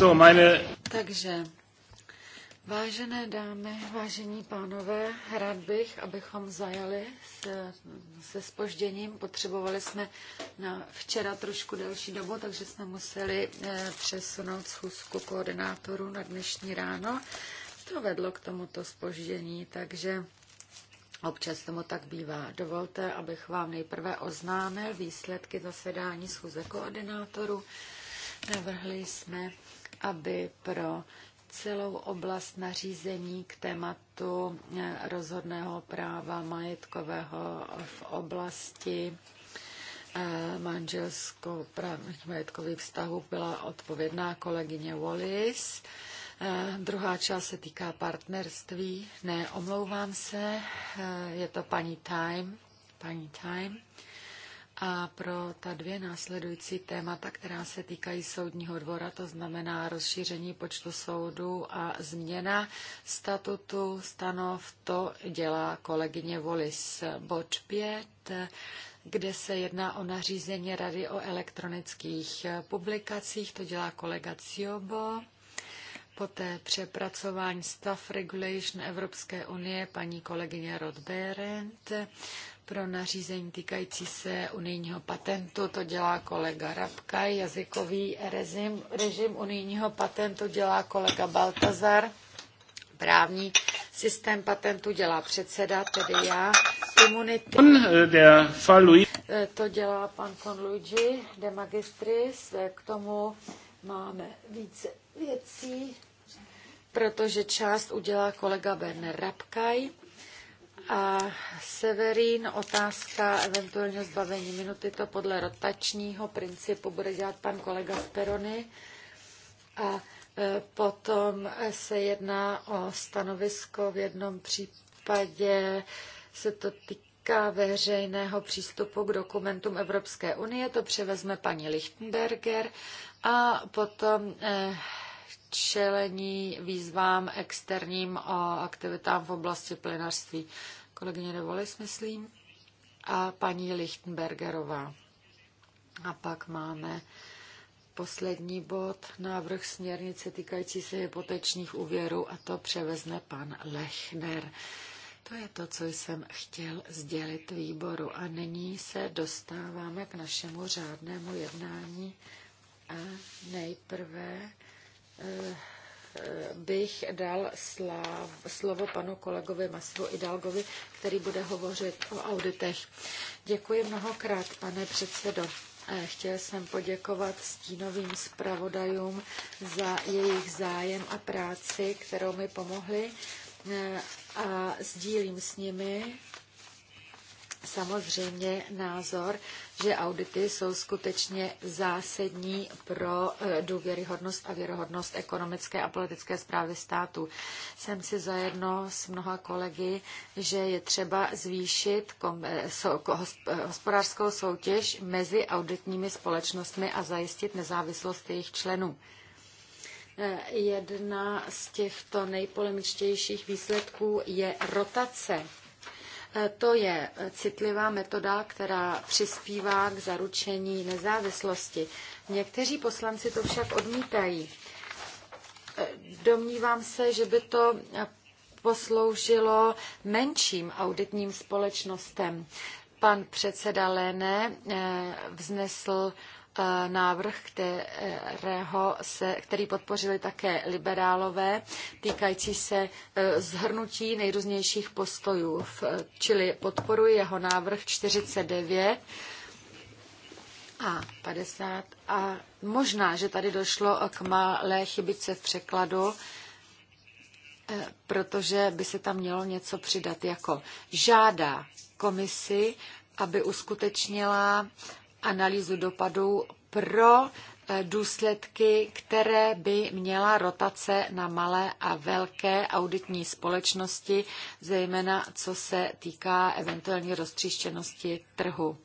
So, meine... Takže, vážené dámy, vážení pánové, rád bych, abychom zajali se, se spožděním. Potřebovali jsme na včera trošku delší dobu, takže jsme museli eh, přesunout schůzku koordinátorů na dnešní ráno. To vedlo k tomuto spoždění, takže Občas tomu tak bývá. Dovolte, abych vám nejprve oznámil výsledky zasedání schůze koordinátoru. Navrhli jsme aby pro celou oblast nařízení k tématu eh, rozhodného práva majetkového v oblasti eh, manželsko-právních majetkových vztahů byla odpovědná kolegyně Wallis. Eh, druhá část se týká partnerství. Ne, omlouvám se, je to paní Time. Paní Time a pro ta dvě následující témata, která se týkají soudního dvora, to znamená rozšíření počtu soudů a změna statutu stanov, to dělá kolegyně Volis. Bod 5 kde se jedná o nařízení Rady o elektronických publikacích, to dělá kolega Ciobo. Poté přepracování Staff Regulation Evropské unie paní kolegyně Rod Berendt pro nařízení týkající se unijního patentu, to dělá kolega Rabka, jazykový režim, režim unijního patentu dělá kolega Baltazar, právní systém patentu dělá předseda, tedy já, imunity. Eh, eh, to dělá pan von Luigi de Magistris, eh, k tomu máme více věcí, protože část udělá kolega Werner Rabkaj a Severín, otázka eventuálně zbavení minuty, to podle rotačního principu bude dělat pan kolega z Perony. A e, potom se jedná o stanovisko v jednom případě, se to týká veřejného přístupu k dokumentům Evropské unie, to převezme paní Lichtenberger a potom e, čelení výzvám externím o aktivitám v oblasti plynařství kolegyně Revolis, myslím, a paní Lichtenbergerová. A pak máme poslední bod, návrh směrnice týkající se hypotečních úvěrů a to převezne pan Lechner. To je to, co jsem chtěl sdělit výboru. A nyní se dostáváme k našemu řádnému jednání a nejprve eh, Eh, bych dal slovo panu kolegovi Masivu Idalgovi, který bude hovořit o auditech. Děkuji mnohokrát, pane předsedo. Eh, chtěl jsem poděkovat stínovým zpravodajům za jejich zájem a práci, kterou mi pomohli eh, a sdílím s nimi samozřejmě názor, že audity jsou skutečně zásadní pro eh, důvěryhodnost a věrohodnost ekonomické a politické zprávy státu. Jsem si zajedno s mnoha kolegy, že je třeba zvýšit eh, eh, hospodářskou soutěž mezi auditními společnostmi a zajistit nezávislost jejich členů. Jedna z těchto nejpolemičtějších výsledků je rotace E, to je citlivá metoda, která přispívá k zaručení nezávislosti. Někteří poslanci to však odmítají. E, domnívám se, že by to posloužilo menším auditním společnostem. Pan předseda Lene e, vznesl E, návrh, kterého se, který podpořili také liberálové, týkající se e, zhrnutí nejrůznějších postojů, čili podporuji jeho návrh 49 a 50 a možná, že tady došlo k malé chybice v překladu, e, protože by se tam mělo něco přidat jako žádá komisi, aby uskutečnila analýzu dopadů pro eh, důsledky, které by měla rotace na malé a velké auditní společnosti, zejména co se týká eventuální roztříštěnosti trhu.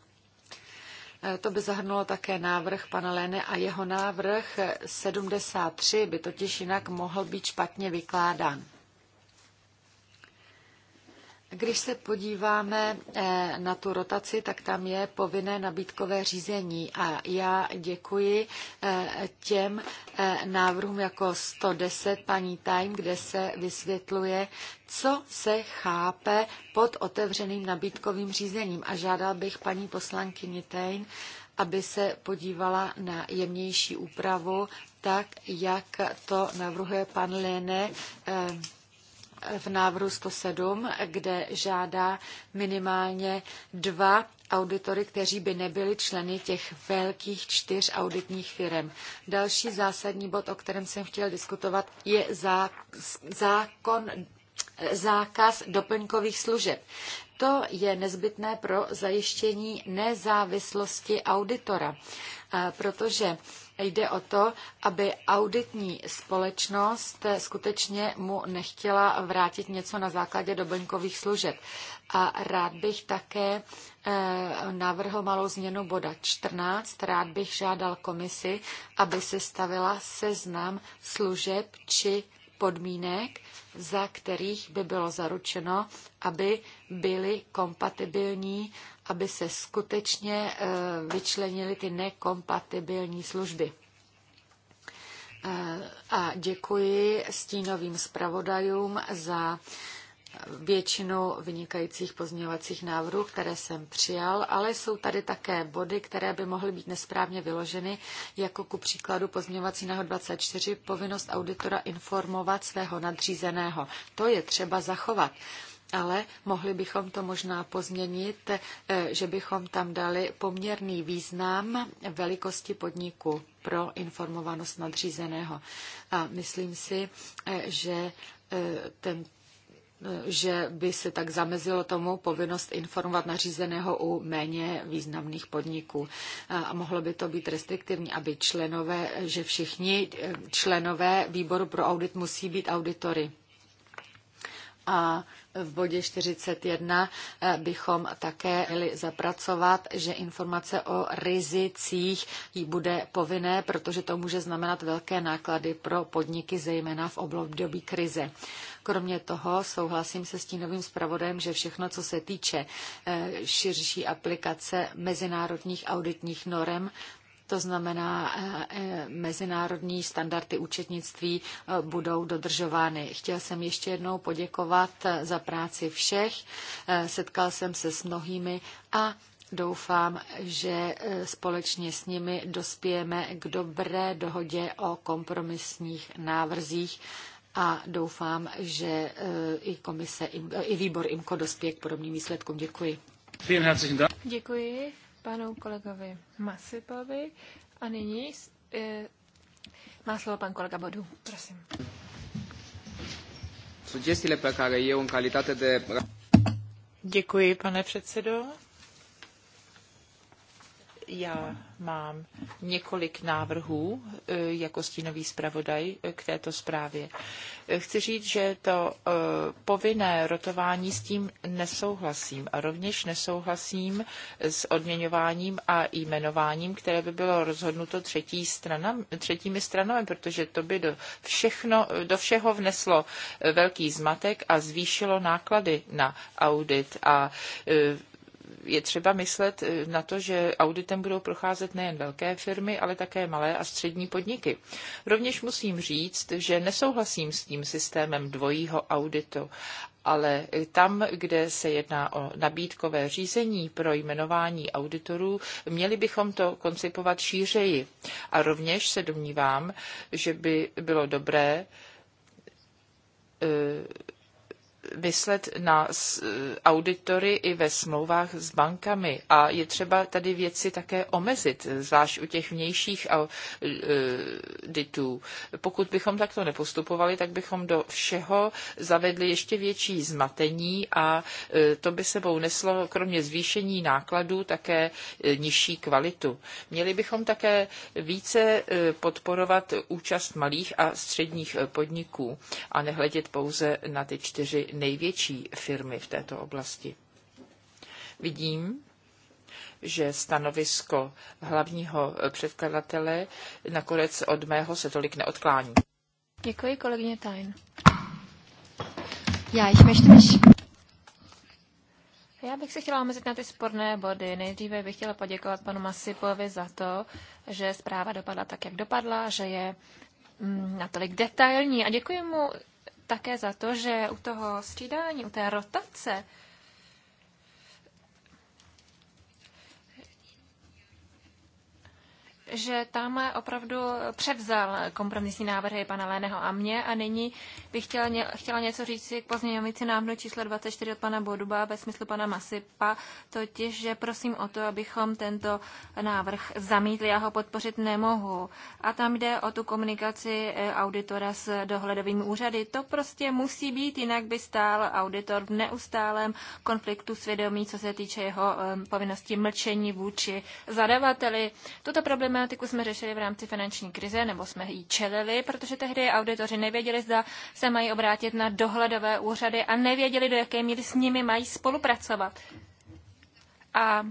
Eh, to by zahrnulo také návrh pana Lene a jeho návrh 73 eh, by totiž jinak mohl být špatně vykládán. Když se podíváme eh, na tu rotaci, tak tam je povinné nabídkové řízení a já děkuji eh, těm eh, návrhům jako 110 paní Time, kde se vysvětluje, co se chápe pod otevřeným nabídkovým řízením a žádal bych paní poslankyni Tejn, aby se podívala na jemnější úpravu, tak jak to navrhuje pan Lene v návrhu 107, kde žádá minimálně dva auditory, kteří by nebyli členy těch velkých čtyř auditních firm. Další zásadní bod, o kterém jsem chtěl diskutovat, je zákon, zákaz doplňkových služeb. To je nezbytné pro zajištění nezávislosti auditora, protože Jde o to, aby auditní společnost skutečně mu nechtěla vrátit něco na základě doblňkových služeb. A rád bych také eh, navrhl malou změnu boda 14. Rád bych žádal komisi, aby se stavila seznam služeb či podmínek, za kterých by bylo zaručeno, aby byly kompatibilní aby se skutečně eh, vyčlenily ty nekompatibilní služby. Eh, a děkuji stínovým zpravodajům za většinu vynikajících pozměňovacích návrhů, které jsem přijal, ale jsou tady také body, které by mohly být nesprávně vyloženy, jako ku příkladu pozměňovací náho 24, povinnost auditora informovat svého nadřízeného. To je třeba zachovat ale mohli bychom to možná pozměnit, eh, že bychom tam dali poměrný význam velikosti podniku pro informovanost nadřízeného. A myslím si, eh, že eh, ten že by se tak zamezilo tomu povinnost informovat nařízeného u méně významných podniků. A mohlo by to být restriktivní, aby členové, že všichni členové výboru pro audit musí být auditory. A v bodě 41 eh, bychom také měli zapracovat, že informace o rizicích jí bude povinné, protože to může znamenat velké náklady pro podniky, zejména v období krize. Kromě toho souhlasím se stínovým zpravodajem, že všechno, co se týče eh, širší aplikace mezinárodních auditních norem, to znamená, eh, eh, mezinárodní standardy účetnictví eh, budou dodržovány. Chtěl jsem ještě jednou poděkovat za práci všech. Setkal jsem se s mnohými a Doufám, že společně s nimi dospějeme k dobré dohodě o kompromisních návrzích a doufám, že i komise, i výbor IMKO dospěje k podobným výsledkům. Děkuji. Děkuji panu kolegovi Masipovi a nyní e, má slovo pan kolega Bodu. Prosím. Sugestiile pe care eu în calitate de... Děkuji, pane předsedo. Já mám několik návrhů eh, jako stínový zpravodaj eh, k této zprávě. Eh, chci říct, že to povinné rotování s tím nesouhlasím a rovněž nesouhlasím s odměňováním a jmenováním, které by bylo rozhodnuto třetí stranami, třetími stranami, protože to by do, všechno, do všeho vneslo velký zmatek a zvýšilo náklady na audit a je třeba myslet eh, na to, že auditem budou procházet nejen velké firmy, ale také malé a střední podniky. Rovněž musím říct, že nesouhlasím s tím systémem dvojího auditu ale tam, kde se jedná o nabídkové řízení pro jmenování auditorů, měli bychom to koncipovat šířeji. A rovněž se domnívám, že by bylo dobré eh, myslet na auditory i ve smlouvách s bankami. A je třeba tady věci také omezit, zvlášť u těch vnějších e, auditů. Pokud bychom takto nepostupovali, tak bychom do všeho zavedli ještě větší zmatení a e, to by sebou neslo kromě zvýšení nákladů také e, nižší kvalitu. Měli bychom také více podporovat účast malých a středních podniků a nehledět pouze na ty čtyři největší firmy v této oblasti. Vidím, že stanovisko hlavního předkladatele nakonec od mého se tolik neodklání. Děkuji, kolegyně Tajn. Já ich möchte mich... Já bych se chtěla omezit na ty sporné body. Nejdříve bych chtěla poděkovat panu Masipovi za to, že zpráva dopadla tak, jak dopadla, že je mm, natolik detailní a děkuji mu také za to, že u toho střídání, u té rotace že tam opravdu převzal kompromisní návrhy pana Léného a mě a nyní bych chtěla, ně, chtěla něco říct si k pozměňovací návrhu číslo 24 od pana Boduba ve smyslu pana Masipa, totiž, že prosím o to, abychom tento návrh zamítli, já ho podpořit nemohu. A tam jde o tu komunikaci eh, auditora s dohledovými úřady. To prostě musí být, jinak by stál auditor v neustálém konfliktu svědomí, co se týče jeho eh, povinnosti mlčení vůči zadavateli. Tuto problém problematiku jsme řešili v rámci finanční krize, nebo jsme ji čelili, protože tehdy auditoři nevěděli, zda se mají obrátit na dohledové úřady a nevěděli, do jaké míry s nimi mají spolupracovat. A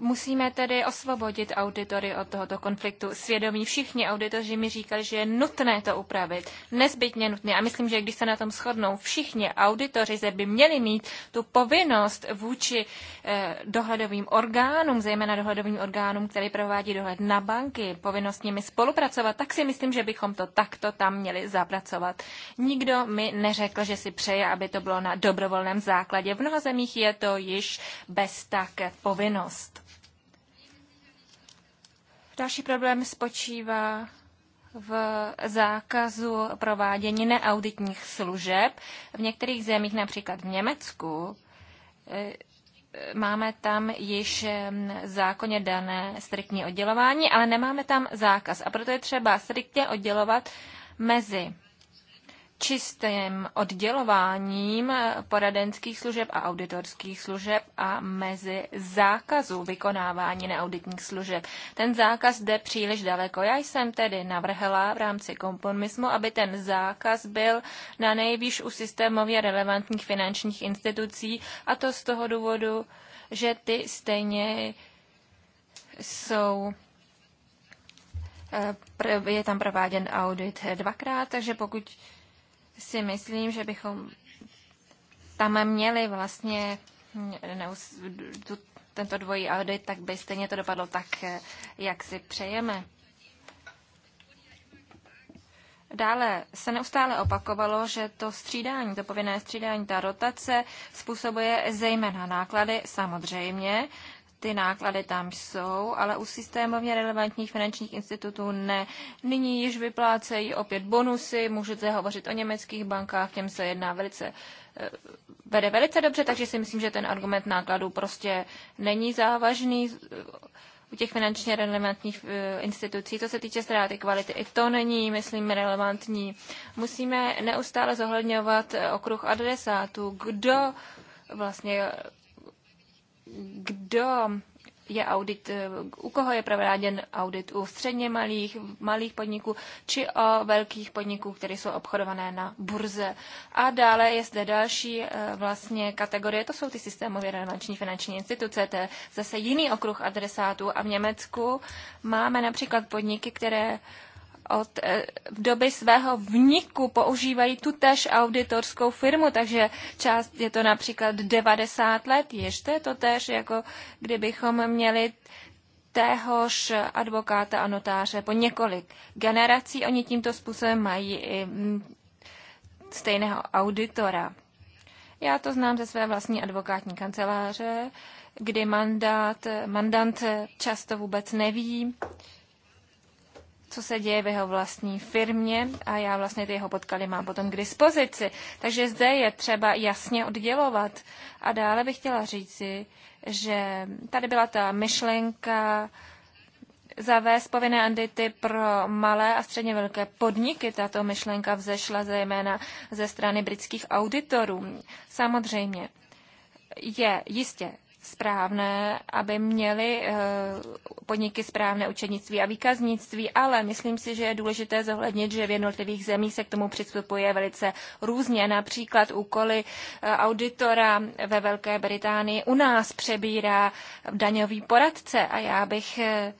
Musíme tedy osvobodit auditory od tohoto konfliktu svědomí. Všichni auditoři mi říkali, že je nutné to upravit, nezbytně nutné. A myslím, že když se na tom shodnou všichni auditoři, by měli mít tu povinnost vůči eh, dohledovým orgánům, zejména dohledovým orgánům, který provádí dohled na banky, povinnost s nimi spolupracovat, tak si myslím, že bychom to takto tam měli zapracovat. Nikdo mi neřekl, že si přeje, aby to bylo na dobrovolném základě. V mnoha zemích je to již bez tak povinnost. Další problém spočívá v zákazu provádění neauditních služeb. V některých zemích, například v Německu, e, máme tam již e, zákonně dané striktní oddělování, ale nemáme tam zákaz. A proto je třeba striktně oddělovat mezi čistým oddělováním poradenských služeb a auditorských služeb a mezi zákazu vykonávání neauditních služeb. Ten zákaz jde příliš daleko. Já jsem tedy navrhla v rámci kompromismu, aby ten zákaz byl na nejvýš u systémově relevantních finančních institucí a to z toho důvodu, že ty stejně jsou eh, je tam prováděn audit dvakrát, takže pokud si myslím, že bychom tam měli vlastně tu, tento dvojí audit, tak by stejně to dopadlo tak, jak si přejeme. Dále se neustále opakovalo, že to střídání, to povinné střídání, ta rotace způsobuje zejména náklady samozřejmě, ty náklady tam jsou, ale u systémově relevantních finančních institutů ne. Nyní již vyplácejí opět bonusy, můžete hovořit o německých bankách, těm se jedná velice eh, vede velice dobře, takže si myslím, že ten argument nákladů prostě není závažný eh, u těch finančně relevantních eh, institucí. Co se týče ztráty kvality, i to není, myslím, relevantní. Musíme neustále zohledňovat okruh adresátů, kdo vlastně kdo je audit, eh, u koho je prováděn audit u středně malých, malých podniků či o velkých podniků, které jsou obchodované na burze. A dále je zde další eh, vlastně kategorie, to jsou ty systémově relevanční finanční instituce, to je zase jiný okruh adresátů a v Německu máme například podniky, které od eh, v doby svého vniku používají tu tež auditorskou firmu, takže část je to například 90 let, ještě je to tež, jako kdybychom měli téhož advokáta a notáře po několik generací. Oni tímto způsobem mají i mm, stejného auditora. Já to znám ze své vlastní advokátní kanceláře, kdy mandát, mandant často vůbec neví, co se děje v jeho vlastní firmě a já vlastně ty jeho podklady mám potom k dispozici. Takže zde je třeba jasně oddělovat. A dále bych chtěla říci, že tady byla ta myšlenka zavést povinné andity pro malé a středně velké podniky. Tato myšlenka vzešla zejména ze strany britských auditorů. Samozřejmě je jistě správné, aby měly eh, podniky správné učednictví a výkaznictví, ale myslím si, že je důležité zohlednit, že v jednotlivých zemích se k tomu přistupuje velice různě. Například úkoly eh, auditora ve Velké Británii u nás přebírá daňový poradce a já bych eh,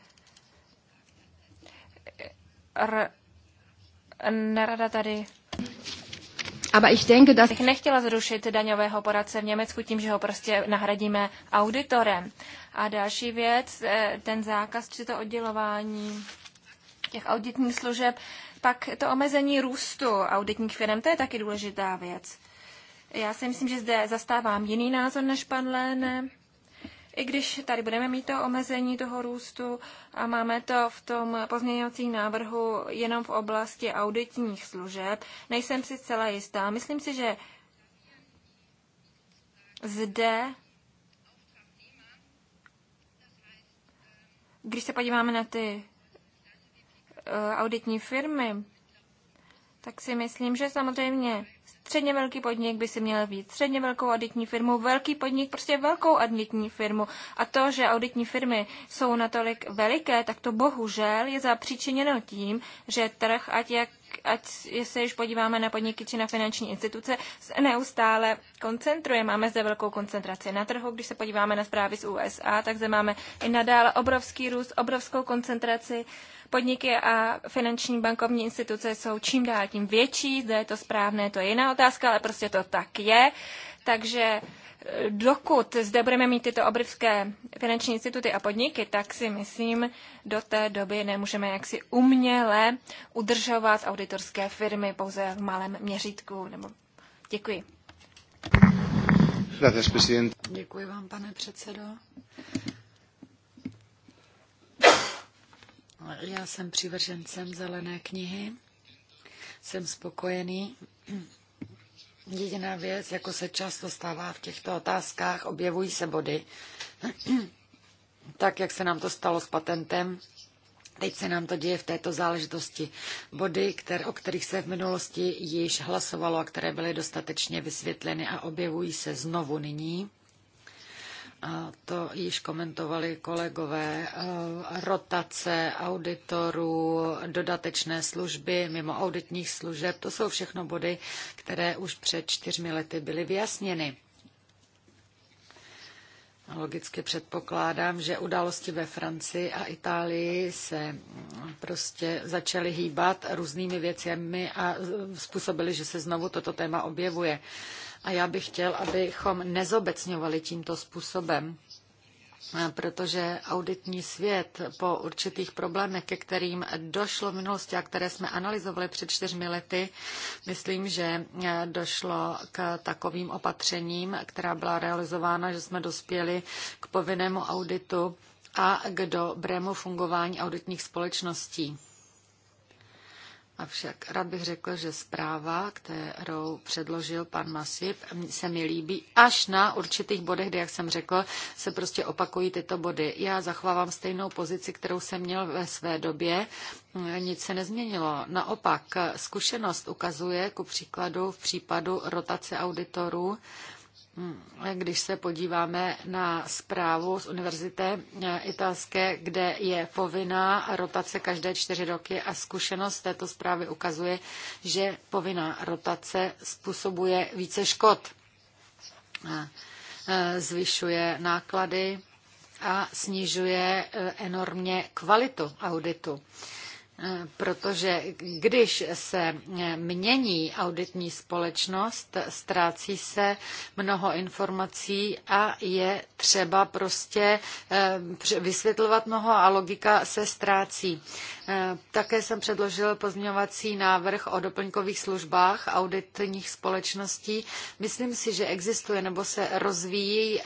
nerada tady Aber ich denke, dass... Bych nechtěla zrušit daňového poradce v Německu tím, že ho prostě nahradíme auditorem. A další věc, eh, ten zákaz či to oddělování těch auditních služeb, pak to omezení růstu auditních firm, to je taky důležitá věc. Já si myslím, že zde zastávám jiný názor než pan Léne. I když tady budeme mít to omezení toho růstu a máme to v tom pozměňovacím návrhu jenom v oblasti auditních služeb, nejsem si zcela jistá. Myslím si, že zde když se podíváme na ty eh, auditní firmy, tak si myslím, že samozřejmě Středně velký podnik by si měl být středně velkou auditní firmu, velký podnik prostě velkou auditní firmu. A to, že auditní firmy jsou natolik veliké, tak to bohužel je zapříčiněno tím, že trh, ať jak ať se již podíváme na podniky či na finanční instituce, se neustále koncentruje. Máme zde velkou koncentraci na trhu. Když se podíváme na zprávy z USA, tak zde máme i nadále obrovský růst, obrovskou koncentraci. Podniky a finanční bankovní instituce jsou čím dál tím větší, zde je to správné, to je jiná otázka, ale prostě to tak je. Takže dokud zde budeme mít tyto obrovské finanční instituty a podniky, tak si myslím, do té doby nemůžeme jaksi uměle udržovat auditorské firmy pouze v malém měřítku. Nebo... Děkuji. Děkuji vám, pane předsedo. Já jsem přivržencem zelené knihy. Jsem spokojený Jediná věc, jako se často stává v těchto otázkách, objevují se body. tak, jak se nám to stalo s patentem, Teď se nám to děje v této záležitosti. Body, kter, o kterých se v minulosti již hlasovalo a které byly dostatečně vysvětleny a objevují se znovu nyní a to již komentovali kolegové, eh, rotace auditorů, dodatečné služby mimo auditních služeb, to jsou všechno body, které už před čtyřmi lety byly vyjasněny. Logicky předpokládám, že události ve Francii a Itálii se prostě začaly hýbat různými věcemi a způsobily, že se znovu toto téma objevuje. A já bych chtěl, abychom nezobecňovali tímto způsobem protože auditní svět po určitých problémech, ke kterým došlo v minulosti a které jsme analyzovali před čtyřmi lety, myslím, že došlo k takovým opatřením, která byla realizována, že jsme dospěli k povinnému auditu a k dobrému fungování auditních společností. Avšak rád bych řekl, že zpráva, kterou předložil pan Masip, se mi líbí. Až na určitých bodech, kde, jak jsem řekl, se prostě opakují tyto body. Já zachovávám stejnou pozici, kterou jsem měl ve své době. Nic se nezměnilo. Naopak, zkušenost ukazuje, ku příkladu v případu rotace auditorů, Hmm. když se podíváme na zprávu z univerzity eh, italské, kde je povinná rotace každé čtyři roky a zkušenost této zprávy ukazuje, že povinná rotace způsobuje více škod. Eh, zvyšuje náklady a snižuje eh, enormně kvalitu auditu. Protože když se mění auditní společnost, ztrácí se mnoho informací a je třeba prostě eh, vysvětlovat mnoho a logika se ztrácí. Eh, také jsem předložil pozměňovací návrh o doplňkových službách auditních společností. Myslím si, že existuje nebo se rozvíjí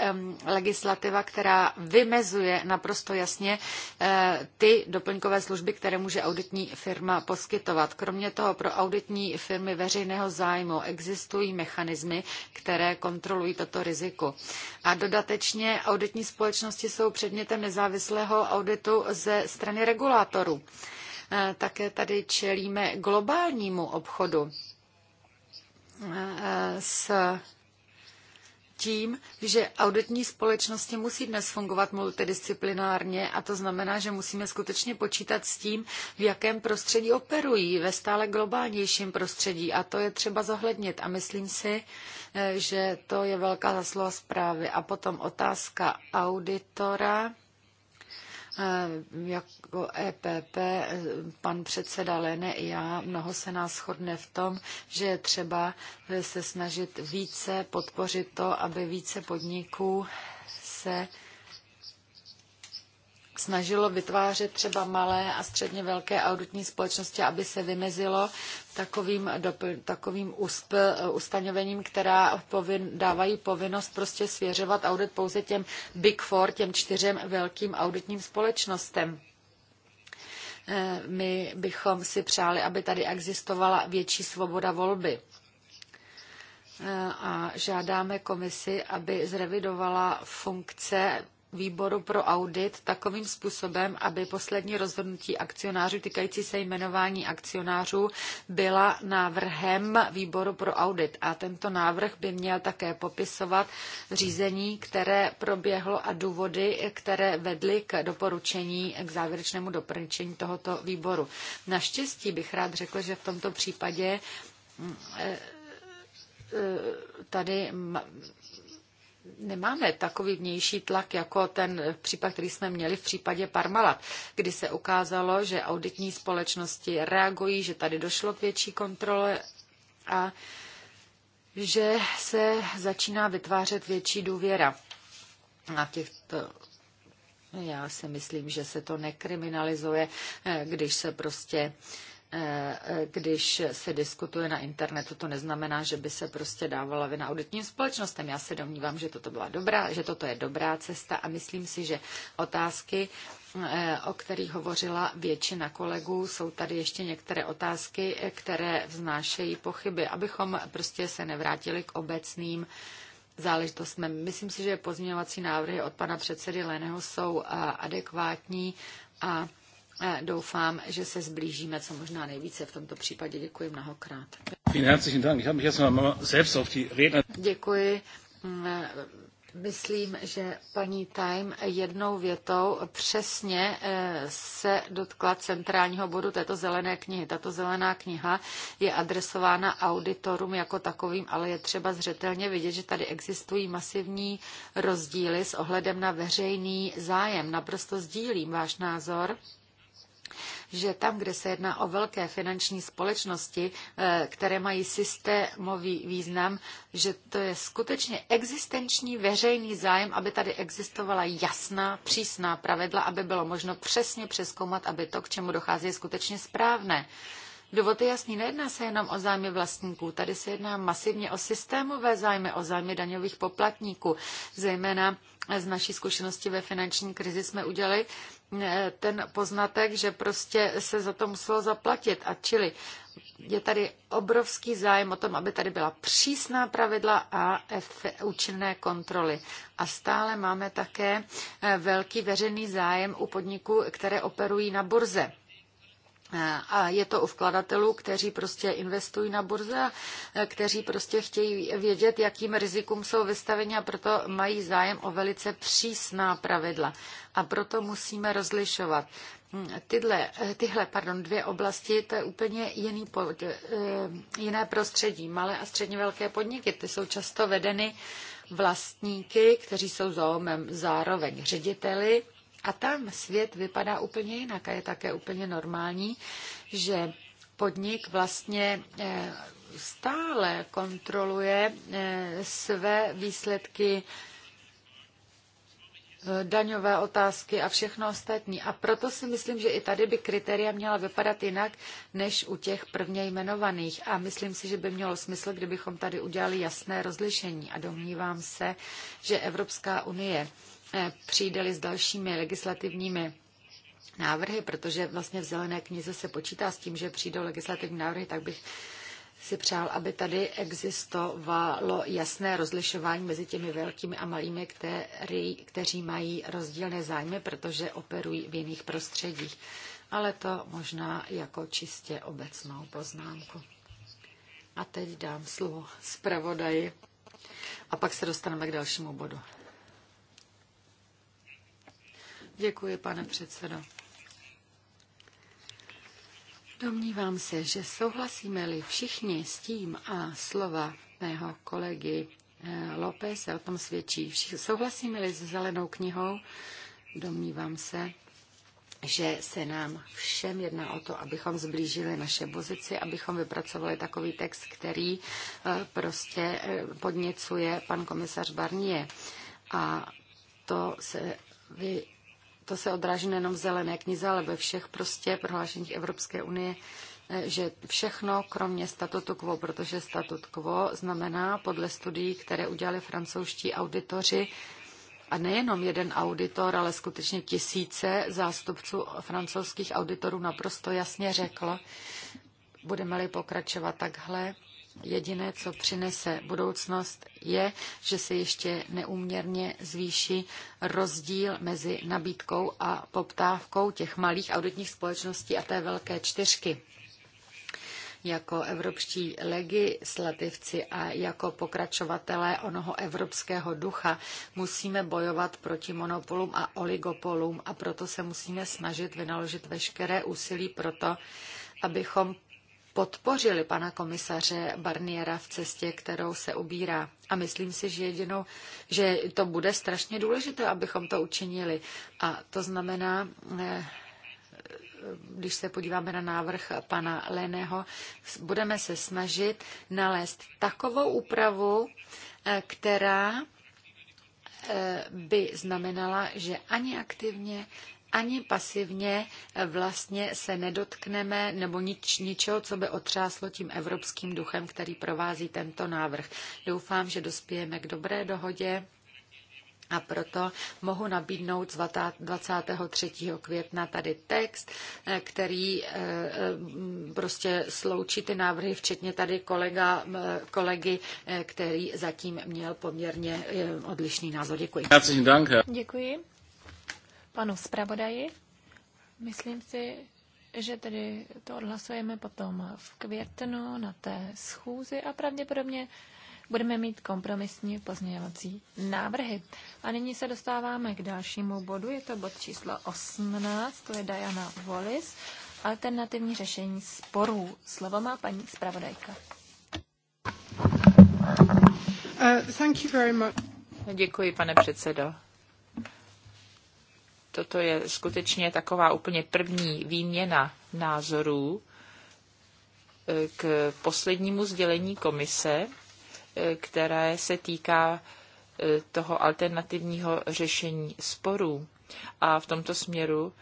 legislativa, která vymezuje naprosto jasně eh, ty doplňkové služby, které může audit auditní firma poskytovat. Kromě toho pro auditní firmy veřejného zájmu existují mechanismy, které kontrolují toto riziko. A dodatečně auditní společnosti jsou předmětem nezávislého auditu ze strany regulátorů. E, také tady čelíme globálnímu obchodu e, s tím, že auditní společnosti musí dnes fungovat multidisciplinárně a to znamená, že musíme skutečně počítat s tím, v jakém prostředí operují, ve stále globálnějším prostředí a to je třeba zohlednit a myslím si, eh, že to je velká zasluha zprávy. A potom otázka auditora Eh, jako EPP, eh, pan předseda Lene i já, mnoho se nás shodne v tom, že je třeba eh, se snažit více podpořit to, aby více podniků se snažilo vytvářet třeba malé a středně velké auditní společnosti, aby se vymezilo takovým, dopl, takovým usp, ustanovením, která povin, dávají povinnost prostě svěřovat audit pouze těm Big Four, těm čtyřem velkým auditním společnostem eh, my bychom si přáli, aby tady existovala větší svoboda volby. Eh, a žádáme komisi, aby zrevidovala funkce výboru pro audit takovým způsobem, aby poslední rozhodnutí akcionářů týkající se jmenování akcionářů byla návrhem výboru pro audit. A tento návrh by měl také popisovat řízení, které proběhlo a důvody, které vedly k doporučení, k závěrečnému doporučení tohoto výboru. Naštěstí bych rád řekl, že v tomto případě mm, e, e, tady nemáme takový vnější tlak jako ten případ, který jsme měli v případě Parmalat, kdy se ukázalo, že auditní společnosti reagují, že tady došlo k větší kontrole a že se začíná vytvářet větší důvěra. A těchto já si myslím, že se to nekriminalizuje, eh, když se prostě když se diskutuje na internetu, to neznamená, že by se prostě dávala vina auditním společnostem. Já se domnívám, že toto, byla dobrá, že toto je dobrá cesta a myslím si, že otázky, eh, o kterých hovořila většina kolegů. Jsou tady ještě některé otázky, které vznášejí pochyby, abychom prostě se nevrátili k obecným záležitostem. Myslím si, že pozměňovací návrhy od pana předsedy Leného jsou eh, adekvátní a doufám, že se zblížíme co možná nejvíce v tomto případě. Děkuji mnohokrát. Děkuji. Mm, myslím, že paní Time jednou větou přesně eh, se dotkla centrálního bodu této zelené knihy. Tato zelená kniha je adresována auditorům jako takovým, ale je třeba zřetelně vidět, že tady existují masivní rozdíly s ohledem na veřejný zájem. Naprosto sdílím váš názor že tam, kde se jedná o velké finanční společnosti, eh, které mají systémový význam, že to je skutečně existenční veřejný zájem, aby tady existovala jasná, přísná pravidla, aby bylo možno přesně přeskoumat, aby to, k čemu dochází, je skutečně správné. Důvod je jasný, nejedná se jenom o zájmy vlastníků, tady se jedná masivně o systémové zájmy, o zájmy daňových poplatníků. Zejména z naší zkušenosti ve finanční krizi jsme udělali eh, ten poznatek, že prostě se za to muselo zaplatit. A čili je tady obrovský zájem o tom, aby tady byla přísná pravidla a účinné kontroly. A stále máme také eh, velký veřejný zájem u podniků, které operují na burze. A je to u vkladatelů, kteří prostě investují na burze a e, kteří prostě chtějí vědět, jakým rizikům jsou vystaveni a proto mají zájem o velice přísná pravidla. A proto musíme rozlišovat. Hm, tyhle, e, tyhle pardon, dvě oblasti, to je úplně jiný pod, e, jiné prostředí. Malé a středně velké podniky, ty jsou často vedeny vlastníky, kteří jsou zároveň řediteli a tam svět vypadá úplně jinak a je také úplně normální, že podnik vlastně eh, stále kontroluje eh, své výsledky eh, daňové otázky a všechno ostatní. A proto si myslím, že i tady by kritéria měla vypadat jinak než u těch prvně jmenovaných. A myslím si, že by mělo smysl, kdybychom tady udělali jasné rozlišení. A domnívám se, že Evropská unie Eh, přijdeli s dalšími legislativními návrhy, protože vlastně v zelené knize se počítá s tím, že přijdou legislativní návrhy, tak bych si přál, aby tady existovalo jasné rozlišování mezi těmi velkými a malými, který, kteří mají rozdílné zájmy, protože operují v jiných prostředích. Ale to možná jako čistě obecnou poznámku. A teď dám slovo zpravodaji a pak se dostaneme k dalšímu bodu. Děkuji, pane předsedo. Domnívám se, že souhlasíme-li všichni s tím a slova mého kolegy eh, López o tom svědčí. souhlasíme-li s zelenou knihou, domnívám se, že se nám všem jedná o to, abychom zblížili naše pozici, abychom vypracovali takový text, který eh, prostě eh, podněcuje pan komisař Barnier. A to se vy to se odráží nejenom v zelené knize, ale ve všech prostě prohlášeních Evropské unie, eh, že všechno kromě statutu quo, protože statut quo znamená podle studií, které udělali francouzští auditoři, a nejenom jeden auditor, ale skutečně tisíce zástupců francouzských auditorů naprosto jasně řekl, budeme-li pokračovat takhle, Jediné, co přinese budoucnost, je, že se ještě neuměrně zvýší rozdíl mezi nabídkou a poptávkou těch malých auditních společností a té velké čtyřky jako evropští legislativci a jako pokračovatelé onoho evropského ducha musíme bojovat proti monopolům a oligopolům a proto se musíme snažit vynaložit veškeré úsilí proto, abychom podpořili pana komisaře Barniera v cestě, kterou se ubírá. A myslím si, že jedinou, že to bude strašně důležité, abychom to učinili. A to znamená, eh, když se podíváme na návrh pana Leného, budeme se snažit nalézt takovou úpravu, eh, která eh, by znamenala, že ani aktivně, ani pasivně eh, vlastně se nedotkneme nebo nič, ničeho, co by otřáslo tím evropským duchem, který provází tento návrh. Doufám, že dospějeme k dobré dohodě. A proto mohu nabídnout 23. května tady text, eh, který eh, prostě sloučí ty návrhy, včetně tady kolega, kolegy, který zatím měl poměrně odlišný názor. Děkuji. Děkuji panu zpravodaji. Myslím si, že tedy to odhlasujeme potom v květnu na té schůzi a pravděpodobně budeme mít kompromisní pozměňovací návrhy. A nyní se dostáváme k dalšímu bodu, je to bod číslo 18, to je Diana Wallis, alternativní řešení sporů. Slovo má paní zpravodajka. Uh, thank you very much. Děkuji, pane předsedo. Toto je skutečně taková úplně první výměna názorů e, k poslednímu sdělení komise, e, které se týká e, toho alternativního řešení sporů. A v tomto směru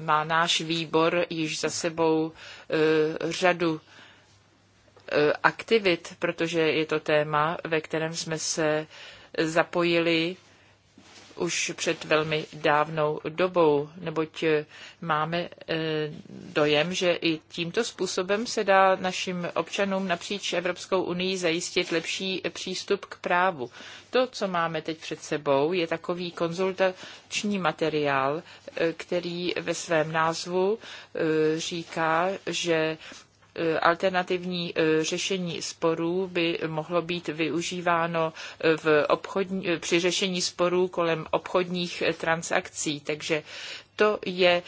má náš výbor již za sebou řadu aktivit, protože je to téma, ve kterém jsme se zapojili už před velmi dávnou dobou, neboť eh, máme eh, dojem, že i tímto způsobem se dá našim občanům napříč Evropskou unii zajistit lepší přístup k právu. To, co máme teď před sebou, je takový konzultační materiál, eh, který ve svém názvu říká, že alternativní eh, řešení sporů by mohlo být využíváno eh, v obchodní, eh, při řešení sporů kolem obchodních transakcí. Takže to je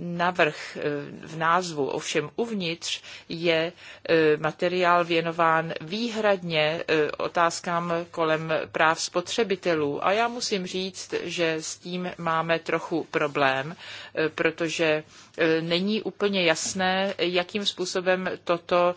navrh eh, v názvu, ovšem uvnitř je eh, materiál věnován výhradně eh, otázkám kolem práv spotřebitelů. A já musím říct, že s tím máme trochu problém, protože není úplně jasné, jakým způsobem toto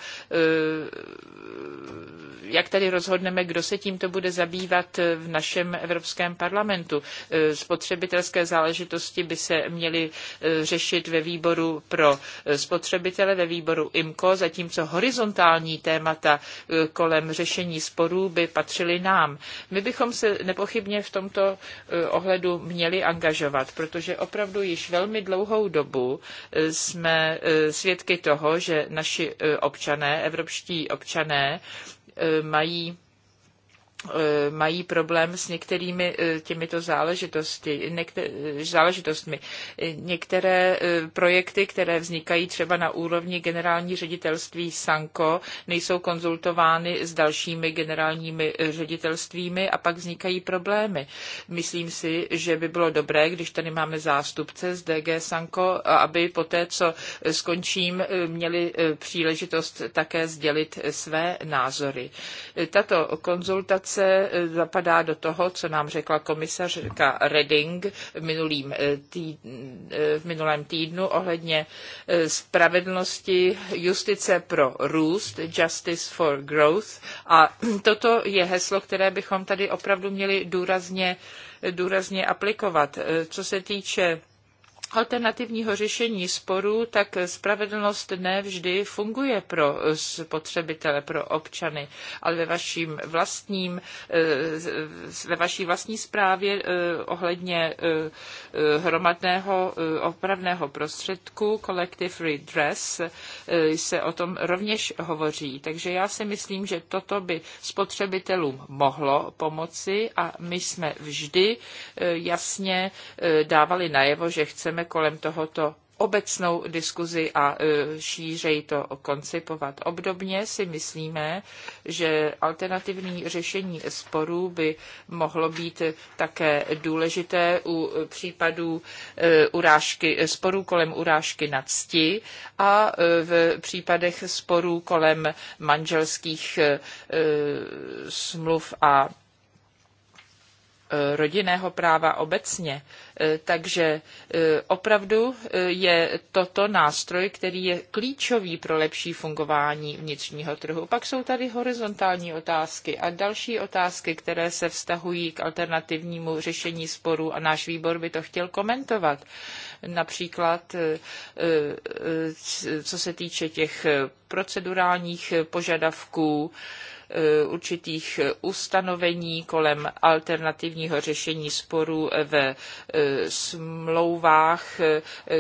jak tady rozhodneme, kdo se tímto bude zabývat v našem Evropském parlamentu. E, spotřebitelské záležitosti by se měly e, řešit ve výboru pro e, spotřebitele, ve výboru IMCO, zatímco horizontální témata kolem řešení sporů by patřily nám. My bychom se nepochybně v tomto ohledu měli angažovat, protože opravdu již velmi dlouhou dobu jsme svědky toho, že naši občané, evropští občané, mají Eh, mají problém s některými eh, těmito záležitosti, někte, záležitostmi. Některé eh, projekty, které vznikají třeba na úrovni generální ředitelství Sanko, nejsou konzultovány s dalšími generálními ředitelstvími a pak vznikají problémy. Myslím si, že by bylo dobré, když tady máme zástupce z DG Sanko, aby po té, co skončím, měli příležitost také sdělit své názory. Tato konzultace velice e, zapadá do toho, co nám řekla komisařka Reding v, minulým e, týdn, e, v minulém týdnu ohledně spravedlnosti justice pro růst, justice for growth. A toto je heslo, které bychom tady opravdu měli důrazně, důrazně aplikovat. Co se týče alternativního řešení sporů, tak spravedlnost ne vždy funguje pro spotřebitele, pro občany, ale ve, vaším vlastním, eh, ve vaší vlastní zprávě eh, ohledně eh, hromadného opravného prostředku Collective Redress se o tom rovněž hovoří. Takže já si myslím, že toto by spotřebitelům mohlo pomoci a my jsme vždy jasně dávali najevo, že chceme máme kolem tohoto obecnou diskuzi a e, šířej to koncipovat. Obdobně si myslíme, že alternativní řešení sporů by mohlo být také důležité u případů e, urážky, sporů kolem urážky na cti a e, v případech sporů kolem manželských smluv a rodinného práva obecně E, takže e, opravdu e, je toto nástroj, který je klíčový pro lepší fungování vnitřního trhu. Pak jsou tady horizontální otázky a další otázky, které se vztahují k alternativnímu řešení sporů a náš výbor by to chtěl komentovat. Například, co se týče těch procedurálních požadavků, Eh, určitých eh, ustanovení kolem alternativního řešení sporů ve eh, smlouvách,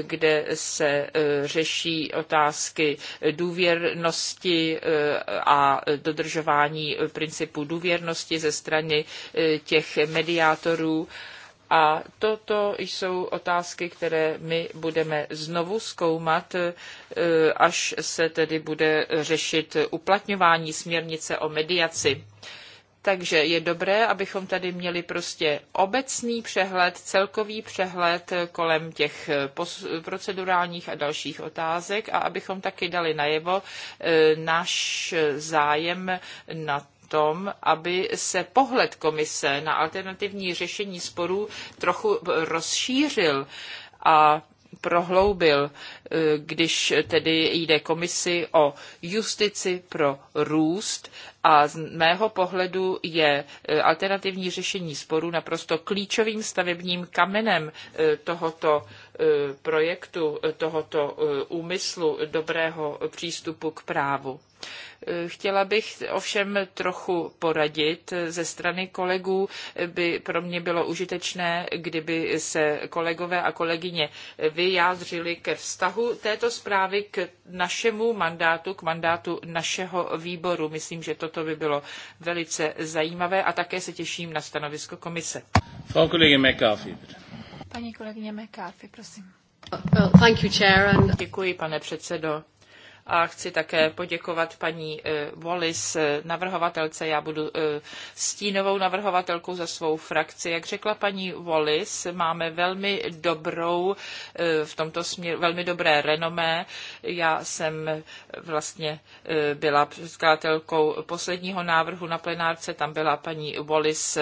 kde se řeší otázky důvěrnosti a dodržování principu důvěrnosti ze strany těch mediátorů. A toto jsou otázky, které my budeme znovu zkoumat, e, až se tedy bude řešit uplatňování směrnice o mediaci. Takže je dobré, abychom tady měli prostě obecný přehled, celkový přehled kolem těch procedurálních a dalších otázek a abychom taky dali najevo e, náš zájem na tom, aby se pohled komise na alternativní řešení sporů trochu rozšířil a prohloubil, eh, když tedy jde komisi o justici pro růst a z mého pohledu je eh, alternativní řešení sporů naprosto klíčovým stavebním kamenem eh, tohoto projektu, tohoto úmyslu dobrého přístupu k právu. Chtěla bych ovšem trochu poradit ze strany kolegů. By pro mě bylo užitečné, kdyby se kolegové a kolegyně vyjádřili ke vztahu této zprávy k našemu mandátu, k mandátu našeho výboru. Myslím, že toto by bylo velice zajímavé a také se těším na stanovisko komise. Frau kolegyně McCarthy, Paní kolegyně McCarthy, prosím. Děkuji, pane předsedo a chci také poděkovat paní eh, Wallis, eh, navrhovatelce. Já budu eh, stínovou navrhovatelkou za svou frakci. Jak řekla paní Wallis, máme velmi dobrou v tomto směru, velmi dobré renomé. Já jsem vlastně byla předkladatelkou posledního návrhu na plenárce, tam byla paní Wallis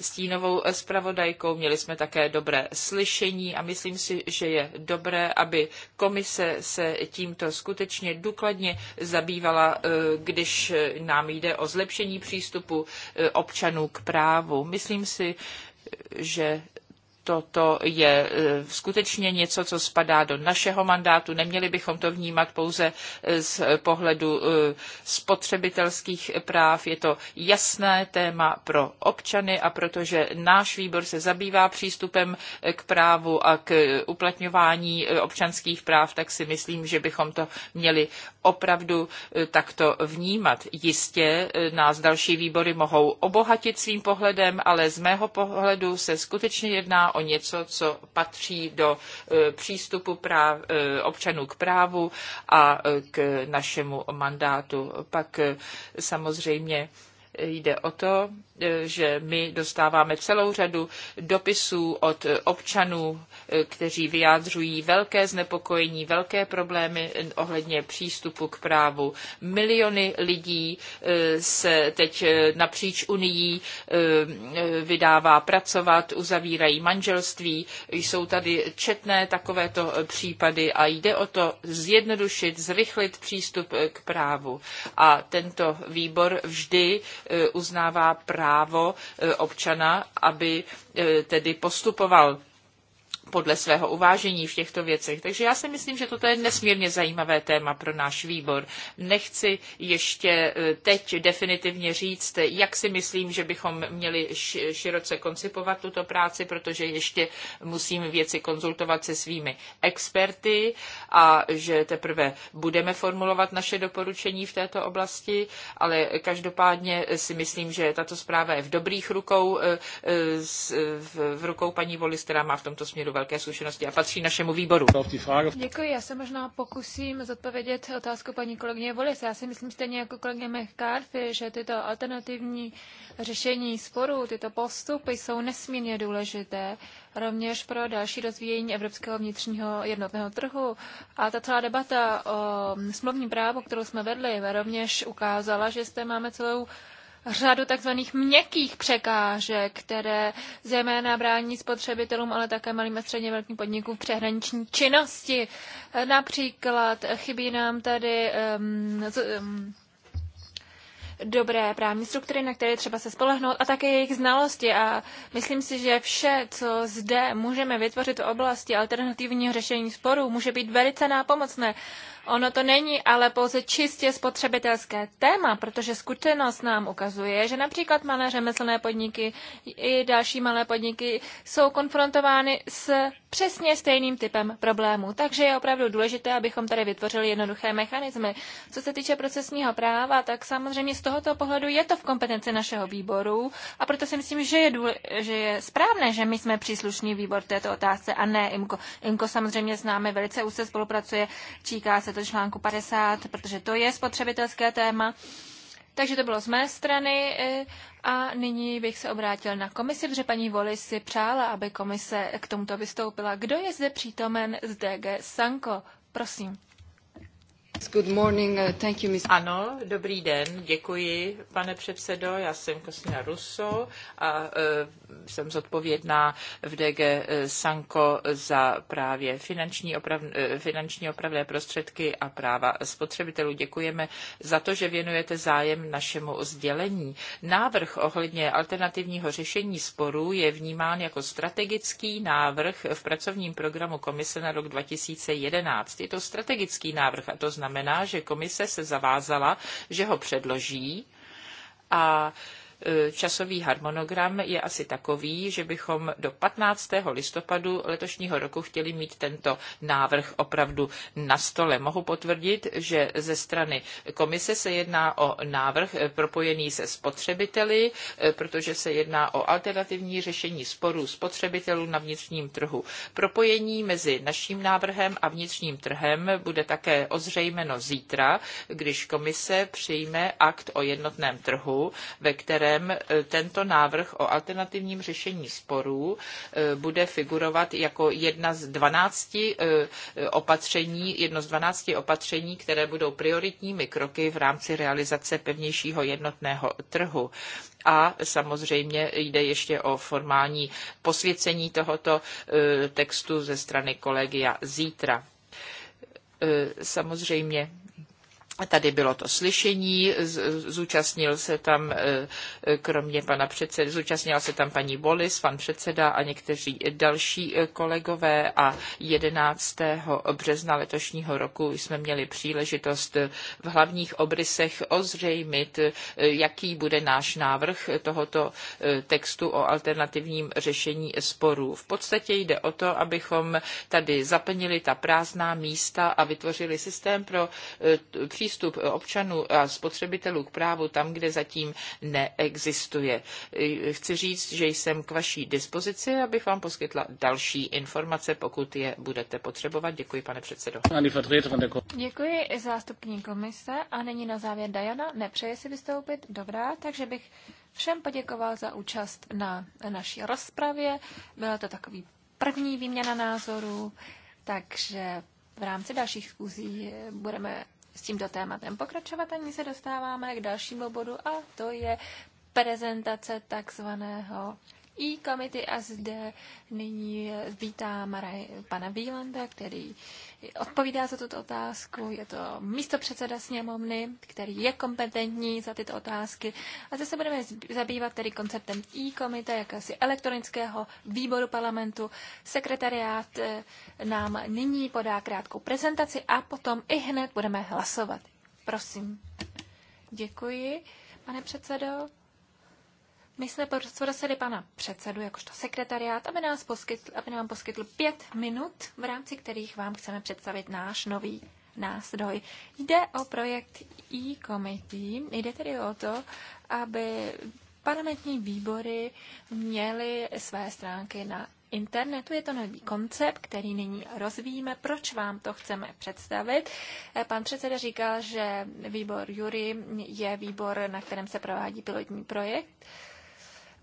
stínovou zpravodajkou, měli jsme také dobré slyšení a myslím si, že je dobré, aby komise se tímto skutečně důkladně zabývala, eh, když nám jde o zlepšení přístupu eh, občanů k právu. Myslím si, že toto je e, skutečně něco, co spadá do našeho mandátu. Neměli bychom to vnímat pouze e, z pohledu e, spotřebitelských práv. Je to jasné téma pro občany a protože náš výbor se zabývá přístupem k právu a k uplatňování občanských práv, tak si myslím, že bychom to měli opravdu takto vnímat. Jistě nás další výbory mohou obohatit svým pohledem, ale z mého pohledu se skutečně jedná o něco, co patří do e, přístupu práv, e, občanů k právu a e, k našemu mandátu. Pak samozřejmě jde o to, E, že my dostáváme celou řadu dopisů od občanů, e, kteří vyjádřují velké znepokojení, velké problémy ohledně přístupu k právu. Miliony lidí e, se teď napříč Unii vydává pracovat, uzavírají manželství. Jsou tady četné takovéto případy a jde o to zjednodušit, zrychlit přístup k právu. A tento výbor vždy uznává právo právo e, občana, aby e, tedy postupoval podle svého uvážení v těchto věcech. Takže já si myslím, že toto je nesmírně zajímavé téma pro náš výbor. Nechci ještě eh, teď definitivně říct, jak si myslím, že bychom měli široce koncipovat tuto práci, protože ještě musím věci konzultovat se svými experty a že teprve budeme formulovat naše doporučení v této oblasti, ale každopádně si myslím, že tato zpráva je v dobrých rukou, eh, eh, v rukou paní Volis, která má v tomto směru velké zkušenosti a patří našemu výboru. Děkuji, já se možná pokusím zodpovědět otázku paní kolegyně Volis. Já si myslím stejně jako kolegyně McCarthy, že tyto alternativní řešení sporů, tyto postupy jsou nesmírně důležité rovněž pro další rozvíjení evropského vnitřního jednotného trhu. A ta celá debata o smluvním právu, kterou jsme vedli, rovněž ukázala, že zde máme celou řadu takzvaných měkkých překážek, které zejména brání spotřebitelům, ale také malým a středně velkým podnikům v přehraniční činnosti. Například chybí nám tady um, z, um, dobré právní struktury, na které třeba se spolehnout a také jejich znalosti. A myslím si, že vše, co zde můžeme vytvořit v oblasti alternativního řešení sporů, může být velice nápomocné. Ono to není ale pouze čistě spotřebitelské téma, protože zkušenost nám ukazuje, že například malé řemeslné podniky i další malé podniky jsou konfrontovány s přesně stejným typem problémů. Takže je opravdu důležité, abychom tady vytvořili jednoduché mechanismy. Co se týče procesního práva, tak samozřejmě z tohoto pohledu je to v kompetenci našeho výboru a proto si myslím, že je, důle, že je správné, že my jsme příslušný výbor této otázce a ne IMKO. IMKO samozřejmě známe velice úzce spolupracuje, číká se podle článku 50, protože to je spotřebitelské téma. Takže to bylo z mé strany eh, a nyní bych se obrátil na komisi, protože paní Voli si přála, aby komise k tomuto vystoupila. Kdo je zde přítomen z DG Sanko? Prosím. Uh, ano, dobrý den, děkuji, pane předsedo. Já jsem Kosina Russo a eh, jsem zodpovědná v DG eh, Sanko za právě finanční, oprav, eh, finanční opravné prostředky a práva spotřebitelů. Děkujeme za to, že věnujete zájem našemu sdělení. Návrh ohledně alternativního řešení sporů je vnímán jako strategický návrh v pracovním programu Komise na rok 2011. Je to strategický návrh a to znamená, znamená, že komise se zavázala, že ho předloží a E, časový harmonogram je asi takový, že bychom do 15. listopadu letošního roku chtěli mít tento návrh opravdu na stole. Mohu potvrdit, že ze strany komise se jedná o návrh e, propojený se spotřebiteli, e, protože se jedná o alternativní řešení sporů spotřebitelů na vnitřním trhu. Propojení mezi naším návrhem a vnitřním trhem bude také ozřejmeno zítra, když komise přijme akt o jednotném trhu, ve které kterém e, tento návrh o alternativním řešení sporů e, bude figurovat jako jedna z 12 e, opatření, jedno z 12 opatření, které budou prioritními kroky v rámci realizace pevnějšího jednotného trhu. A samozřejmě jde ještě o formální posvěcení tohoto textu ze strany kolegia zítra. Samozřejmě Tady bylo to slyšení, zúčastnil se tam, e, e, kromě pana předsedy, zúčastnila se tam paní Bolis, pan předseda a někteří další e, kolegové a 11. března letošního roku jsme měli příležitost v hlavních obrysech ozřejmit, jaký bude náš návrh tohoto textu o alternativním řešení sporů. V podstatě jde o to, abychom tady zaplnili ta prázdná místa a vytvořili systém pro příležitost přístup občanů a spotřebitelů k právu tam, kde zatím neexistuje. Chci říct, že jsem k vaší dispozici, abych vám poskytla další informace, pokud je budete potřebovat. Děkuji, pane předsedo. Děkuji zástupní komise a není na závěr Diana. Nepřeje si vystoupit? Dobrá, takže bych všem poděkoval za účast na naší rozpravě. Byla to takový první výměna názorů, takže v rámci dalších zkuzí budeme s tímto tématem pokračovat a my se dostáváme k dalšímu bodu a to je prezentace takzvaného i komity a zde nyní vítá Maraj, pana Vílanda, který odpovídá za tuto otázku. Je to místo předseda sněmovny, který je kompetentní za tyto otázky. A zase se budeme zabývat tedy konceptem e-komite, jakési elektronického výboru parlamentu. Sekretariát eh, nám nyní podá krátkou prezentaci a potom i hned budeme hlasovat. Prosím. Děkuji, pane předsedo. My jsme prosili pana předsedu, jakožto sekretariát, aby, nás poskytl, aby nám poskytl pět minut, v rámci kterých vám chceme představit náš nový nástroj. Jde o projekt e-committee. Jde tedy o to, aby parlamentní výbory měly své stránky na internetu. Je to nový koncept, který nyní rozvíjíme. Proč vám to chceme představit? Eh, pan předseda říkal, že výbor Jury je výbor, na kterém se provádí pilotní projekt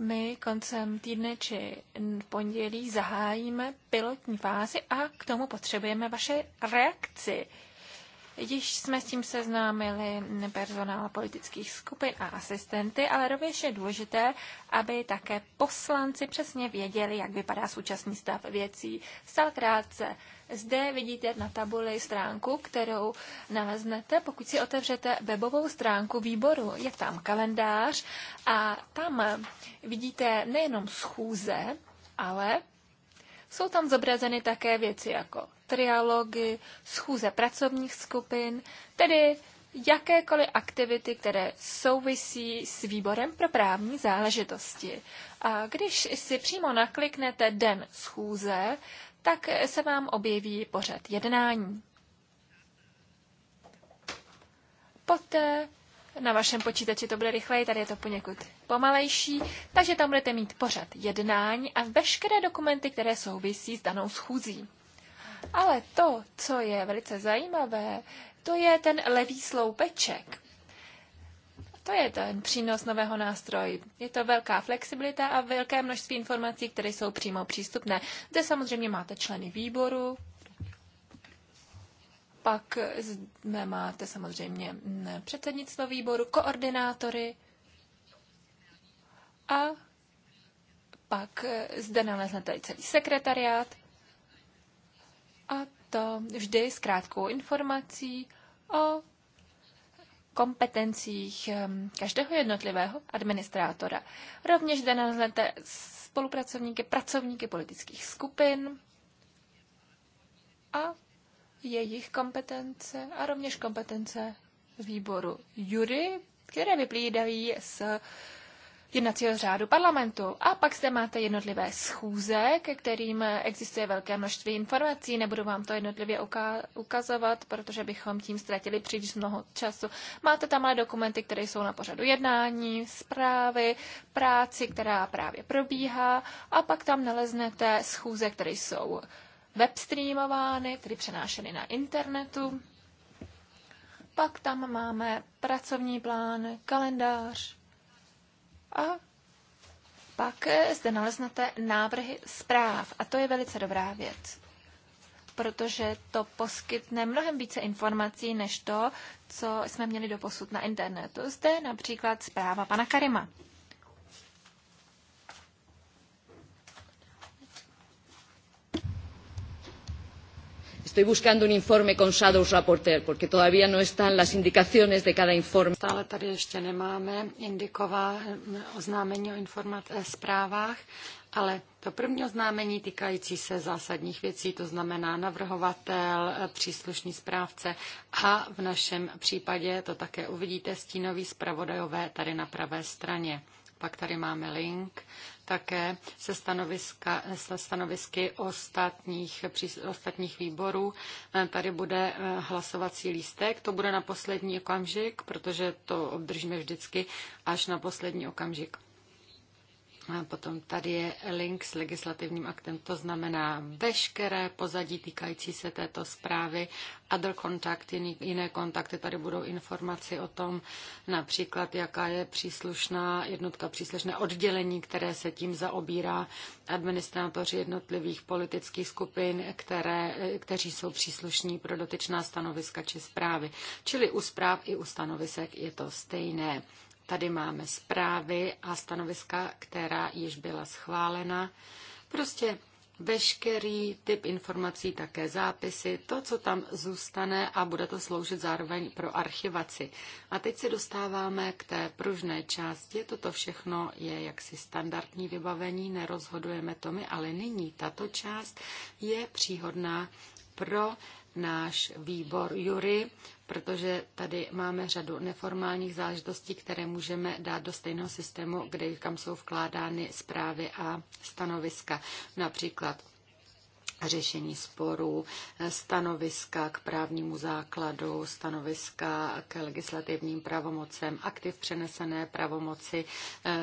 my koncem týdne či v pondělí zahájíme pilotní fázi a k tomu potřebujeme vaše reakci. Již jsme s tím seznámili personál politických skupin a asistenty, ale rovněž je důležité, aby také poslanci přesně věděli, jak vypadá současný stav věcí. Stal krátce. Zde vidíte na tabuli stránku, kterou naleznete, pokud si otevřete webovou stránku výboru. Je tam kalendář a tam vidíte nejenom schůze, ale jsou tam zobrazeny také věci jako trialogy, schůze pracovních skupin, tedy jakékoliv aktivity, které souvisí s výborem pro právní záležitosti. A když si přímo nakliknete den schůze, tak se vám objeví pořad jednání. Poté na vašem počítači to bude rychleji, tady je to poněkud pomalejší, takže tam budete mít pořad jednání a veškeré dokumenty, které souvisí s danou schůzí. Ale to, co je velice zajímavé, to je ten levý sloupeček. To je ten přínos nového nástroje. Je to velká flexibilita a velké množství informací, které jsou přímo přístupné. Zde samozřejmě máte členy výboru, pak zde máte samozřejmě mm, předsednictvo výboru, koordinátory a pak zde naleznete celý sekretariát a to vždy s krátkou informací o kompetencích ehm, každého jednotlivého administrátora. Rovněž zde naznete spolupracovníky, pracovníky politických skupin a jejich kompetence a rovněž kompetence výboru jury, které vyplývají z jednacího řádu parlamentu. A pak zde máte jednotlivé schůze, ke kterým existuje velké množství informací. Nebudu vám to jednotlivě ukazovat, protože bychom tím ztratili příliš mnoho času. Máte tam ale dokumenty, které jsou na pořadu jednání, zprávy, práci, která právě probíhá. A pak tam naleznete schůze, které jsou webstreamovány, tedy přenášeny na internetu. Pak tam máme pracovní plán, kalendář, a pak eh, zde naleznete návrhy zpráv a to je velice dobrá věc, protože to poskytne mnohem více informací než to, co jsme měli doposud na internetu. Zde například zpráva pana Karima. Estoy buscando un informe con shadow Rapporteur, porque todavía no están las indicaciones de cada informe. Stále tady ještě nemáme indiková eh, oznámení o informat, eh, zprávách, ale to první oznámení týkající se zásadních věcí, to znamená navrhovatel, eh, příslušný správce a v našem případě to také uvidíte stínový zpravodajové tady na pravé straně. Pak tady máme link také se, stanoviska, se stanovisky ostatních, ostatních výborů. Eh, tady bude eh, hlasovací lístek, to bude na poslední okamžik, protože to obdržíme vždycky až na poslední okamžik. A potom tady je link s legislativním aktem, to znamená veškeré pozadí týkající se této zprávy, other contact, jiné kontakty, tady budou informaci o tom, například jaká je příslušná jednotka, příslušné oddělení, které se tím zaobírá, administrátoři jednotlivých politických skupin, které, kteří jsou příslušní pro dotyčná stanoviska či zprávy. Čili u zpráv i u stanovisek je to stejné. Tady máme zprávy a stanoviska, která již byla schválena. Prostě veškerý typ informací, také zápisy, to, co tam zůstane a bude to sloužit zároveň pro archivaci. A teď se dostáváme k té pružné části. Toto všechno je jaksi standardní vybavení, nerozhodujeme to my, ale nyní tato část je příhodná pro náš výbor Jury protože tady máme řadu neformálních záležitostí, které můžeme dát do stejného systému, kde kam jsou vkládány zprávy a stanoviska. Například řešení sporů, eh, stanoviska k právnímu základu, stanoviska k legislativním pravomocem, aktiv přenesené pravomoci, eh,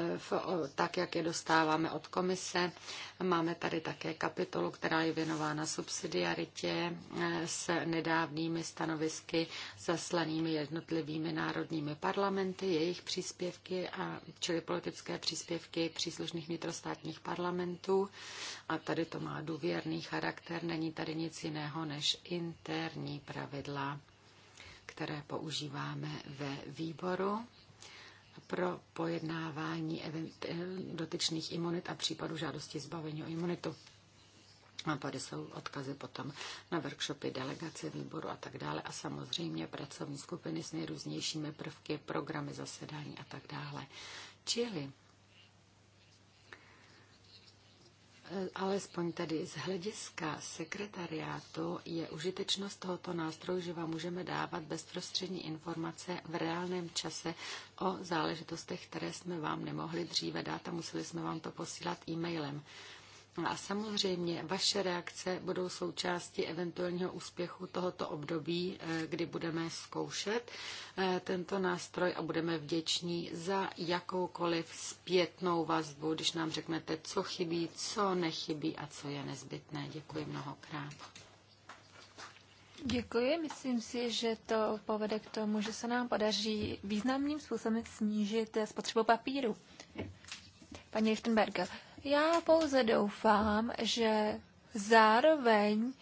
tak, jak je dostáváme od komise. Máme tady také kapitolu, která je věnována subsidiaritě eh, s nedávnými stanovisky zaslanými jednotlivými národními parlamenty, jejich příspěvky, a, čili politické příspěvky příslušných vnitrostátních parlamentů. A tady to má důvěrný charakter charakter, není tady nic jiného než interní pravidla, které používáme ve výboru pro pojednávání dotyčných imunit a případů žádosti zbavení o imunitu. A tady jsou odkazy potom na workshopy, delegace výboru a tak dále. A samozřejmě pracovní skupiny s nejrůznějšími prvky, programy zasedání a tak dále. Čili Alespoň tedy z hlediska sekretariátu je užitečnost tohoto nástroje, že vám můžeme dávat bezprostřední informace v reálném čase o záležitostech, které jsme vám nemohli dříve dát a museli jsme vám to posílat e-mailem. No a samozřejmě vaše reakce budou součástí eventuálního úspěchu tohoto období, eh, kdy budeme zkoušet eh, tento nástroj a budeme vděční za jakoukoliv zpětnou vazbu, když nám řeknete, co chybí, co nechybí a co je nezbytné. Děkuji mnohokrát. Děkuji. Myslím si, že to povede k tomu, že se nám podaří významným způsobem snížit spotřebu papíru. Paní Lichtenberger, já pouze doufám, že zároveň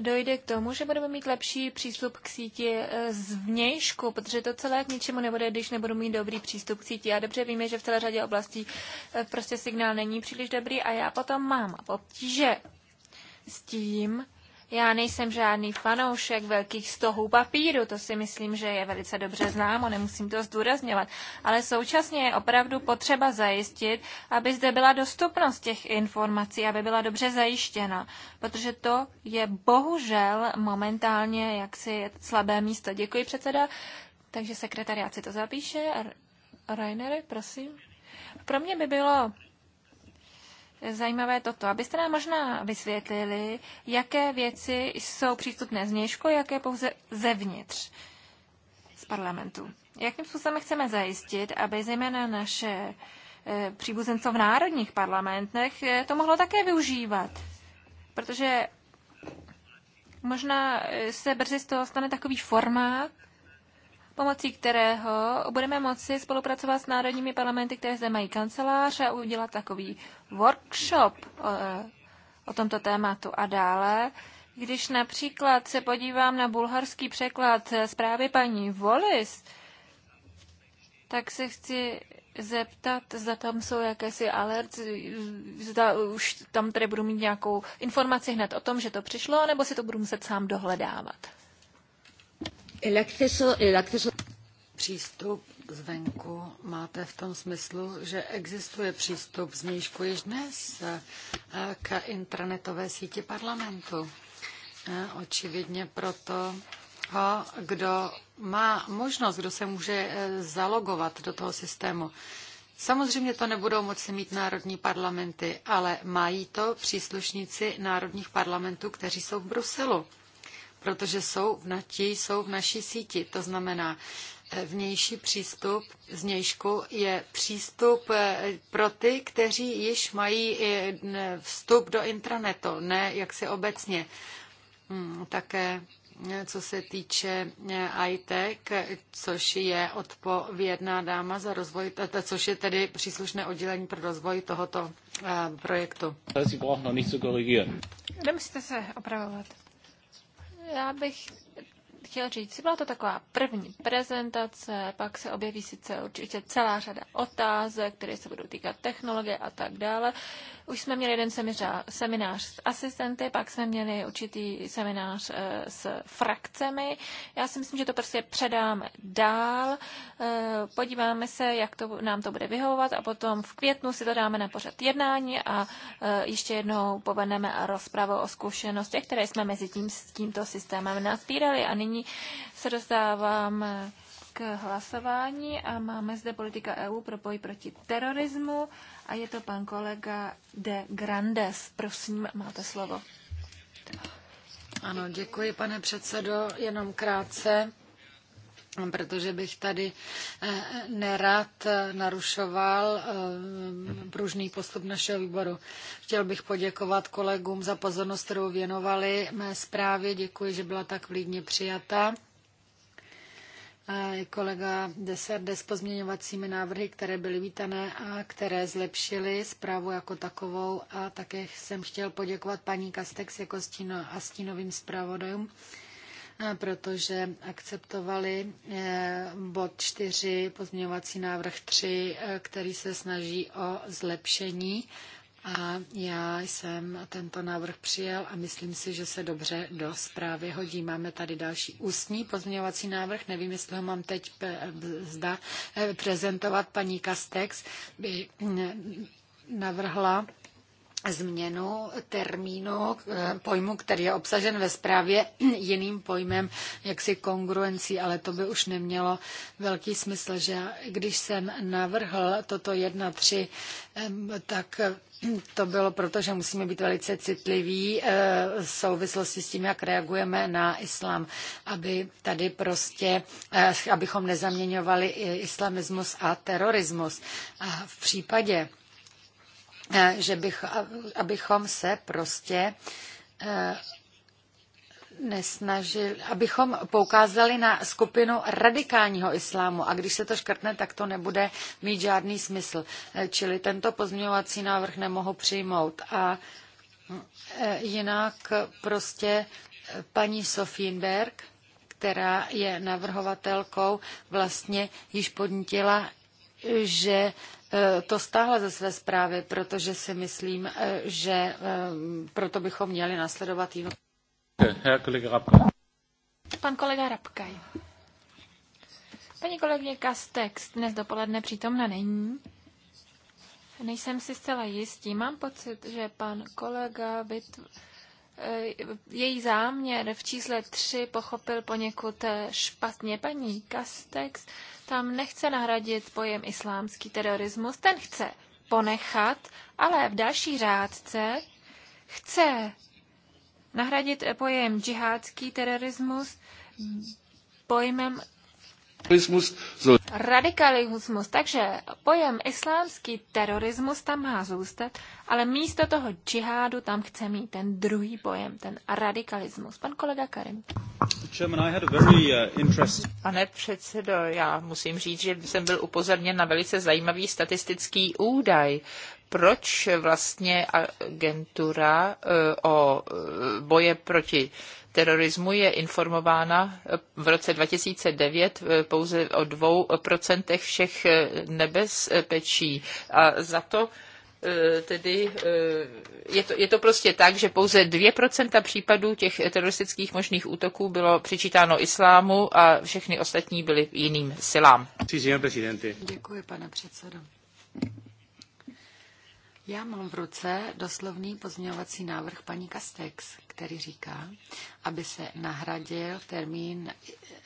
dojde k tomu, že budeme mít lepší přístup k síti eh, z vnějšku, protože to celé k ničemu nebude, když nebudu mít dobrý přístup k síti. A dobře víme, že v celé řadě oblastí eh, prostě signál není příliš dobrý a já potom mám obtíže s tím, já nejsem žádný fanoušek velkých stohů papíru, to si myslím, že je velice dobře známo, nemusím to zdůrazňovat. Ale současně je opravdu potřeba zajistit, aby zde byla dostupnost těch informací, aby byla dobře zajištěna. Protože to je bohužel momentálně jaksi slabé místo. Děkuji předseda. Takže sekretariát si to zapíše. Rainer, prosím. Pro mě by bylo zajímavé toto. Abyste nám možná vysvětlili, jaké věci jsou přístupné zvnějšku a jaké pouze zevnitř z parlamentu. Jakým způsobem chceme zajistit, aby zejména naše eh, příbuzenco v národních parlamentech eh, to mohlo také využívat? Protože možná eh, se brzy z toho stane takový formát, pomocí kterého budeme moci spolupracovat s národními parlamenty, které zde mají kancelář a udělat takový workshop o, eh, o tomto tématu a dále. Když například se podívám na bulharský překlad zprávy paní Volis, tak se chci zeptat, zda tam jsou jakési alert, zda už tam tedy budu mít nějakou informaci hned o tom, že to přišlo, nebo si to budu muset sám dohledávat. El acceso, el acceso... Přístup zvenku máte v tom smyslu, že existuje přístup z nížku již dnes eh, k intranetové síti parlamentu. Eh, očividně proto, kdo má možnost, kdo se může eh, zalogovat do toho systému. Samozřejmě to nebudou moci mít národní parlamenty, ale mají to příslušníci národních parlamentů, kteří jsou v Bruselu protože jsou v, nati, jsou v naší síti. To znamená, eh, vnější přístup z nějšku je přístup eh, pro ty, kteří již mají eh, vstup do intranetu, ne jak si obecně. Hmm, také co se týče ITEC, což je odpovědná dáma za rozvoj, což je tedy příslušné oddělení pro rozvoj tohoto projektu. Nemusíte se opravovat. Já bych chtěl říct, byla to taková první prezentace, pak se objeví sice určitě celá řada otázek, které se budou týkat technologie a tak dále. Už jsme měli jeden seminář, s asistenty, pak jsme měli určitý seminář eh, s frakcemi. Já si myslím, že to prostě předáme dál, eh, podíváme se, jak to, nám to bude vyhovovat a potom v květnu si to dáme na pořad jednání a eh, ještě jednou povedeme rozpravu o zkušenostech, které jsme mezi tím s tímto systémem nazbírali a nyní se dostávám k hlasování a máme zde politika EU pro boj proti terorismu a je to pan kolega De Grandes. Prosím, máte slovo. Ano, děkuji, pane předsedo. Jenom krátce protože bych tady eh, nerad eh, narušoval eh, pružný postup našeho výboru. Chtěl bych poděkovat kolegům za pozornost, kterou věnovali mé zprávě. Děkuji, že byla tak vlídně přijata. Kolega deser s pozměňovacími návrhy, které byly vítané a které zlepšily zprávu jako takovou. A také jsem chtěl poděkovat paní Kastex jako stíno, a stínovým zpravodajům protože akceptovali eh, bod 4, pozměňovací návrh 3, eh, který se snaží o zlepšení. A já jsem tento návrh přijel a myslím si, že se dobře do zprávy hodí. Máme tady další ústní pozměňovací návrh. Nevím, jestli ho mám teď zda eh, prezentovat. Paní Kastex by mm, navrhla změnu termínu, eh, pojmu, který je obsažen ve zprávě jiným pojmem, jaksi kongruencí, ale to by už nemělo velký smysl, že když jsem navrhl toto 1.3, tak to bylo proto, že musíme být velice citliví eh, v souvislosti s tím, jak reagujeme na islám, aby tady prostě, eh, abychom nezaměňovali islamismus a terorismus. A v případě Eh, že bych, abychom se prostě eh, nesnažil, abychom poukázali na skupinu radikálního islámu a když se to škrtne, tak to nebude mít žádný smysl. Eh, čili tento pozměňovací návrh nemohu přijmout a jinak prostě paní Sofienberg, která je navrhovatelkou, vlastně již podnítila že e, to stáhla ze své zprávy, protože si myslím, e, že e, proto bychom měli nasledovat jinou. Pan kolega Rabkaj. Paní kolegyně Kastex dnes dopoledne přítomna není. Nejsem si zcela jistý. Mám pocit, že pan kolega by Eh, její záměr v čísle 3 pochopil poněkud eh, špatně. Paní Kastex tam nechce nahradit pojem islámský terorismus, ten chce ponechat, ale v další řádce chce nahradit pojem džihádský terorismus pojmem Radikalismus, takže pojem islámský terorismus tam má zůstat, ale místo toho džihádu tam chce mít ten druhý pojem, ten radikalismus. Pan kolega Karim. Uh, Pane předsedo, já musím říct, že jsem byl upozorněn na velice zajímavý statistický údaj proč vlastně agentura uh, o uh, boje proti terorismu je informována eh, v roce 2009 eh, pouze o dvou procentech všech eh, nebezpečí. A za to tedy je to, je to prostě tak, že pouze 2% případů těch teroristických možných útoků bylo přičítáno islámu a všechny ostatní byly jiným silám. Děkuji, pane předsedo. Já mám v ruce doslovný pozměňovací návrh paní Kastex, který říká, aby se nahradil termín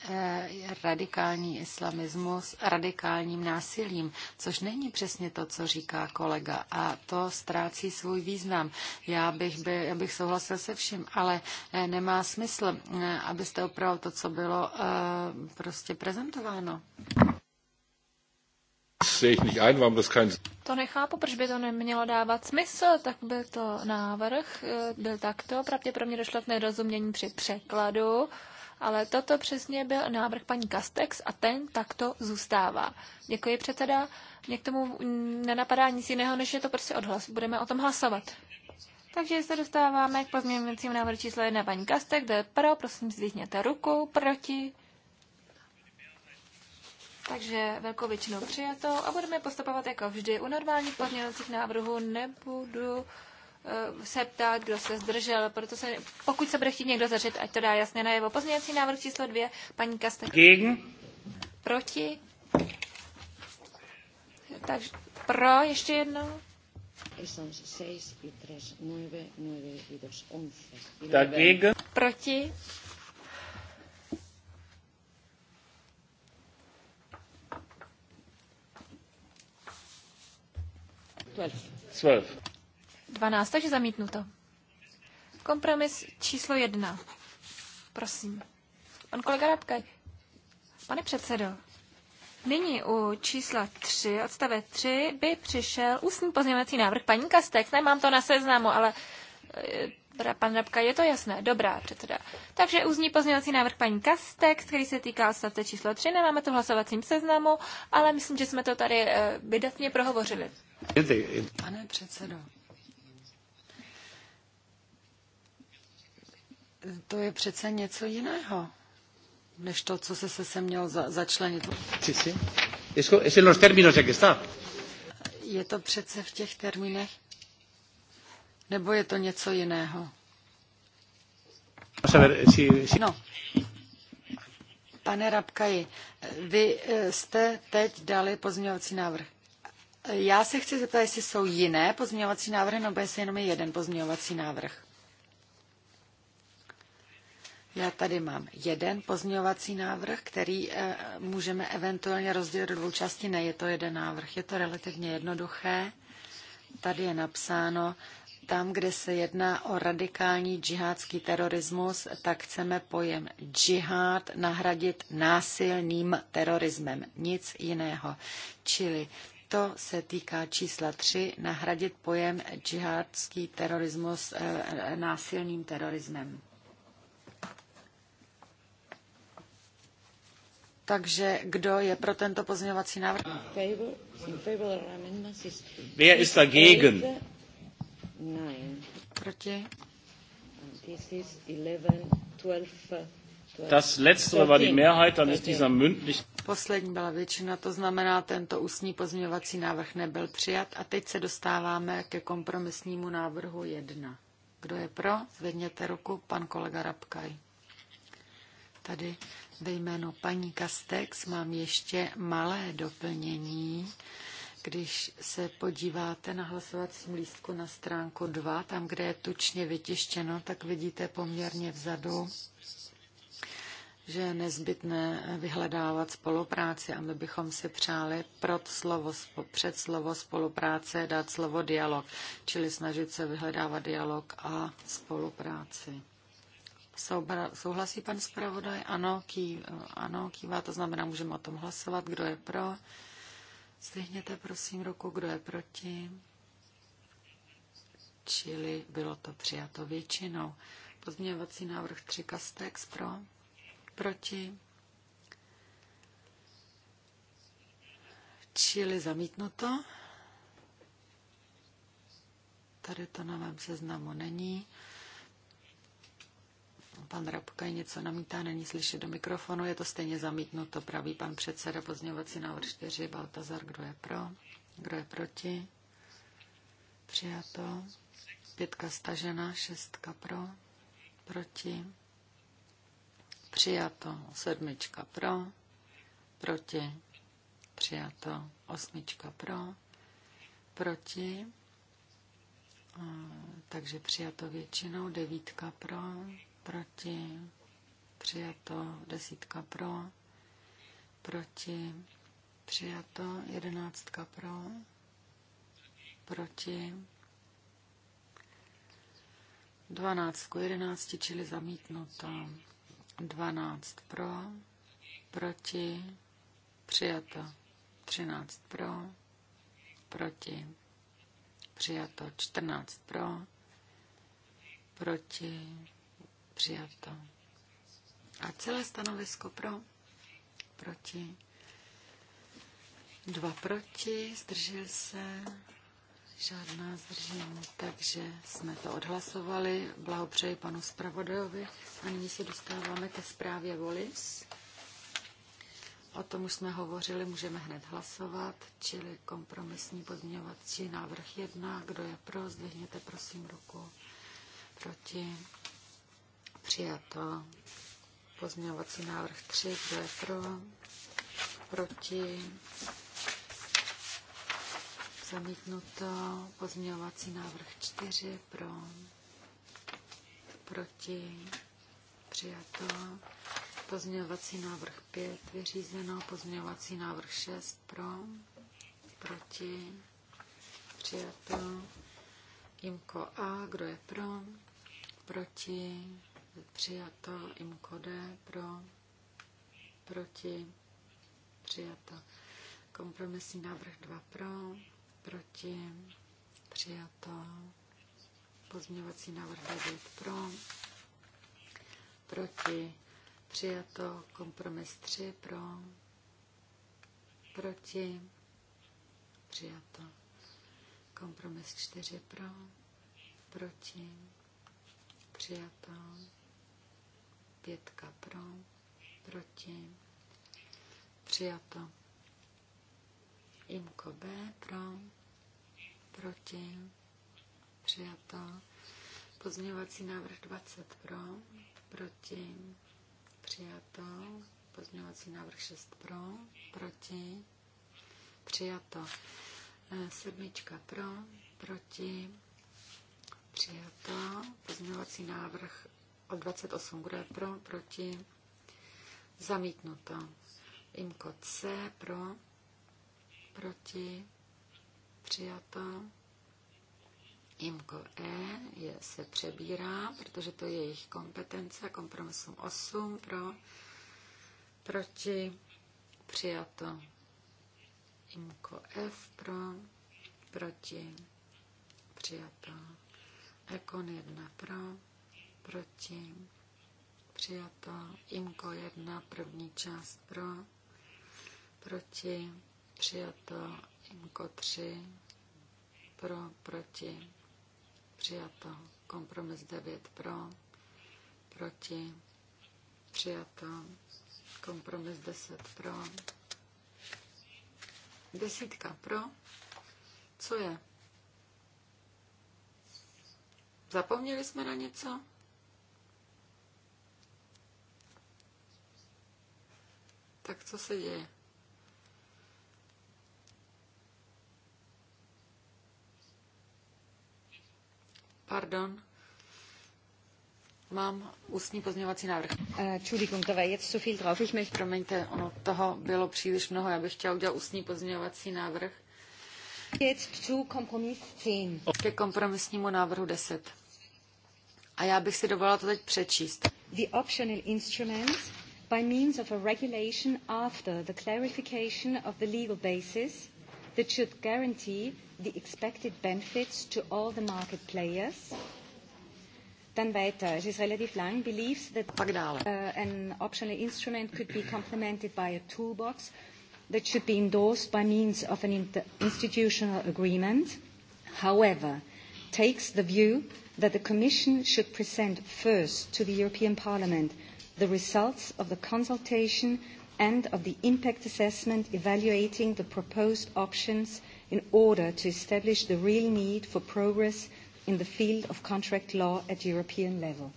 eh, radikální islamismus radikálním násilím, což není přesně to, co říká kolega a to ztrácí svůj význam. Já bych, by, já bych souhlasil se vším, ale eh, nemá smysl, eh, abyste opravil to, co bylo prostě prezentováno. To nechápu, proč by to nemělo dávat smysl, tak byl to návrh, eh, byl takto, pravděpodobně došlo k nerozumění při překladu, ale toto přesně byl návrh paní Kastex a ten takto zůstává. Děkuji předseda, mě k tomu nenapadá nic jiného, než je to prostě odhlas, budeme o tom hlasovat. Takže se dostáváme k pozměňujícím návrhu číslo 1 paní Kastek, kdo je pro, prosím, zvýhněte ruku, proti, takže velkou většinou přijato a budeme postupovat jako vždy. U normálních pozměňovacích návrhů nebudu uh, se ptát, kdo se zdržel, proto se, pokud se bude chtít někdo zařet, ať to dá jasně najevo. Pozměňovací návrh číslo dvě, paní Kastek. Gegen. Proti. Takže pro, ještě jednou. Proti. 12. takže zamítnuto. Kompromis číslo jedna, Prosím. Pan kolega Rabkaj. Pane předsedo, nyní u čísla 3, odstave 3, by přišel ústní pozměňovací návrh paní Kastex. Nemám to na seznamu, ale eh, pan Rabka, je to jasné? Dobrá, předseda. Takže ústní pozměňovací návrh paní Kastek, který se týká odstavce číslo 3, nemáme to v hlasovacím seznamu, ale myslím, že jsme to tady eh, vydatně prohovořili. Pane předsedo, to je přece něco jiného, než to, co se se měl začlenit. Je to přece v těch termínech? Nebo je to něco jiného? Eh, no. Pane Rabkaji, vy eh, jste teď dali pozměňovací návrh. Já se chci zeptat, jestli jsou jiné pozměňovací návrhy, nebo jestli jenom je jeden pozměňovací návrh. Já tady mám jeden pozměňovací návrh, který e, můžeme eventuálně rozdělit do dvou částí. Ne, je to jeden návrh, je to relativně jednoduché. Tady je napsáno, tam, kde se jedná o radikální džihádský terorismus, tak chceme pojem džihád nahradit násilným terorismem. Nic jiného. Čili to se týká čísla 3, nahradit pojem džihadský terorismus eh, eh, násilným terorismem. Takže kdo je pro tento pozměňovací návrh? Wer ist dagegen? Proti? This is 11, 12, Das letztere war die Mehrheit, dann ist dieser mündlich. Poslední byla většina, to znamená, tento ústní pozměňovací návrh nebyl přijat. A teď se dostáváme ke kompromisnímu návrhu 1. Kdo je pro? Zvedněte ruku, pan kolega Rabkaj. Tady ve jménu paní Kastex mám ještě malé doplnění. Když se podíváte na hlasovacím lístku na stránku 2, tam, kde je tučně vytištěno, tak vidíte poměrně vzadu že je nezbytné vyhledávat spolupráci a my bychom si přáli prot slovo, před slovo spolupráce dát slovo dialog, čili snažit se vyhledávat dialog a spolupráci. Soubra, souhlasí pan zpravodaj? Ano, ký, ano, kývá, to znamená, můžeme o tom hlasovat. Kdo je pro? Zdvihněte prosím ruku, kdo je proti. Čili bylo to přijato většinou. Pozměňovací návrh 3 Kastex pro proti, čili zamítnuto. Tady to na mém seznamu není. Pan Rabka něco namítá, není slyšet do mikrofonu, je to stejně zamítnuto, praví pan předseda pozněvací návrh 4, Baltazar, kdo je pro, kdo je proti, přijato, pětka stažena, šestka pro, proti, Přijato. Sedmička pro. Proti. Přijato. Osmička pro. Proti. Takže přijato většinou. Devítka pro. Proti. Přijato. Desítka pro. Proti. Přijato. Jedenáctka pro. Proti. Dvanáctku jedenácti čili zamítnuto. 12 pro, proti, přijato 13 pro, proti, přijato 14 pro, proti, přijato. A celé stanovisko pro, proti, dva proti, zdržel se, Žádná zdržení, takže jsme to odhlasovali. Blahopřeji panu zpravodajovi a nyní se dostáváme ke zprávě Volis. O tom už jsme hovořili, můžeme hned hlasovat, čili kompromisní pozměňovací návrh jedna, Kdo je pro, zdvihněte prosím ruku. Proti. Přijato. Pozměňovací návrh 3. Kdo je pro? Proti Zamítnuto pozměňovací návrh 4 pro, proti, přijato. Pozměňovací návrh 5 vyřízeno, pozměňovací návrh 6 pro, proti, přijato. Imko A, kdo je pro, proti, přijato. Imko D, pro, proti, přijato. Kompromisní návrh 2 pro, proti, přijato, pozměňovací návrh 9 pro, proti, přijato, kompromis 3 pro, proti, přijato, kompromis 4 pro, proti, přijato, pětka pro, proti, přijato. Imko B pro, proti, přijato. Pozměňovací návrh 20 pro, proti, přijato. Pozměňovací návrh 6 pro, proti, přijato. E, sedmička pro, proti, přijato. Pozměňovací návrh od 28, bude pro, proti, zamítnuto. Imko C pro, proti, přijato. Imko E je, se přebírá, protože to je jejich kompetence, kompromisum 8 pro, proti, přijato. Imko F pro, proti, přijato. Ekon 1 pro, proti, přijato. Imko 1 první část pro, proti, Přijato. Inko 3. Pro, proti. Přijato. Kompromis 9 pro. Proti. Přijato. Kompromis 10 pro. Desítka pro. Co je? Zapomněli jsme na něco? Tak co se děje? Pardon. Mám ústní pozměňovací návrh. Eh, Entschuldigung, da war jetzt zu drauf. Promiňte, ono toho bylo příliš mnoho. Já bych chtěla udělat ústní pozměňovací návrh. Ke kompromisnímu návrhu 10. A já bych si dovolila to teď přečíst. The optional instruments by means of a regulation after the clarification of the legal basis that should guarantee the expected benefits to all the market players. Dann weiter, es ist relativ lang, believes that uh, an optional instrument could be complemented by a toolbox that should be endorsed by means of an institutional agreement. However, takes the view that the Commission should present first to the European Parliament the results of the consultation and of the impact assessment evaluating the proposed options in order to establish the real need for progress in the field of contract law at European level.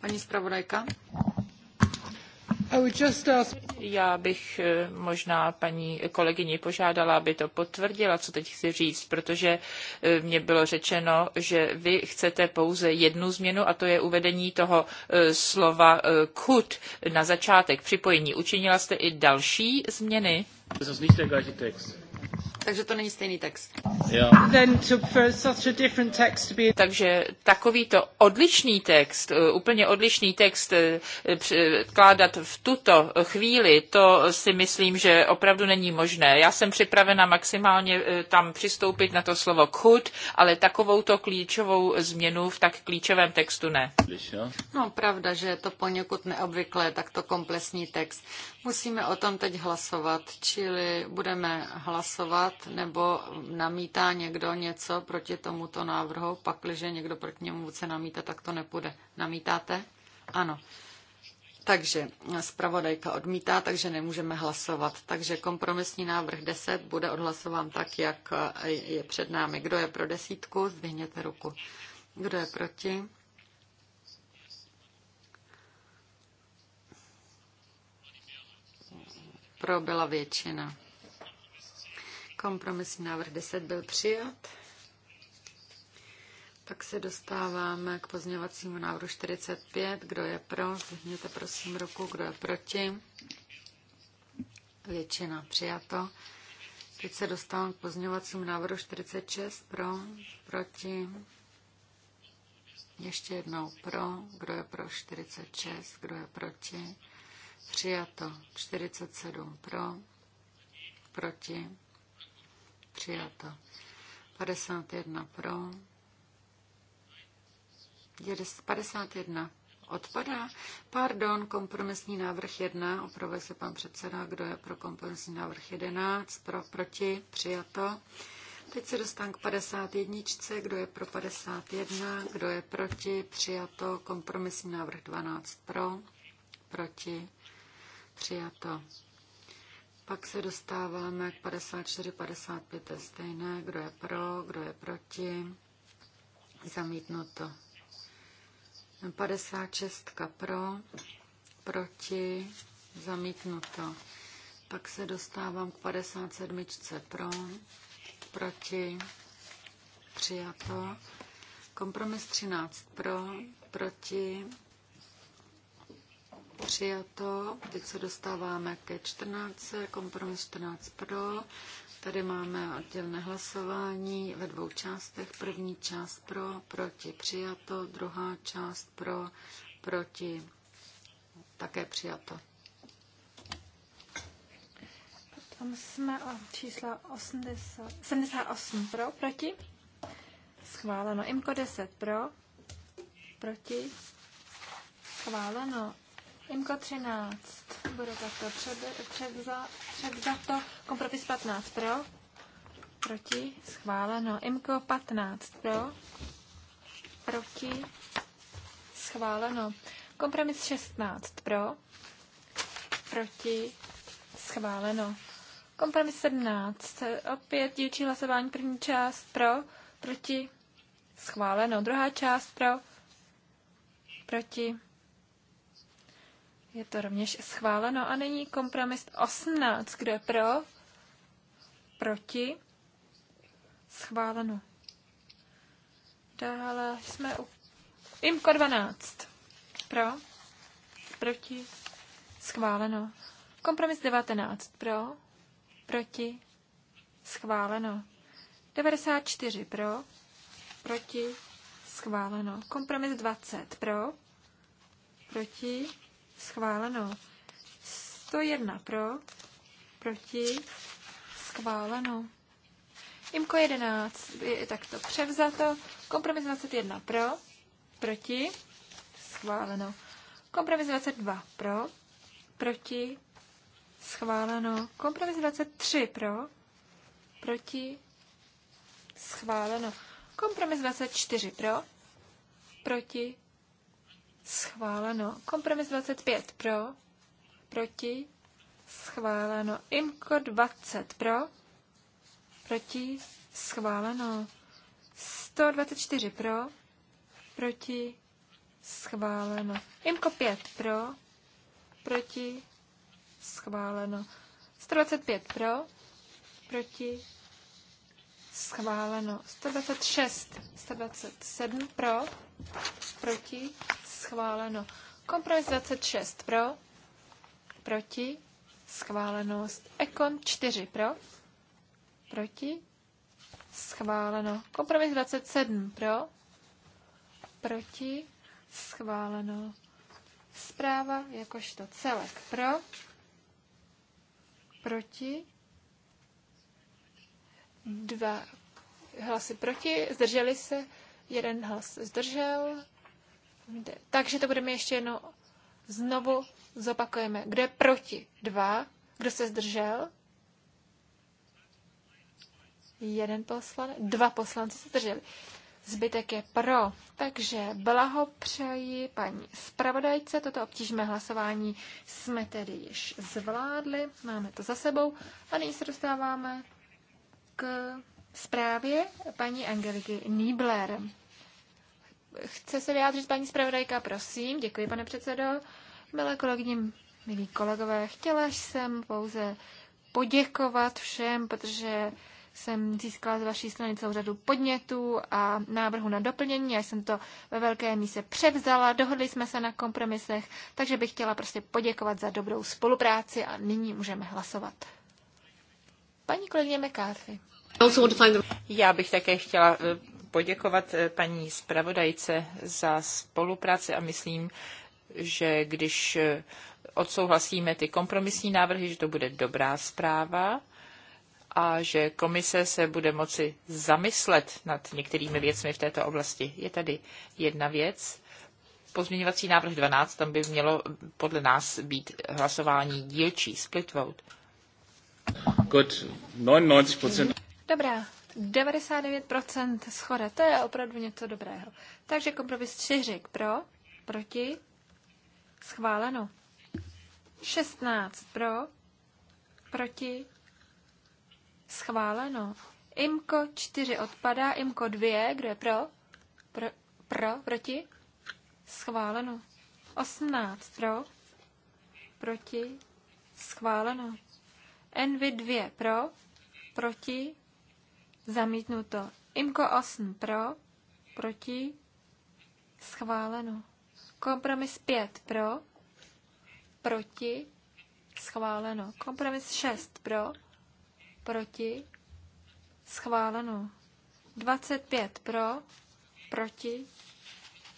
Paní zpravodajka. Já bych eh, možná paní kolegyni požádala, aby to potvrdila, co teď chci říct, protože eh, mně bylo řečeno, že vy chcete pouze jednu změnu a to je uvedení toho eh, slova could na začátek připojení. Učinila jste i další změny? Takže to není stejný text. Takže takovýto odlišný text, eh, úplně odlišný text eh, kládat v tuto chvíli, to si myslím, že opravdu není možné. Já jsem připravena maximálně eh, tam přistoupit na to slovo could, ale takovouto klíčovou změnu v tak klíčovém textu ne. No pravda, že je to poněkud neobvyklé, takto komplexní text. Musíme o tom teď hlasovat, čili budeme hlasovat, nebo namítá někdo něco proti tomuto návrhu, pakliže někdo proti němu se namítá, tak to nepůjde. Namítáte? Ano. Takže zpravodajka odmítá, takže nemůžeme hlasovat. Takže kompromisní návrh 10 bude odhlasován tak, jak je před námi. Kdo je pro desítku, Zvihněte ruku. Kdo je proti? Pro byla většina. Kompromisní návrh 10 byl přijat. Pak se dostáváme k pozměňovacímu návrhu 45. Kdo je pro? Zvihněte prosím ruku. Kdo je proti? Většina přijato. Teď se dostávám k pozměňovacímu návrhu 46. Pro? Proti? Ještě jednou pro. Kdo je pro 46? Kdo je proti? Přijato 47 pro, proti, přijato 51 pro, 51 odpadá. Pardon, kompromisní návrh 1, opravuje se pan předseda, kdo je pro kompromisní návrh 11, pro, proti, přijato. Teď se dostanu k 51. Kdo je pro 51? Kdo je proti? Přijato. Kompromisní návrh 12 pro. Proti. Přijato. Pak se dostáváme k 54-55 je stejné, kdo je pro, kdo je proti. Zamítnuto. 56 pro, proti, zamítnuto. Pak se dostávám k 57 pro, proti, přijato. Kompromis 13 pro, proti, Přijato. Teď se dostáváme ke 14. Kompromis 14 pro. Tady máme oddělné hlasování ve dvou částech. První část pro, proti přijato, druhá část pro, proti také přijato. Tam jsme o čísla 80, 78 pro, proti. Schváleno. Imko 10 pro, proti. Schváleno. Jemko 13 bude takto před, převza, převzato. Kompromis 15 pro. Proti. Schváleno. Imko 15 pro. Proti. Schváleno. Kompromis 16 pro. Proti. Schváleno. Kompromis 17. Opět dílčí hlasování. První část pro. Proti. Schváleno. Druhá část pro. Proti je to rovněž schváleno. A není kompromis 18. Kdo je pro? Proti? Schváleno. Dále jsme u IMKO 12. Pro? Proti? Schváleno. Kompromis 19. Pro? Proti? Schváleno. 94 pro, proti, schváleno. Kompromis 20 pro, proti, schváleno. 101 pro, proti, schváleno. Imko 11 je takto převzato. Kompromis 21 pro, proti, schváleno. Kompromis 22 pro, proti, schváleno. Kompromis 23 pro, proti, schváleno. Kompromis 24 pro, proti, Schváleno. Kompromis 25 pro. Proti. Schváleno. Imko 20 pro. Proti. Schváleno. 124 pro. Proti. Schváleno. Imko 5 pro. Proti. Schváleno. 125 pro. Proti. Schváleno. 126. 127 pro. Proti schváleno. Kompromis 26 pro, proti, schválenost. Ekon 4 pro, proti, schváleno. Kompromis 27 pro, proti, schváleno. Zpráva jakožto celek pro, proti, dva hlasy proti, zdrželi se, jeden hlas zdržel, takže to budeme ještě jednou znovu zopakujeme. Kdo je proti? Dva. Kdo se zdržel? Jeden poslanec. Dva poslanci se zdrželi. Zbytek je pro. Takže blahopřeji paní zpravodajce. Toto obtížné hlasování jsme tedy již zvládli. Máme to za sebou. A nyní se dostáváme k zprávě paní Angeliky Niebler. Chce se vyjádřit paní zpravodajka, prosím. Děkuji, pane předsedo. Milé kolegyně, milí kolegové, chtěla jsem pouze poděkovat všem, protože jsem získala z vaší strany celou řadu podnětů a návrhu na doplnění. Já jsem to ve velké míse převzala, dohodli jsme se na kompromisech, takže bych chtěla prostě poděkovat za dobrou spolupráci a nyní můžeme hlasovat. Paní kolegyně McCarthy. Já bych také chtěla eh, poděkovat eh, paní zpravodajce za spolupráci a myslím, že když eh, odsouhlasíme ty kompromisní návrhy, že to bude dobrá zpráva a že komise se bude moci zamyslet nad některými věcmi v této oblasti. Je tady jedna věc. Pozměňovací návrh 12, tam by mělo podle nás být hlasování dílčí, split vote. Good, 99%. Dobrá, 99% schoda, to je opravdu něco dobrého. Takže kompromis 4 pro, proti, schváleno. 16 pro, proti, schváleno. Imko 4 odpadá, Imko 2, kdo je pro? Pro, pro proti, schváleno. 18 pro, proti, schváleno. Envy 2 pro, proti, Zamítnuto. Imko 8 pro, proti, schváleno. Kompromis 5 pro, proti, schváleno. Kompromis 6 pro, proti, schváleno. 25 pro, proti,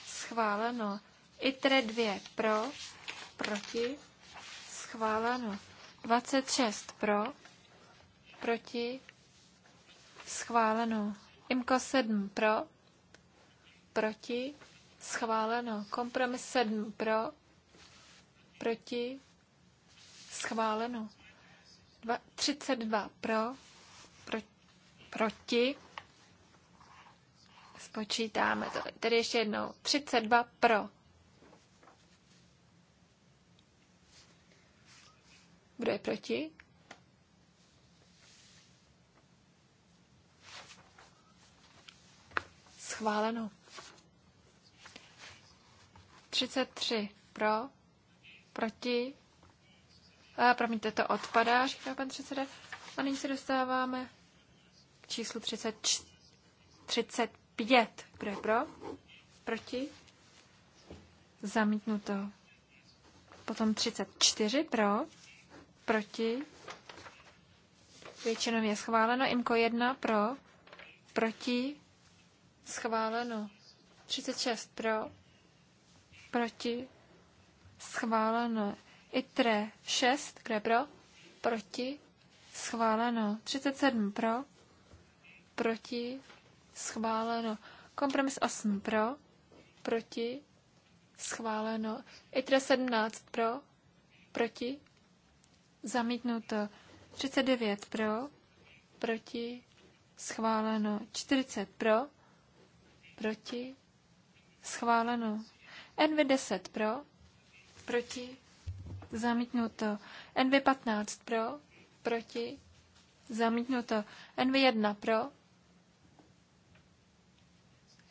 schváleno. ITRE 2 pro, proti, schváleno. 26 pro, proti, Schváleno. Imko 7 pro. Proti. Schváleno. Kompromis 7 pro. Proti. Schváleno. Dva, 32 pro. pro proti. Spočítáme to. Tedy ještě jednou. 32 pro. Kdo je proti? Schváleno. 33 pro, proti, a promiňte, to odpadá, říká pan předseda. A nyní se dostáváme k číslu 30, 35. Kdo je pro? Proti? Zamítnuto. Potom 34 pro, proti, většinou je schváleno, IMKO 1 pro, proti, Schváleno. 36 pro. Proti. Schváleno. ITRE 6, kde pro? Proti. Schváleno. 37 pro. Proti. Schváleno. Kompromis 8 pro. Proti. Schváleno. ITRE 17 pro. Proti. Zamítnuto. 39 pro. Proti. Schváleno. 40 pro proti, schváleno. NV10 pro, proti, zamítnuto. NV15 pro, proti, zamítnuto. NV1 pro,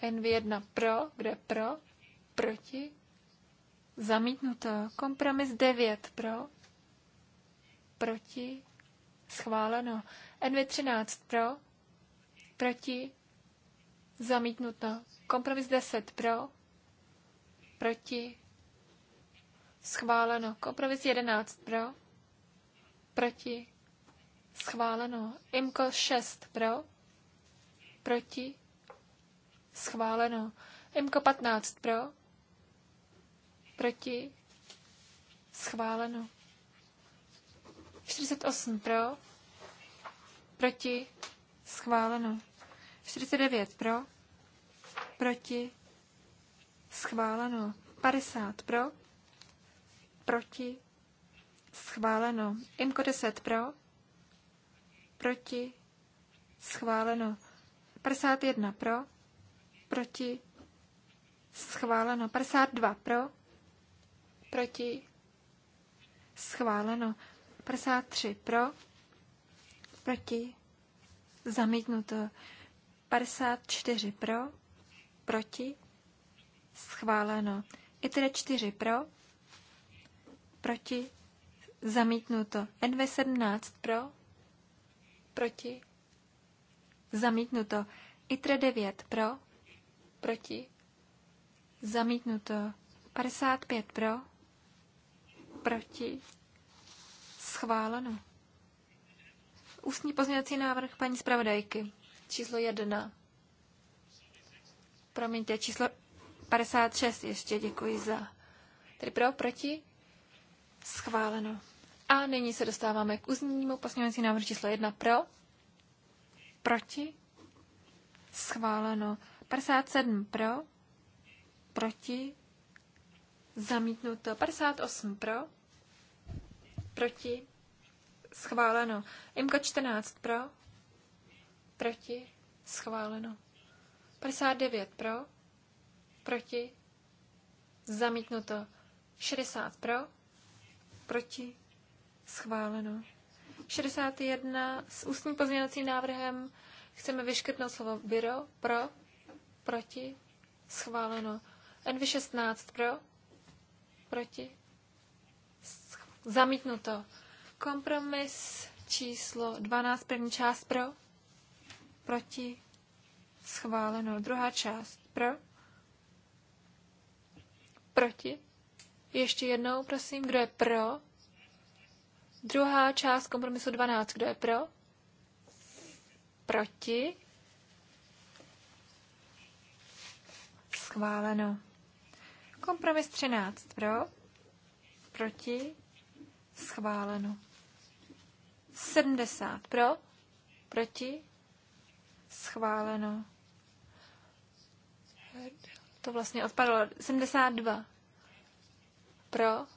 NV1 pro, kde pro, proti, zamítnuto. Kompromis 9 pro, proti, schváleno. NV13 pro, proti, Zamítnuto. Kompromis 10 pro, proti, schváleno. Kompromis 11 pro, proti, schváleno. Imko 6 pro, proti, schváleno. Imko 15 pro, proti, schváleno. 48 pro, proti, schváleno. 49 pro, proti, schváleno. 50 pro, proti, schváleno. Imko 10 pro, proti, schváleno. 51 pro, proti, schváleno. 52 pro, proti, schváleno. 53 pro, proti, zamítnuto. 54 pro, proti, schváleno. I tedy čtyři pro, proti, zamítnuto. NV17 pro, proti, zamítnuto. ITRE 9 pro, proti, zamítnuto. 55 pro, proti, schváleno. Ústní pozměňovací návrh paní zpravodajky. Číslo 1 promiňte, číslo 56 ještě, děkuji za. Tedy pro, proti? Schváleno. A nyní se dostáváme k uznímu poslanecí návrhu číslo 1 pro, proti, schváleno. 57 pro, proti, zamítnuto. 58 pro, proti, schváleno. Imko 14 pro, proti, schváleno. 59 pro, proti, zamítnuto. 60 pro, proti, schváleno. 61 s ústním pozměňovacím návrhem chceme vyškrtnout slovo byro, pro, proti, schváleno. NV16 pro, proti, zamítnuto. Kompromis číslo 12, první část pro, proti, Schváleno. Druhá část. Pro? Proti? Ještě jednou, prosím, kdo je pro? Druhá část kompromisu 12. Kdo je pro? Proti? Schváleno. Kompromis 13. Pro? Proti? Schváleno. 70. Pro? Proti? Schváleno to vlastně odpadlo. 72 pro.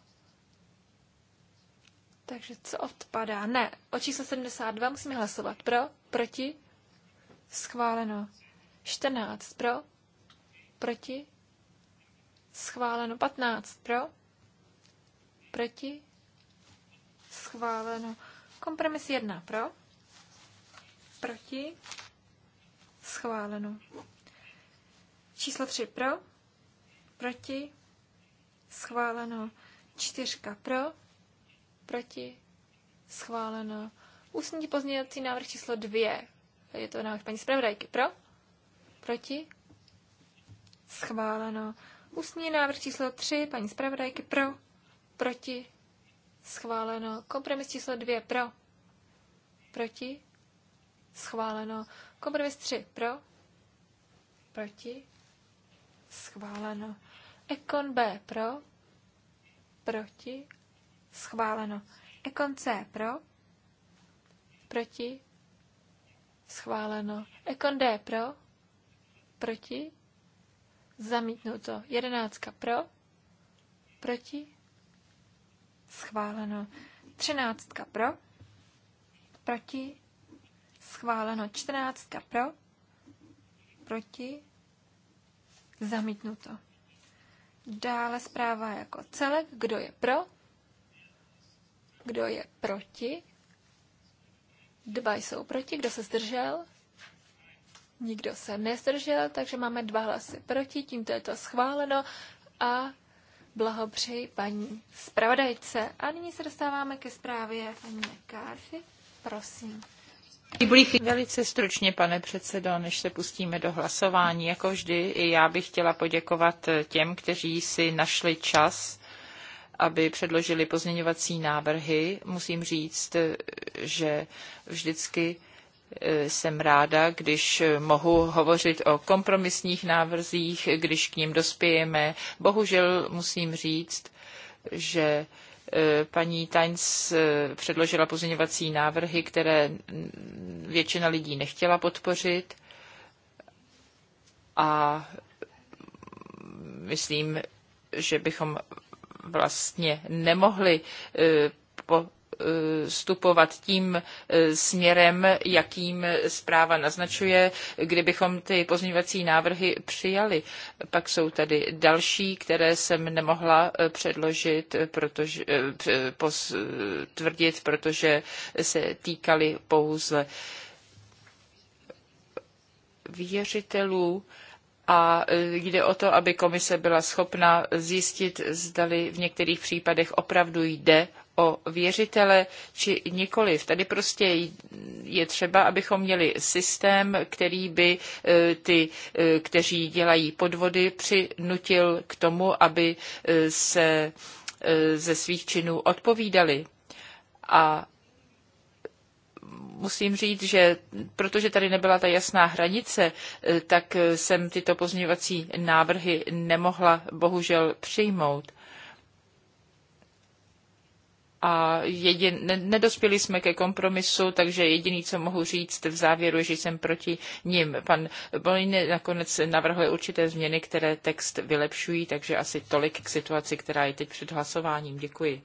Takže co odpadá? Ne, o číslo 72 musíme hlasovat. Pro, proti, schváleno. 14 pro, proti, schváleno. 15 pro, proti, schváleno. Kompromis 1 pro, proti, schváleno. Číslo 3 pro, proti, schváleno. Čtyřka pro, proti, schváleno. Ústní pozměňovací návrh číslo 2. Je to návrh paní zpravodajky. Pro, proti, schváleno. Ústní návrh číslo 3, paní zpravodajky pro, proti, schváleno. Kompromis číslo 2 pro, proti, schváleno. Kompromis 3 pro, proti, schváleno. Ekon B pro, proti, schváleno. Ekon C pro, proti, schváleno. Ekon D pro, proti, zamítnuto. Jedenáctka pro, proti, schváleno. Třináctka pro, proti, schváleno. Čtrnáctka pro, proti, Zamítnuto. Dále zpráva jako celek. Kdo je pro? Kdo je proti? Dva jsou proti. Kdo se zdržel? Nikdo se nezdržel, takže máme dva hlasy proti. Tímto je to schváleno a blahopřeji paní zpravodajce. A nyní se dostáváme ke zprávě paní McCarthy. Prosím. Velice stručně, pane předsedo, než se pustíme do hlasování, jako vždy, i já bych chtěla poděkovat těm, kteří si našli čas, aby předložili pozměňovací návrhy. Musím říct, že vždycky eh, jsem ráda, když mohu hovořit o kompromisních návrzích, když k ním dospějeme. Bohužel musím říct, že Paní Tainz eh, předložila pozměňovací návrhy, které většina lidí nechtěla podpořit a myslím, že bychom vlastně nemohli eh, po postupovat tím eh, směrem, jakým zpráva naznačuje, kdybychom ty pozměňovací návrhy přijali. Pak jsou tady další, které jsem nemohla eh, předložit, protože, eh, tvrdit, protože se týkaly pouze věřitelů a jde o to, aby komise byla schopna zjistit, zdali v některých případech opravdu jde o věřitele či nikoliv. Tady prostě je třeba, abychom měli systém, který by e, ty, e, kteří dělají podvody, přinutil k tomu, aby e, se ze svých činů odpovídali. A musím říct, že protože tady nebyla ta jasná hranice, tak jsem tyto pozměňovací návrhy nemohla bohužel přijmout a jedin, ne, nedospěli jsme ke kompromisu, takže jediný, co mohu říct v závěru, je, že jsem proti ním. Pan Bolin nakonec navrhuje určité změny, které text vylepšují, takže asi tolik k situaci, která je teď před hlasováním. Děkuji.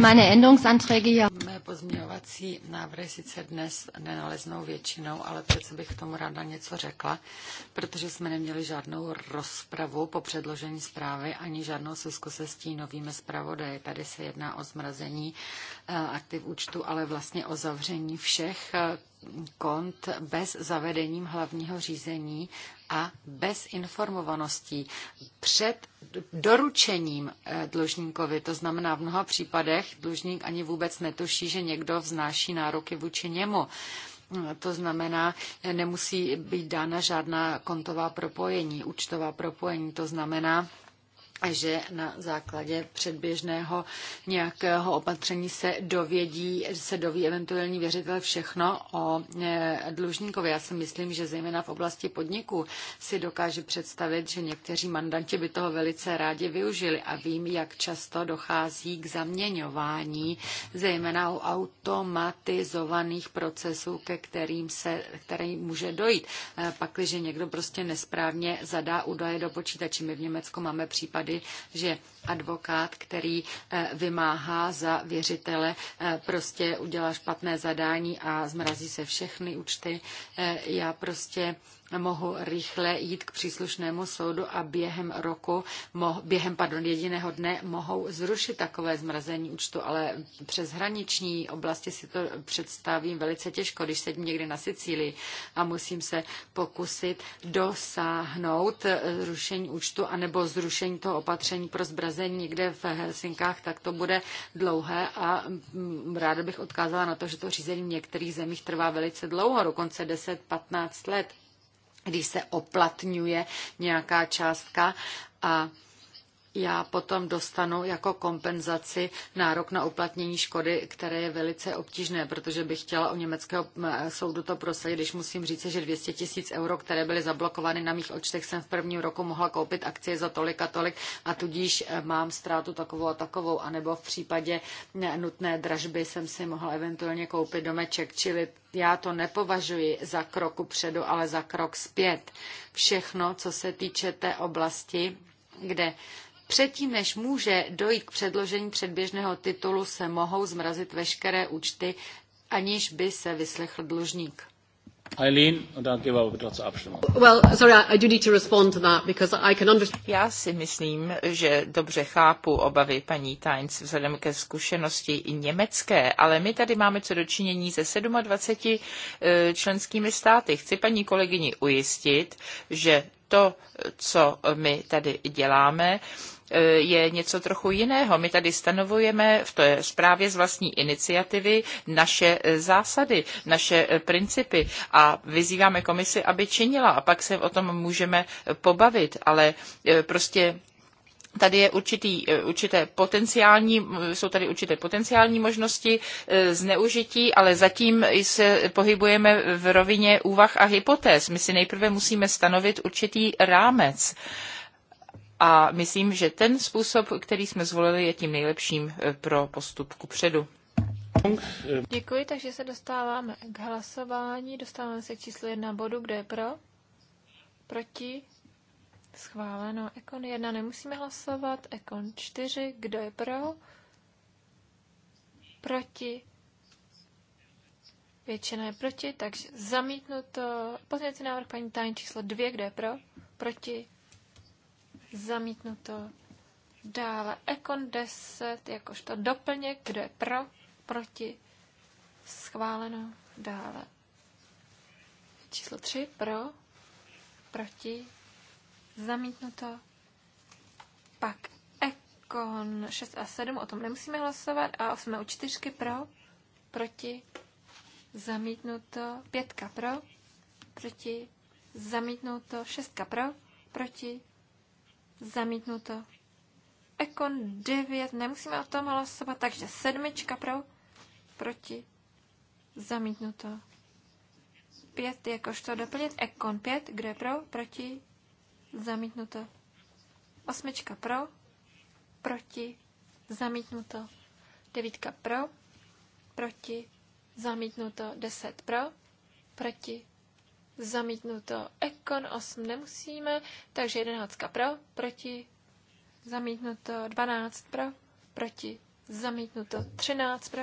meine Änderungsanträge ja Mé pozměňovací návrhy sice dnes nenaleznou většinou, ale přece bych k tomu ráda něco řekla, protože jsme neměli žádnou rozpravu po předložení zprávy ani žádnou sesku se stínovými zpravodaji. Tady se jedná o zmrazení eh, aktiv účtu, ale vlastně o zavření všech eh, kont bez zavedením hlavního řízení a bez informovaností před doručením eh, dlužníkovi. To znamená, v mnoha případech dlužník ani vůbec netuší, že někdo vznáší nároky vůči němu. Mm, to znamená, eh, nemusí být dána žádná kontová propojení, účtová propojení. To znamená, a že na základě předběžného nějakého opatření se dovědí, se doví eventuální věřitel všechno o e, dlužníkovi. Já si myslím, že zejména v oblasti podniků si dokáže představit, že někteří mandanti by toho velice rádi využili a vím, jak často dochází k zaměňování, zejména u automatizovaných procesů, ke kterým se, který může dojít. E, pakliže někdo prostě nesprávně zadá údaje do počítače. My v Německu máme případy tedy, že advokát, který eh, vymáhá za věřitele, eh, prostě udělá špatné zadání a zmrazí se všechny účty. Eh, já prostě mohu rychle jít k příslušnému soudu a během roku, během pardon, jediného dne mohou zrušit takové zmrazení účtu, ale přes hraniční oblasti si to představím velice těžko, když sedím někde na Sicílii a musím se pokusit dosáhnout eh, zrušení účtu anebo zrušení toho opatření pro zbrazení někde v Helsinkách, tak to bude dlouhé a mm, ráda bych odkázala na to, že to řízení v některých zemích trvá velice dlouho, dokonce 10-15 let když se oplatňuje nějaká částka a já potom dostanu jako kompenzaci nárok na uplatnění škody, které je velice obtížné, protože bych chtěla u německého eh, soudu to prosadit, když musím říct, že 200 tisíc euro, které byly zablokovány na mých očtech, jsem v prvním roku mohla koupit akcie za tolik a tolik a tudíž eh, mám ztrátu takovou a takovou, anebo v případě eh, nutné dražby jsem si mohla eventuálně koupit domeček, čili já to nepovažuji za kroku předu, ale za krok zpět. Všechno, co se týče té oblasti, kde Předtím, než může dojít k předložení předběžného titulu, se mohou zmrazit veškeré účty, aniž by se vyslechl dlužník. Eileen, und dann gehen wir wieder Well, sorry, I do need to respond to that because I can understand. Já si myslím, že dobře chápu obavy paní Tynes vzhledem ke zkušenosti německé, ale my tady máme co dočinění se 27 eh, členskými státy. Chci paní kolegyni ujistit, že to, co my tady děláme, E, je něco trochu jiného. My tady stanovujeme v té zprávě z vlastní iniciativy naše e, zásady, naše e, principy a vyzýváme komisi, aby činila a pak se o tom můžeme pobavit, ale prostě Tady je určitý, určité potenciální, jsou tady určité potenciální možnosti zneužití, ale zatím se pohybujeme v rovině úvah a hypotéz. My si nejprve musíme stanovit určitý rámec a myslím, že ten způsob, který jsme zvolili, je tím nejlepším eh, pro postup ku předu. Děkuji, takže se dostáváme k hlasování. Dostáváme se k číslu jedna bodu, kde je pro, proti, schváleno. Ekon 1 nemusíme hlasovat, Ekon čtyři, kdo je pro, proti, většina je proti, takže zamítnuto. Pozměňující návrh paní Tajn číslo dvě, kdo je pro, proti, zamítnuto. Dále Ekon 10, jakožto doplněk, kdo je pro, proti, schváleno. Dále číslo 3, pro, proti, zamítnuto. Pak Ekon 6 a 7, o tom nemusíme hlasovat. A 8 u 4 pro, proti, zamítnuto. 5 pro, proti, zamítnuto. 6 pro, proti, Zamítnuto. Ekon 9, nemusíme o tom hlasovat, takže sedmička pro, proti, zamítnuto. 5, jakožto doplnit, Ekon 5, kde pro, proti, zamítnuto. Osmička pro, proti, zamítnuto. Devítka pro, proti, zamítnuto. Deset pro, proti, Zamítnuto. Ekon 8 nemusíme, takže 11 pro, proti. Zamítnuto. 12 pro, proti. Zamítnuto. 13 pro,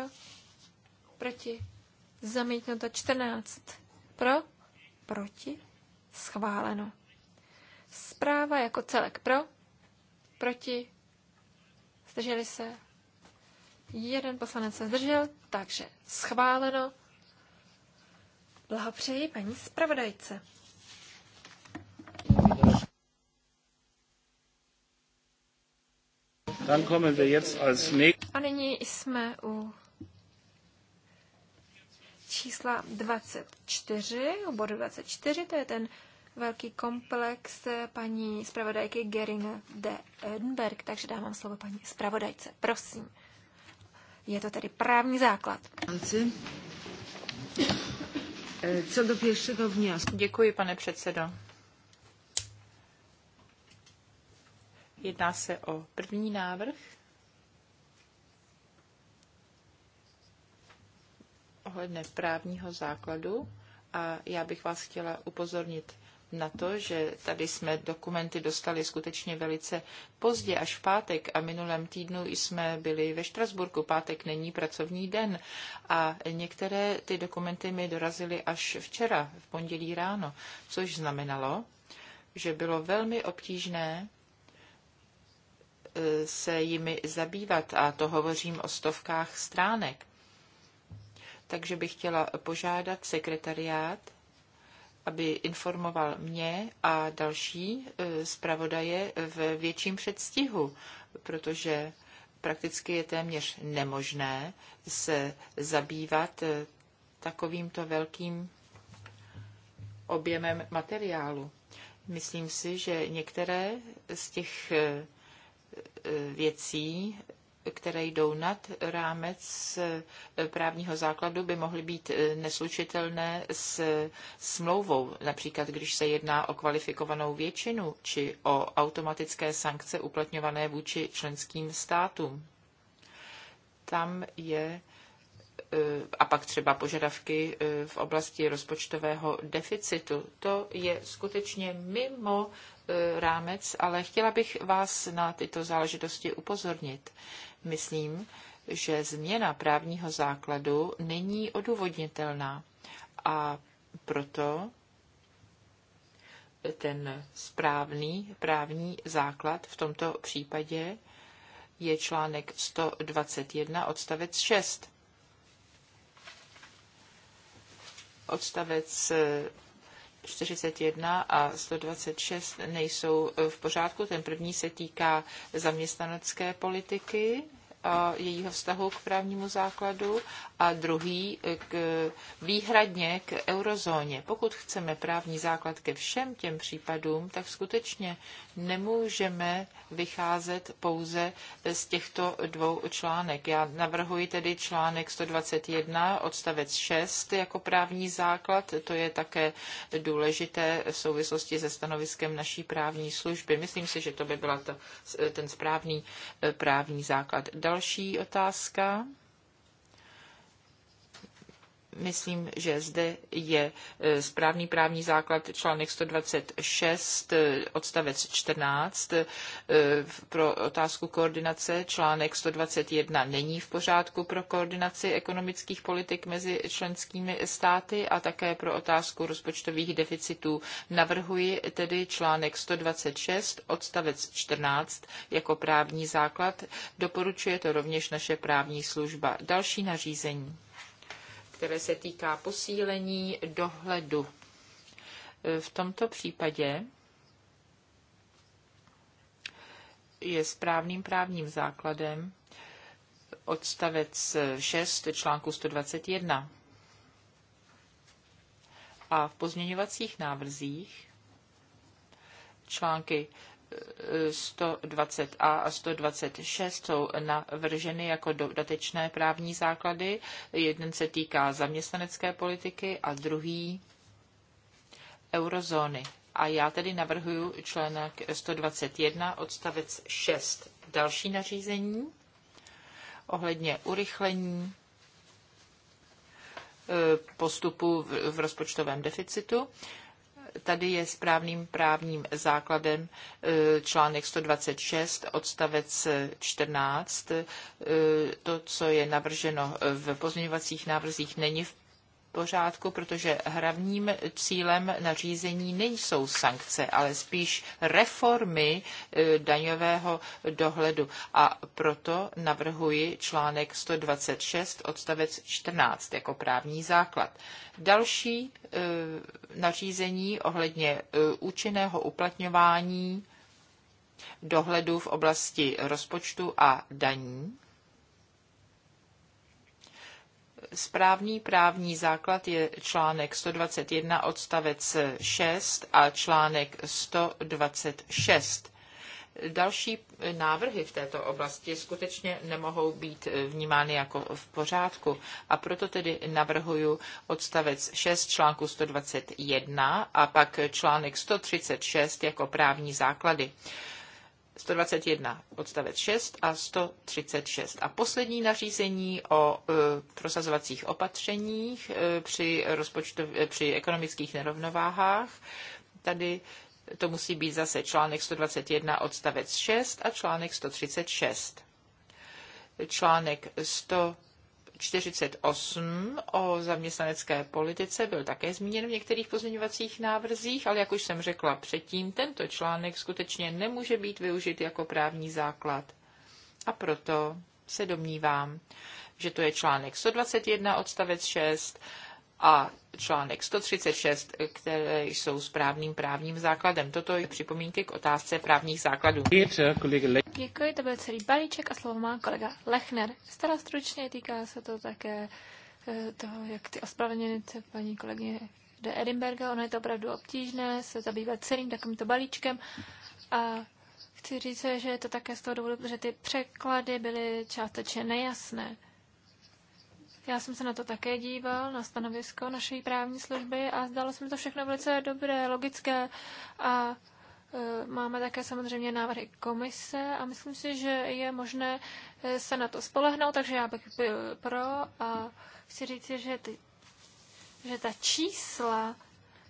proti. Zamítnuto. 14 pro, proti. Schváleno. Zpráva jako celek pro, proti. Zdrželi se. Jeden poslanec se zdržel, takže schváleno. Blahopřeji paní zpravodajce. Dann kommen wir jetzt als A nyní jsme u čísla 24, u bodu 24, to je ten velký komplex paní zpravodajky Gering de Edenberg, takže dávám slovo paní zpravodajce. Prosím. Je to tedy právní základ. E, co do pierwszego wniosku. Děkuji, pane předsedo. Jedná se o první návrh. ohledně právního základu a já bych vás chtěla upozornit na to, že tady jsme dokumenty dostali skutečně velice pozdě, až v pátek a minulém týdnu jsme byli ve Štrasburku. Pátek není pracovní den a některé ty dokumenty mi dorazily až včera, v pondělí ráno, což znamenalo, že bylo velmi obtížné eh, se jimi zabývat a to hovořím o stovkách stránek. Takže bych chtěla požádat sekretariát, aby informoval mě a další e, zpravodaje v větším předstihu, protože prakticky je téměř nemožné se zabývat e, takovýmto velkým objemem materiálu. Myslím si, že některé z těch e, věcí které jdou nad rámec eh, právního základu, by mohly být eh, neslučitelné s smlouvou, například když se jedná o kvalifikovanou většinu či o automatické sankce uplatňované vůči členským státům. Tam je eh, a pak třeba požadavky v oblasti rozpočtového deficitu. To je skutečně mimo rámec, ale chtěla bych vás na tyto záležitosti upozornit. Myslím, že změna právního základu není odůvodnitelná a proto ten správný právní základ v tomto případě je článek 121 odstavec 6. Odstavec 41 a 126 nejsou eh, v pořádku. Ten první se týká zaměstnanecké politiky jejího vztahu k právnímu základu a druhý k, výhradně k eurozóně. Pokud chceme právní základ ke všem těm případům, tak skutečně nemůžeme vycházet pouze z těchto dvou článek. Já navrhuji tedy článek 121 odstavec 6 jako právní základ. To je také důležité v souvislosti se stanoviskem naší právní služby. Myslím si, že to by byl ten správný eh, právní základ další otázka. Myslím, že zde je e, správný právní základ článek 126 e, odstavec 14 e, pro otázku koordinace. Článek 121 není v pořádku pro koordinaci ekonomických politik mezi členskými státy a také pro otázku rozpočtových deficitů. Navrhuji tedy článek 126 odstavec 14 jako právní základ. Doporučuje to rovněž naše právní služba. Další nařízení které se týká posílení dohledu. E, v tomto případě je správným právním základem odstavec 6 článku 121. A v pozměňovacích návrzích články 120a a 126 jsou navrženy jako dodatečné právní základy. Jeden se týká zaměstnanecké politiky a druhý eurozóny. A já tedy navrhuji článek 121 odstavec 6. Další nařízení ohledně urychlení eh, postupu v rozpočtovém deficitu tady je správným právním základem eh, článek 126 odstavec 14. Eh, to, co je navrženo v pozměňovacích návrzích, není v pořádku, protože hlavním cílem nařízení nejsou sankce, ale spíš reformy e, daňového dohledu. A proto navrhuji článek 126 odstavec 14 jako právní základ. Další e, nařízení ohledně e, účinného uplatňování dohledu v oblasti rozpočtu a daní správný právní základ je článek 121 odstavec 6 a článek 126. Další návrhy v této oblasti skutečně nemohou být vnímány jako v pořádku a proto tedy navrhuju odstavec 6 článku 121 a pak článek 136 jako právní základy. 121 odstavec 6 a 136. A poslední nařízení o e, prosazovacích opatřeních e, při, rozpočtov, e, při ekonomických nerovnováhách. Tady to musí být zase článek 121 odstavec 6 a článek 136. Článek 100 48 o zaměstnanecké politice byl také zmíněn v některých pozměňovacích návrzích, ale jak už jsem řekla předtím, tento článek skutečně nemůže být využit jako právní základ. A proto se domnívám, že to je článek 121 odstavec 6 a článek 136, které jsou správným právním základem. Toto je připomínky k otázce právních základů. Děkuji, to byl celý balíček a slovo má kolega Lechner. Stará stručně týká se to také eh, toho, jak ty ospravedlněnice paní kolegyně de Edinburgha, ono je to opravdu obtížné se zabývat celým takovýmto balíčkem a chci říct, že je to také z toho důvodu, že ty překlady byly částečně nejasné. Já jsem se na to také díval, na stanovisko naší právní služby a zdalo se mi to všechno velice dobré, logické a e, Máme také samozřejmě návrhy komise a myslím si, že je možné e, se na to spolehnout, takže já bych byl pro a chci říct, že, ty, že ta čísla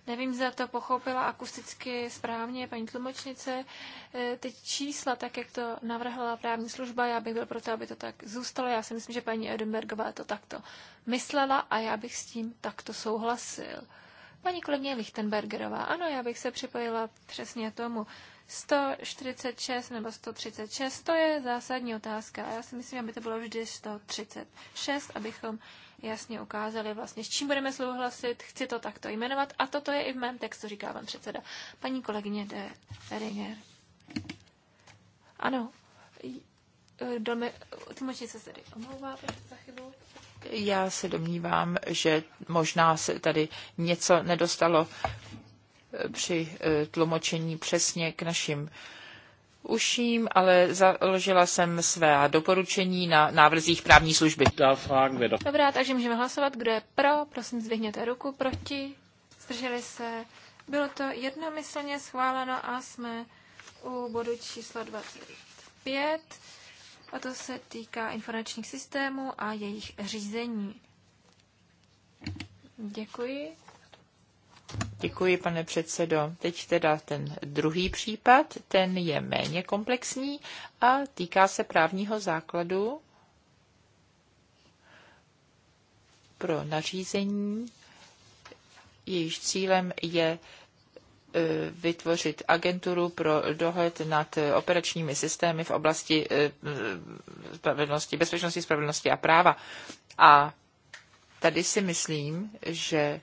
Nevím, zda to pochopila akusticky správně paní tlumočnice. E, Ty čísla, tak jak to navrhla právní služba, já bych byl proto, aby to tak zůstalo. Já si myslím, že paní Edenbergová to takto myslela a já bych s tím takto souhlasil. Paní kolegyně Lichtenbergerová, ano, já bych se připojila přesně tomu. 146 nebo 136, to je zásadní otázka. Já si myslím, aby to bylo vždy 136, abychom jasně ukázali vlastně, s čím budeme souhlasit, chci to takto jmenovat a toto je i v mém textu, říká vám předseda. Paní kolegyně de Ringer. Ano, Dome, tlumočnice se tady omlouvá za chybu. Já se domnívám, že možná se tady něco nedostalo při eh, tlumočení přesně k našim uším, ale založila jsem své doporučení na návrzích právní služby. Dobrá, takže můžeme hlasovat, kdo je pro, prosím zvihněte ruku, proti, zdrželi se. Bylo to jednomyslně schváleno a jsme u bodu číslo 25. A to se týká informačních systémů a jejich řízení. Děkuji. Děkuji, pane předsedo. Teď teda ten druhý případ, ten je méně komplexní a týká se právního základu pro nařízení, jejíž cílem je e, vytvořit agenturu pro dohled nad e, operačními systémy v oblasti e, spravedlnosti, bezpečnosti, spravedlnosti a práva. A tady si myslím, že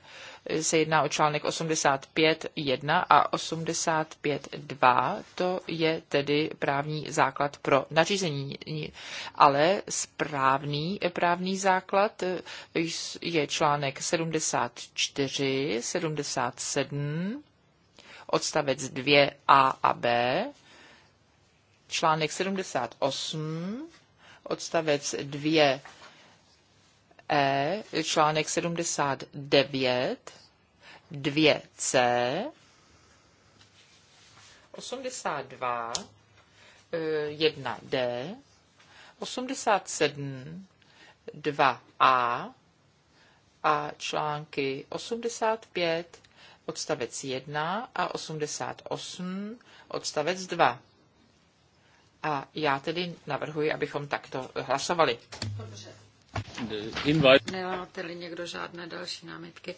se jedná o článek 85.1 a 85.2. To je tedy právní základ pro nařízení. Ale správný právní základ eh, je článek 74, 77, odstavec 2a a b, článek 78, odstavec 2 E, článek 79, 2C, 82, 1D, 87, 2A a články 85, odstavec 1 a 88, odstavec 2. A já tedy navrhuji, abychom takto hlasovali. Dobře. Nemáte-li někdo žádné další námitky?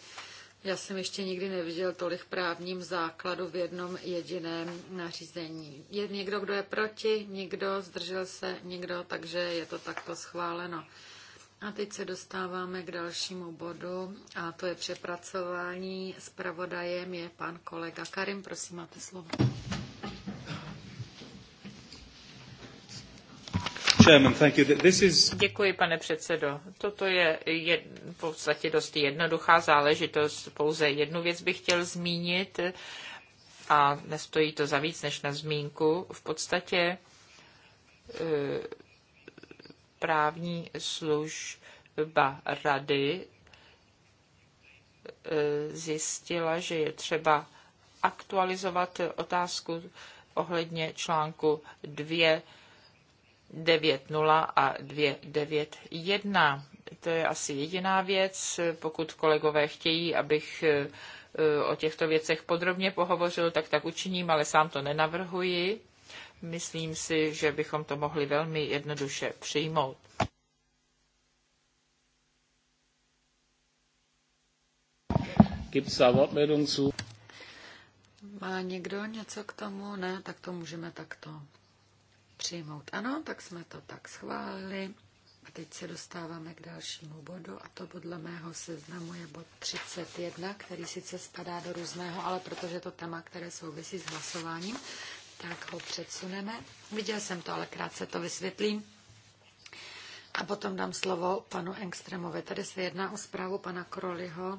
Já jsem ještě nikdy neviděl tolik právním základu v jednom jediném nařízení. Je někdo, kdo je proti, nikdo, zdržel se nikdo, takže je to takto schváleno. A teď se dostáváme k dalšímu bodu a to je přepracování. Spravodajem je pan kolega Karim, prosím, máte slovo. Děkuji, pane předsedo. Toto je v podstatě dost jednoduchá záležitost. Pouze jednu věc bych chtěl zmínit a nestojí to za víc než na zmínku. V podstatě e, právní služba rady e, zjistila, že je třeba aktualizovat otázku ohledně článku 2 2.9.0 a 2.9.1. To je asi jediná věc. Pokud kolegové chtějí, abych e, e, o těchto věcech podrobně pohovořil, tak tak učiním, ale sám to nenavrhuji. Myslím si, že bychom to mohli velmi jednoduše přijmout. Má někdo něco k tomu? Ne, tak to můžeme takto přijmout. Ano, tak jsme to tak schválili. A teď se dostáváme k dalšímu bodu a to podle mého seznamu je bod 31, který sice spadá do různého, ale protože to téma, které souvisí s hlasováním, tak ho předsuneme. Viděl jsem to, ale krátce to vysvětlím. A potom dám slovo panu Engstremovi. Tady se jedná o zprávu pana Kroliho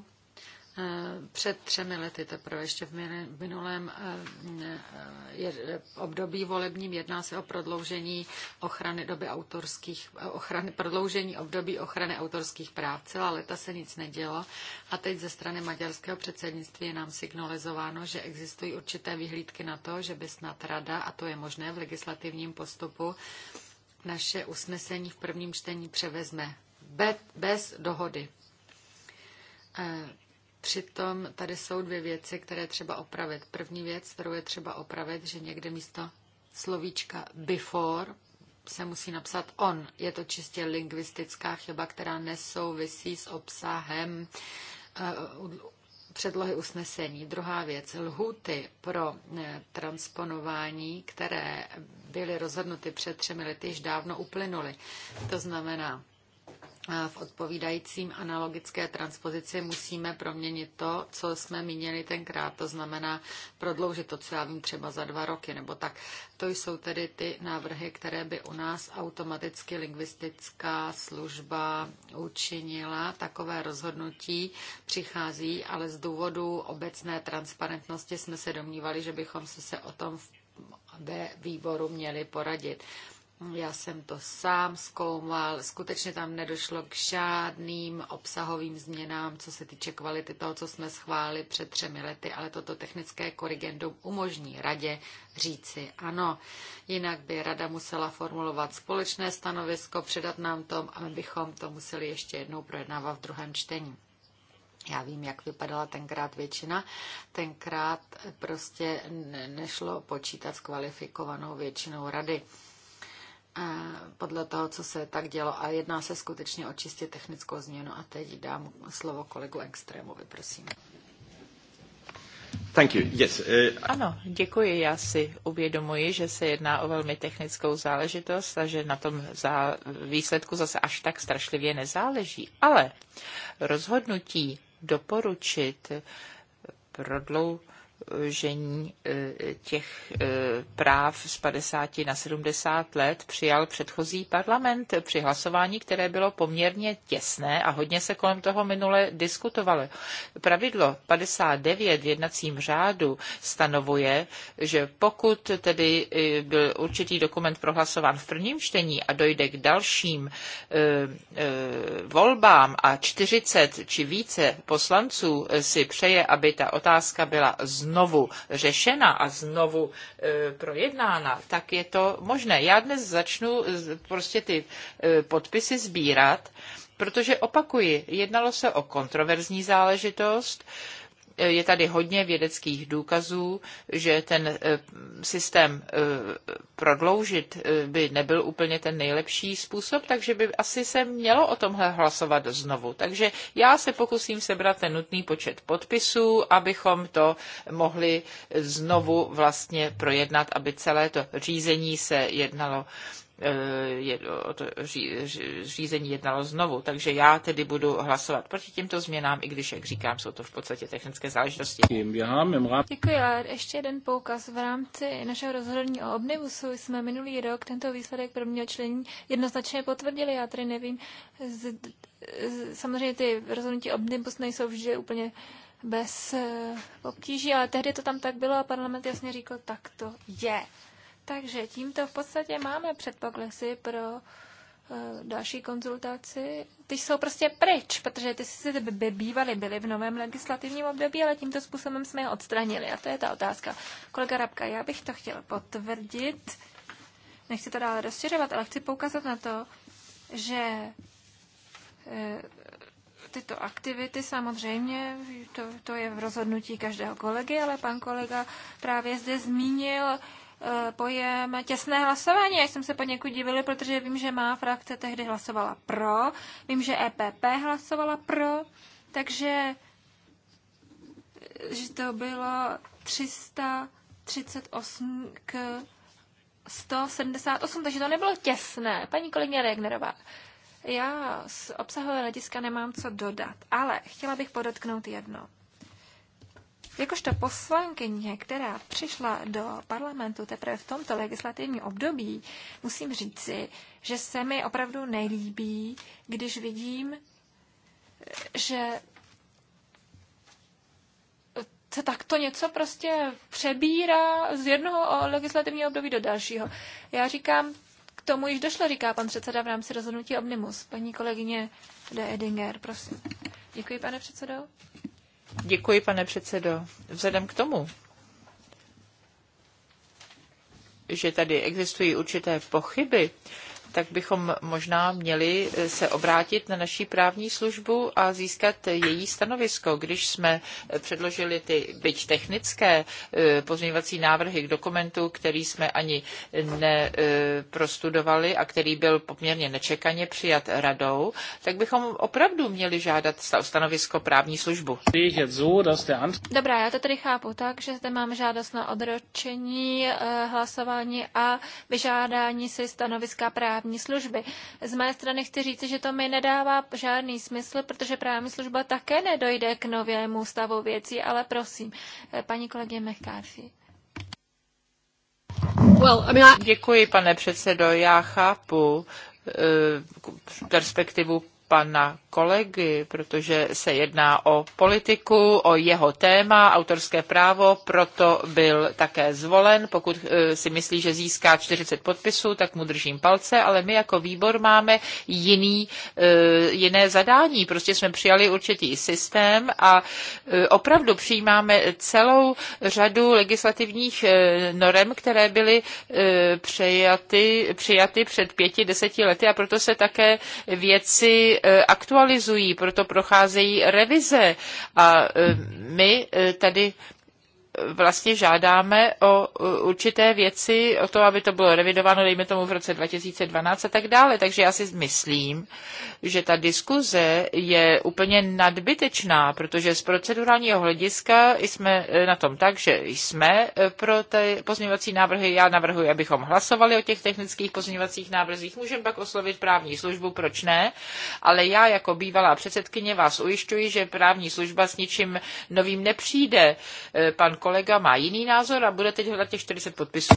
Eh, před třemi lety, teprve ještě v minulém eh, eh, období volebním, jedná se o prodloužení ochrany doby autorských, ochrany, prodloužení období ochrany autorských práv. Celá leta se nic nedělo a teď ze strany maďarského předsednictví je nám signalizováno, že existují určité vyhlídky na to, že by snad rada, a to je možné v legislativním postupu, naše usnesení v prvním čtení převezme bez dohody Přitom tady jsou dvě věci, které třeba opravit. První věc, kterou je třeba opravit, že někde místo slovíčka before se musí napsat on. Je to čistě lingvistická chyba, která nesouvisí s obsahem eh, předlohy usnesení. Druhá věc, lhuty pro eh, transponování, které byly rozhodnuty před třemi lety, již dávno uplynuly. To znamená, v odpovídajícím analogické transpozici musíme proměnit to, co jsme měli tenkrát, to znamená prodloužit to, co já vím, třeba za dva roky nebo tak. To jsou tedy ty návrhy, které by u nás automaticky lingvistická služba učinila. Takové rozhodnutí přichází, ale z důvodu obecné transparentnosti jsme se domnívali, že bychom se, se o tom ve výboru měli poradit. Já jsem to sám zkoumal, skutečně tam nedošlo k žádným obsahovým změnám, co se týče kvality toho, co jsme schválili před třemi lety, ale toto technické korrigendum umožní radě říci ano. Jinak by rada musela formulovat společné stanovisko, předat nám to a my bychom to museli ještě jednou projednávat v druhém čtení. Já vím, jak vypadala tenkrát většina. Tenkrát prostě nešlo počítat s kvalifikovanou většinou rady podle toho, co se tak dělo. A jedná se skutečně o čistě technickou změnu. A teď dám slovo kolegu Extrémovi, prosím. Thank you. Yes. uh... Ano, děkuji. Já si uvědomuji, že se jedná o velmi technickou záležitost a že na tom zá... výsledku zase až tak strašlivě nezáleží. Ale rozhodnutí doporučit prodlou prodloužení eh, těch eh, práv z 50 na 70 let přijal předchozí parlament při hlasování, které bylo poměrně těsné a hodně se kolem toho minule diskutovalo. Pravidlo 59 v jednacím řádu stanovuje, že pokud tedy eh, byl určitý dokument prohlasován v prvním čtení a dojde k dalším volbám a 40 či více poslanců si přeje, aby ta otázka byla znovu znovu řešena a znovu e, projednána, tak je to možné. Já dnes začnu prostě ty e, podpisy sbírat, protože opakuji, jednalo se o kontroverzní záležitost, je tady hodně vědeckých důkazů, že ten eh, systém eh, prodloužit eh, by nebyl úplně ten nejlepší způsob, takže by asi se mělo o tomhle hlasovat znovu. Takže já se pokusím sebrat ten nutný počet podpisů, abychom to mohli znovu vlastně projednat, aby celé to řízení se jednalo Eh, řízení jednalo znovu. Takže já tedy budu hlasovat proti těmto změnám, i když, jak říkám, jsou to v podstatě technické záležitosti. Děkuji, ale ještě jeden poukaz. V rámci našeho rozhodnutí o obnivusu jsme minulý rok tento výsledek prvního člení jednoznačně potvrdili. Já tedy nevím, z, z, samozřejmě ty rozhodnutí omnibus nejsou vždy úplně bez eh, obtíží, ale tehdy to tam tak bylo a parlament jasně říkal, tak to je. Takže tímto v podstatě máme předpoklady pro eh, další konzultaci, ty jsou prostě pryč, protože ty si by bývaly byly v novém legislativním období, ale tímto způsobem jsme je odstranili. A to je ta otázka. Kolega Rabka, já bych to chtěl potvrdit, nechci to dále rozšiřovat, ale chci poukázat na to, že eh, tyto aktivity samozřejmě, to, to je v rozhodnutí každého kolegy, ale pan kolega právě zde zmínil Eh, pojem těsné hlasování. Já jsem se někud divili, protože vím, že má frakce tehdy hlasovala pro, vím, že EPP hlasovala pro, takže eh, že to bylo 338 k 178, takže to nebylo těsné. Paní kolegyně Regnerová, já z obsahové hlediska nemám co dodat, ale chtěla bych podotknout jedno. Jakožto poslankyně, která přišla do parlamentu teprve v tomto legislativním období, musím říci, že se mi opravdu nelíbí, když vidím, že se takto něco prostě přebírá z jednoho legislativního období do dalšího. Já říkám, k tomu již došlo, říká pan předseda v rámci rozhodnutí Omnimus. Paní kolegyně de Edinger, prosím. Děkuji, pane předsedo. Děkuji, pane předsedo. Vzhledem k tomu, že tady existují určité pochyby, tak bychom možná měli eh, se obrátit na naší právní službu a získat její stanovisko. Když jsme eh, předložili ty byť technické eh, pozměňovací návrhy k dokumentu, který jsme ani neprostudovali a který byl poměrně nečekaně přijat radou, tak bychom opravdu měli žádat stanovisko právní službu. Dobrá, já to tedy chápu tak, že zde mám žádost na odročení hlasování a vyžádání si stanoviska právní právní služby. Z mé strany chci říct, že to mi nedává žádný smysl, protože právní služba také nedojde k novému stavu věcí, ale prosím, eh, paní kolegyně McCarthy. Well, I mean, Děkuji, pane předsedo. Já chápu, eh, perspektivu pana kolegy, protože se jedná o politiku, o jeho téma, autorské právo, proto byl také zvolen. Pokud eh, si myslí, že získá 40 podpisů, tak mu držím palce, ale my jako výbor máme jiný, eh, jiné zadání. Prostě jsme přijali určitý systém a eh, opravdu přijímáme celou řadu legislativních norem, které byly přijaty, přijaty před pěti, deseti lety a proto se také věci Eh, aktualizují, proto procházejí revize. A eh, my eh, tady vlastně žádáme o určité věci, o to, aby to bylo revidováno, dejme tomu v roce 2012 a tak dále. Takže já si myslím, že ta diskuze je úplně nadbytečná, protože z procedurálního hlediska jsme e, na tom tak, že jsme e, pro ty pozměňovací návrhy. Já navrhuji, abychom hlasovali o těch technických pozměňovacích návrzích. Můžeme pak oslovit právní službu, proč ne? Ale já jako bývalá předsedkyně vás ujišťuji, že právní služba s ničím novým nepřijde. E, pan kolega má jiný názor a bude teď hledat těch 40 podpisů.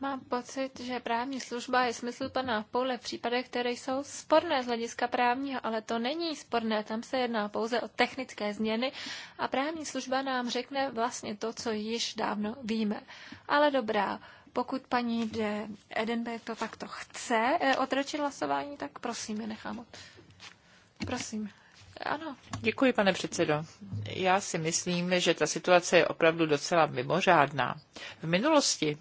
Mám pocit, že právní služba je smysl pana Poule v případech, které jsou sporné z hlediska právního, ale to není sporné, tam se jedná pouze o technické změny a právní služba nám řekne vlastně to, co již dávno víme. Ale dobrá, pokud paní de Edenberg to takto chce eh, otročit hlasování, tak prosím, je nechám od. Prosím. Ano, děkuji, pane předsedo. Já si myslím, že ta situace je opravdu docela mimořádná. V minulosti,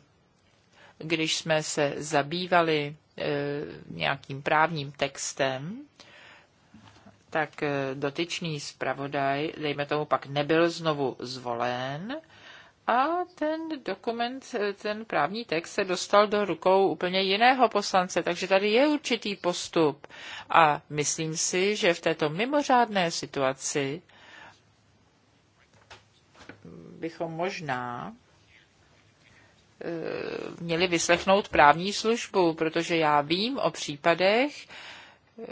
když jsme se zabývali e, nějakým právním textem, tak e, dotyčný zpravodaj, dejme tomu pak, nebyl znovu zvolen a ten dokument, ten právní text se dostal do rukou úplně jiného poslance, takže tady je určitý postup. A myslím si, že v této mimořádné situaci bychom možná eh, měli vyslechnout právní službu, protože já vím o případech, eh,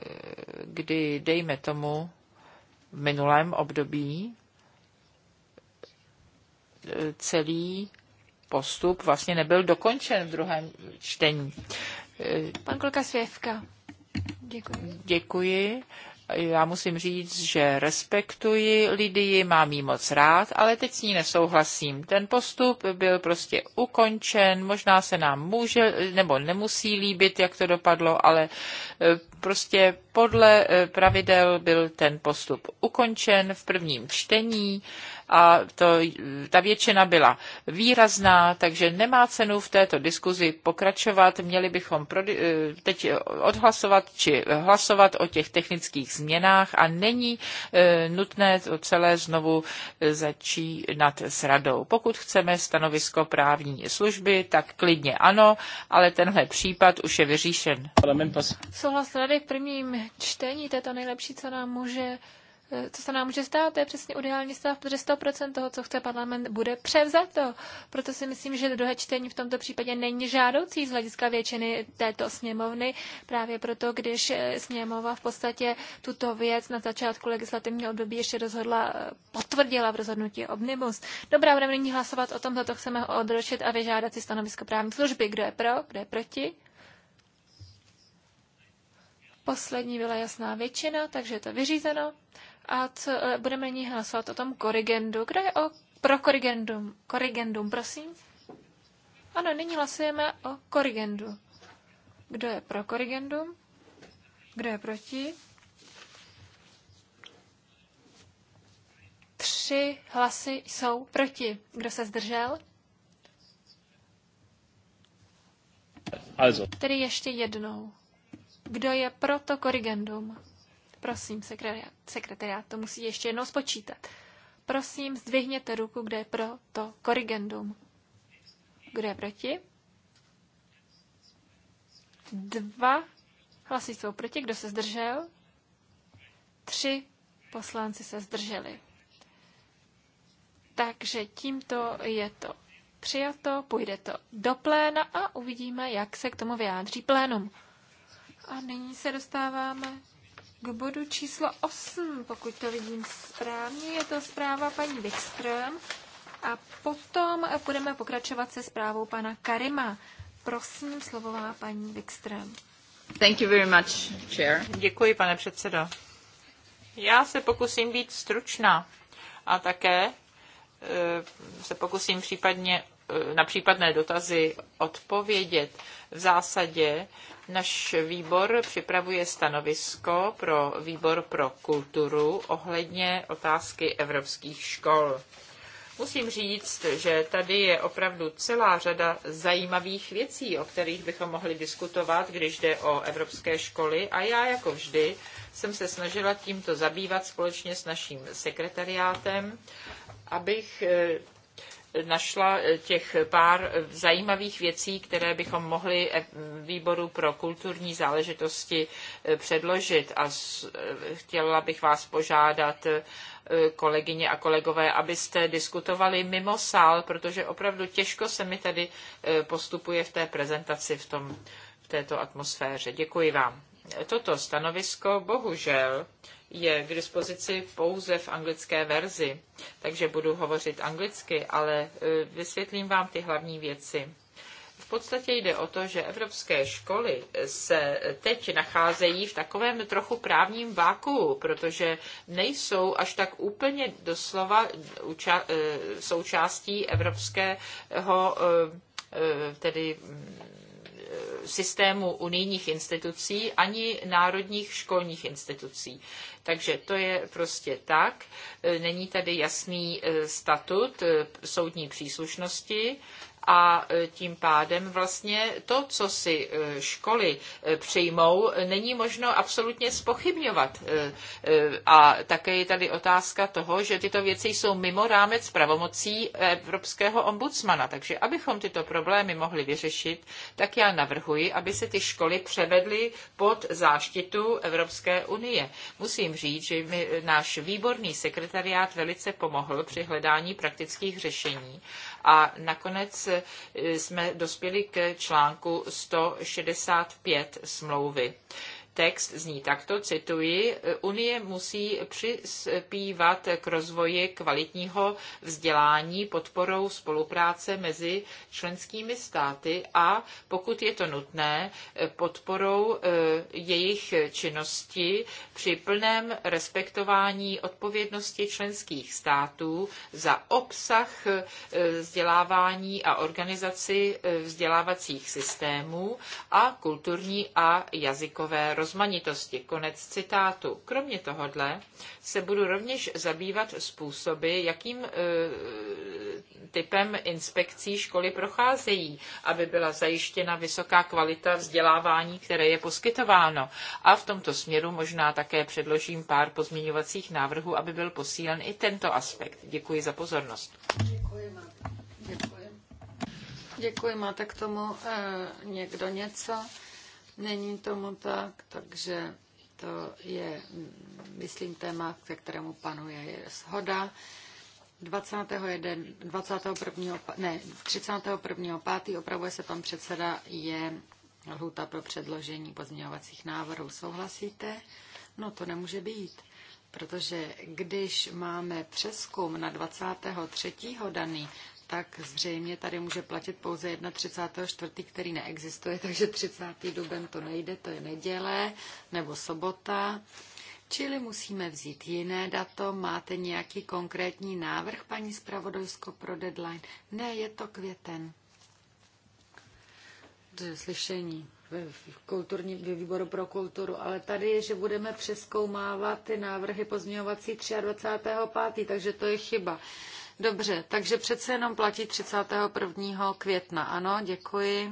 kdy, dejme tomu, v minulém období celý postup vlastně nebyl dokončen v druhém čtení. Pan kolega Svěvka. Děkuji. Děkuji. Já musím říct, že respektuji Lidii, mám jí moc rád, ale teď s ní nesouhlasím. Ten postup byl prostě ukončen, možná se nám může nebo nemusí líbit, jak to dopadlo, ale eh, prostě podle eh, pravidel byl ten postup ukončen v prvním čtení a to, eh, ta většina byla výrazná, takže nemá cenu v této diskuzi pokračovat. Měli bychom eh, teď odhlasovat či hlasovat o těch technických změnách a není nutné to celé znovu začínat s radou. Pokud chceme stanovisko právní služby, tak klidně ano, ale tenhle případ už je vyříšen. Souhlas rady v prvním čtení, to je to nejlepší, co nám může eh, co se nám může stát, to je přesně ideální stav, protože 100% toho, co chce parlament, bude převzato. Proto si myslím, že druhé čtení v tomto případě není žádoucí z hlediska většiny této sněmovny. Právě proto, když eh, sněmova v podstatě tuto věc na začátku legislativního období ještě rozhodla, eh, potvrdila v rozhodnutí Omnibus. Dobrá, budeme nyní hlasovat o tom, za to chceme odročit a vyžádat si stanovisko právní služby. Kdo je pro, kdo je proti? poslední byla jasná většina, takže je to vyřízeno. A co, eh, budeme nyní hlasovat o tom korigendu. Kdo je o, pro korigendum? Korigendum, prosím. Ano, nyní hlasujeme o korigendu. Kdo je pro korigendum? Kdo je proti? Tři hlasy jsou proti. Kdo se zdržel? Also. Tedy ještě jednou. Kdo je pro to korrigendum? Prosím, sekretariat, to musí ještě jednou spočítat. Prosím, zdvihněte ruku, kdo je pro to korrigendum. Kdo je proti? Dva hlasy jsou proti. Kdo se zdržel? Tři poslanci se zdrželi. Takže tímto je to přijato, půjde to do pléna a uvidíme, jak se k tomu vyjádří plénum. A nyní se dostáváme k bodu číslo 8, pokud to vidím správně. Je to zpráva paní Wikström. A potom budeme pokračovat se zprávou pana Karima. Prosím, slovo má paní Wikström. Thank you very much, chair. Děkuji, pane předsedo. Já se pokusím být stručná a také eh, se pokusím případně na případné dotazy odpovědět. V zásadě náš výbor připravuje stanovisko pro výbor pro kulturu ohledně otázky evropských škol. Musím říct, že tady je opravdu celá řada zajímavých věcí, o kterých bychom mohli diskutovat, když jde o evropské školy. A já, jako vždy, jsem se snažila tímto zabývat společně s naším sekretariátem, abych eh, našla eh, těch pár eh, zajímavých věcí, které bychom mohli eh, výboru pro kulturní záležitosti předložit. A chtěla bych vás požádat, kolegyně a kolegové, abyste diskutovali mimo sál, protože opravdu těžko se mi tady postupuje v té prezentaci v, tom, v této atmosféře. Děkuji vám. Toto stanovisko bohužel je k dispozici pouze v anglické verzi, takže budu hovořit anglicky, ale e, vysvětlím vám ty hlavní věci. V podstatě jde o to, že evropské školy se teď nacházejí v takovém trochu právním váku, protože nejsou až tak úplně doslova e, součástí evropského e, tedy systému unijních institucí ani národních školních institucí. Takže to je prostě tak. E, není tady jasný e, statut e, soudní příslušnosti a e, tím pádem vlastně to, co si e, školy e, přijmou, není možno absolutně spochybňovat. A také je tady otázka toho, že tyto věci jsou mimo rámec pravomocí Evropského ombudsmana. Takže abychom tyto problémy mohli vyřešit, tak já navrhuji, aby se ty školy převedly pod záštitu Evropské unie. Musím říct, že mi náš výborný sekretariát velice pomohl při hledání praktických řešení a nakonec jsme dospěli k článku 165 smlouvy text zní takto, cituji, Unie musí přispívat k rozvoji kvalitního vzdělání podporou spolupráce mezi členskými státy a, pokud je to nutné, podporou eh, jejich činnosti při plném respektování odpovědnosti členských států za obsah eh, vzdělávání a organizaci eh, vzdělávacích systémů a kulturní a jazykové rozvoje rozmanitosti. Konec citátu. Kromě tohohle se budu rovněž zabývat způsoby, jakým e, typem inspekcí školy procházejí, aby byla zajištěna vysoká kvalita vzdělávání, které je poskytováno. A v tomto směru možná také předložím pár pozměňovacích návrhů, aby byl posílen i tento aspekt. Děkuji za pozornost. Děkuji, Děkuji. Děkuji. Máte k tomu e, někdo něco? Není tomu tak, takže to je, myslím, téma, ke kterému panuje je shoda. 21, 21. Ne, opravuje se pan předseda, je lhuta pro předložení pozměňovacích návrhů. Souhlasíte? No to nemůže být, protože když máme přeskum na 23. daný, tak zřejmě tady může platit pouze 31.4., který neexistuje, takže 30. duben to nejde, to je neděle nebo sobota. Čili musíme vzít jiné dato. Máte nějaký konkrétní návrh, paní zpravodajsko, pro deadline? Ne, je to květen. Slyšení v kulturní, v výboru pro kulturu, ale tady je, že budeme přeskoumávat ty návrhy pozměňovací 23. 5., takže to je chyba. Dobře, takže přece jenom platí 31. května. Ano, děkuji.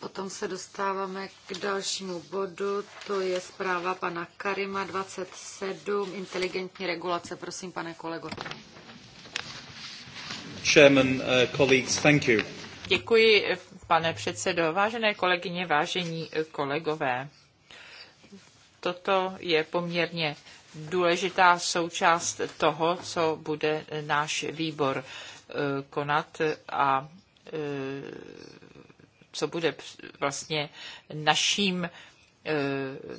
Potom se dostáváme k dalšímu bodu, to je zpráva pana Karima 27, inteligentní regulace. Prosím, pane kolego. Chairman, uh, colleagues, thank you. Děkuji, pane předsedo. Vážené kolegyně, vážení kolegové, toto je poměrně důležitá součást toho, co bude náš výbor eh, konat a eh, co bude vlastně naším, eh,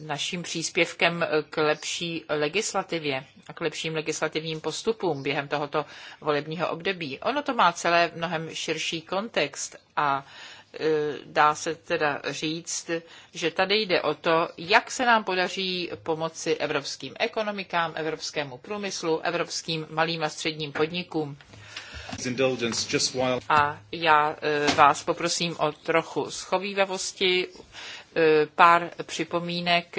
naším příspěvkem k lepší legislativě a k lepším legislativním postupům během tohoto volebního období. Ono to má celé mnohem širší kontext a Eh, dá se teda říct, že tady jde o to, jak se nám podaří pomoci evropským ekonomikám, evropskému průmyslu, evropským malým a středním podnikům. A já eh, vás poprosím o trochu schovývavosti, eh, pár připomínek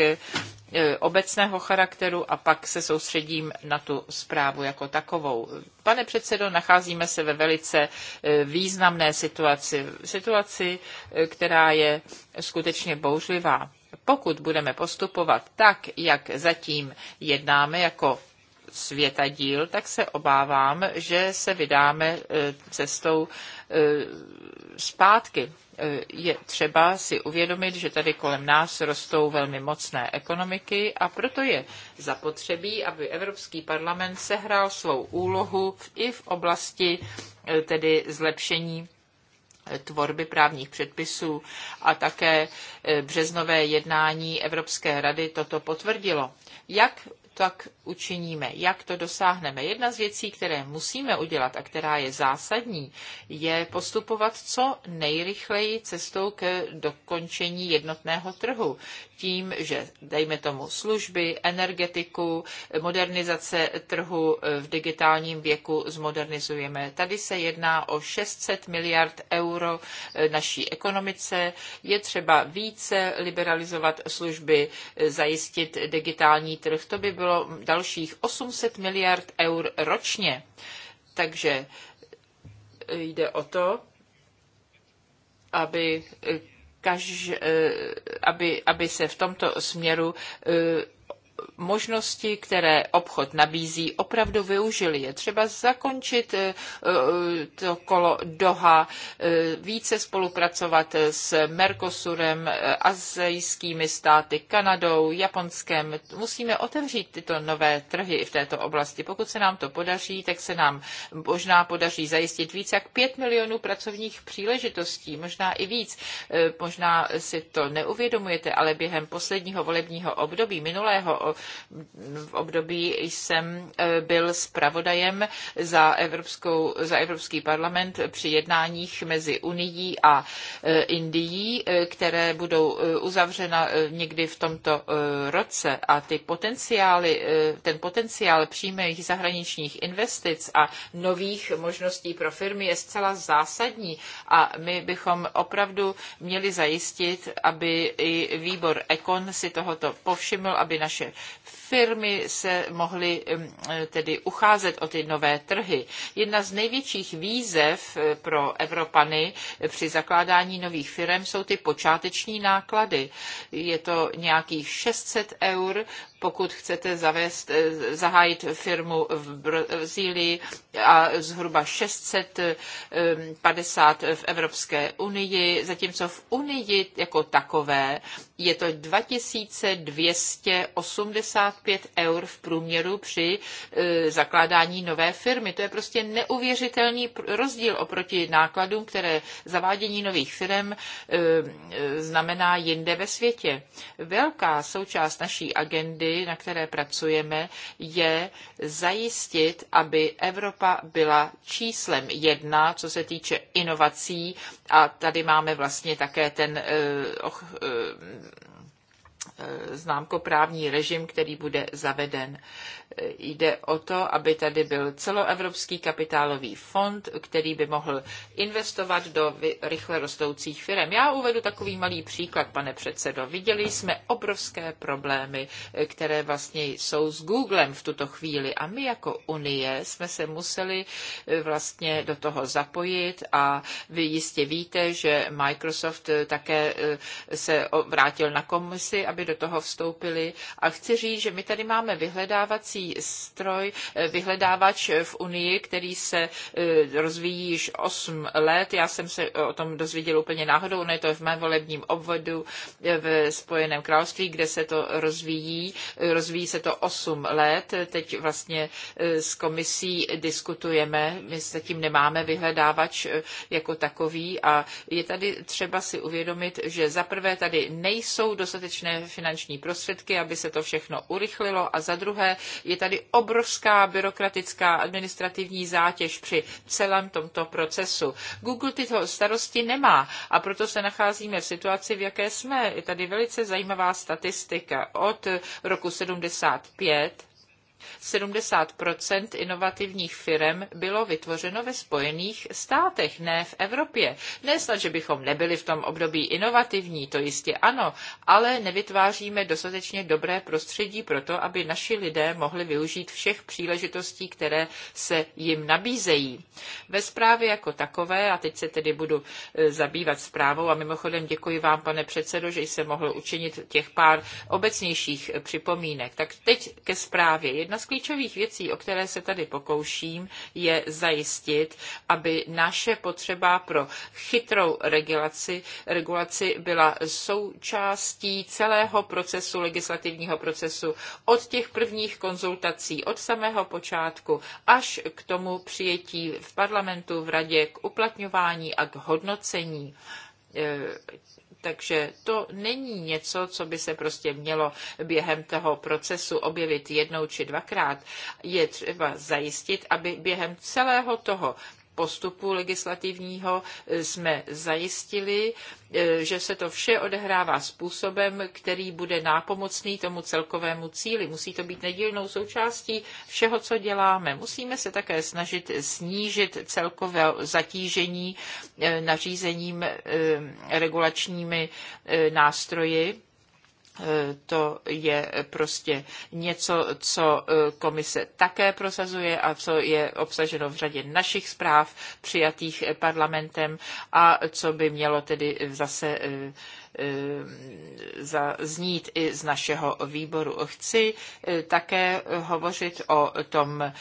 E, obecného charakteru a pak se soustředím na tu zprávu jako takovou. Pane předsedo, nacházíme se ve velice e, významné situaci, situaci, e, která je skutečně bouřlivá. Pokud budeme postupovat tak, jak zatím jednáme jako světadíl, tak se obávám, že se vydáme cestou zpátky. Eh, je třeba si uvědomit, že tady kolem nás rostou velmi mocné ekonomiky a proto je zapotřebí, aby Evropský parlament sehrál svou úlohu i v oblasti eh, tedy zlepšení eh, tvorby právních předpisů a také březnové jednání Evropské rady toto potvrdilo. Jak tak učiníme. Jak to dosáhneme? Jedna z věcí, které musíme udělat a která je zásadní, je postupovat co nejrychleji cestou k dokončení jednotného trhu. Tím, že dejme tomu služby, energetiku, modernizace trhu v digitálním věku zmodernizujeme. Tady se jedná o 600 miliard euro naší ekonomice. Je třeba více liberalizovat služby, zajistit digitální trh. To by bylo bylo dalších 800 miliard eur ročně. Takže eh, jde o to, aby, eh, kaž, eh, aby, aby se v tomto směru možnosti, které obchod nabízí, opravdu využili. Je třeba zakončit eh, eh, to kolo Doha, eh, více spolupracovat s Mercosurem, azijskými státy, Kanadou, Japonskem. Musíme otevřít tyto nové trhy v této oblasti. Pokud se nám to podaří, tak se nám možná podaří zajistit více jak 5 milionů pracovních příležitostí, možná i víc. Možná si to neuvědomujete, ale během posledního volebního období minulého v období jsem e, byl zpravodajem za, Evropskou, za Evropský parlament při jednáních mezi Unií a e, Indií, e, které budou uzavřena někdy v tomto roce a ty potenciály, ten potenciál přímých zahraničních investic a nových možností pro firmy je zcela zásadní a my bychom opravdu měli zajistit, aby i výbor Ekon si tohoto povšiml, aby naše firmy se mohly tedy ucházet o ty nové trhy. Jedna z největších výzev eh, pro Evropany eh, při zakládání nových firm jsou ty počáteční náklady. Je to nějakých 600 eur pokud chcete zavést, eh, zahájit firmu v Brazílii a zhruba 650 eh, v Evropské unii, zatímco v Unii jako takové je to 2285 eur v průměru při eh, zakládání nové firmy. To je prostě neuvěřitelný rozdíl oproti nákladům, které zavádění nových firm znamená jinde ve světě. Velká součást naší agendy výzvy, na které pracujeme, je zajistit, aby Evropa byla číslem jedna, co se týče inovací. A tady máme vlastně také ten eh, eh, známkoprávní režim, který bude zaveden. Jde o to, aby tady byl celoevropský kapitálový fond, který by mohl investovat do rychle rostoucích firm. Já uvedu takový malý příklad, pane předsedo. Viděli jsme obrovské problémy, které vlastně jsou s Googlem v tuto chvíli a my jako Unie jsme se museli eh, vlastně do toho zapojit a vy jistě víte, že Microsoft eh, také eh, se vrátil na komisi, aby do toho vstoupili. A chci říct, že my tady máme vyhledávací stroj, eh, vyhledávač v Unii, který se eh, rozvíjí již 8 let. Já jsem se o tom dozvěděl úplně náhodou, ono je to v mém volebním obvodu eh, v Spojeném království, kde se to rozvíjí. Rozvíjí se to 8 let. Teď vlastně s komisí diskutujeme. My zatím nemáme vyhledávač jako takový a je tady třeba si uvědomit, že zaprvé tady nejsou dostatečné finanční prostředky, aby se to všechno urychlilo a za druhé je tady obrovská byrokratická administrativní zátěž při celém tomto procesu. Google tyto starosti nemá a proto se nacházíme v situaci, v jaké jsme. Je tady velice zajímavá statistika. Od roku 75 70 inovativních firm bylo vytvořeno ve Spojených státech, ne v Evropě. Ne snad, že bychom nebyli v tom období inovativní, to jistě ano, ale nevytváříme dostatečně dobré prostředí pro to, aby naši lidé mohli využít všech příležitostí, které se jim nabízejí. Ve zprávě jako takové, a teď se tedy budu e, zabývat zprávou, a mimochodem děkuji vám, pane předsedo, že jsem mohl učinit těch pár obecnějších připomínek. Tak teď ke zprávě Jedna z klíčových věcí, o které se tady pokouším, je zajistit, aby naše potřeba pro chytrou regulaci, regulaci byla součástí celého procesu, legislativního procesu, od těch prvních konzultací, od samého počátku až k tomu přijetí v parlamentu, v radě, k uplatňování a k hodnocení eh, takže to není něco, co by se prostě mělo během toho procesu objevit jednou či dvakrát. Je třeba zajistit, aby během celého toho postupu legislativního e, jsme zajistili, e, že se to vše odehrává způsobem, který bude nápomocný tomu celkovému cíli. Musí to být nedílnou součástí všeho, co děláme. Musíme se také snažit snížit celkové zatížení e, nařízením regulačními nástroji to je prostě něco, co e, komise také prosazuje a co je obsaženo v řadě našich zpráv přijatých parlamentem a co by mělo tedy zase e, e, znít i z našeho výboru. Chci také hovořit o, tom,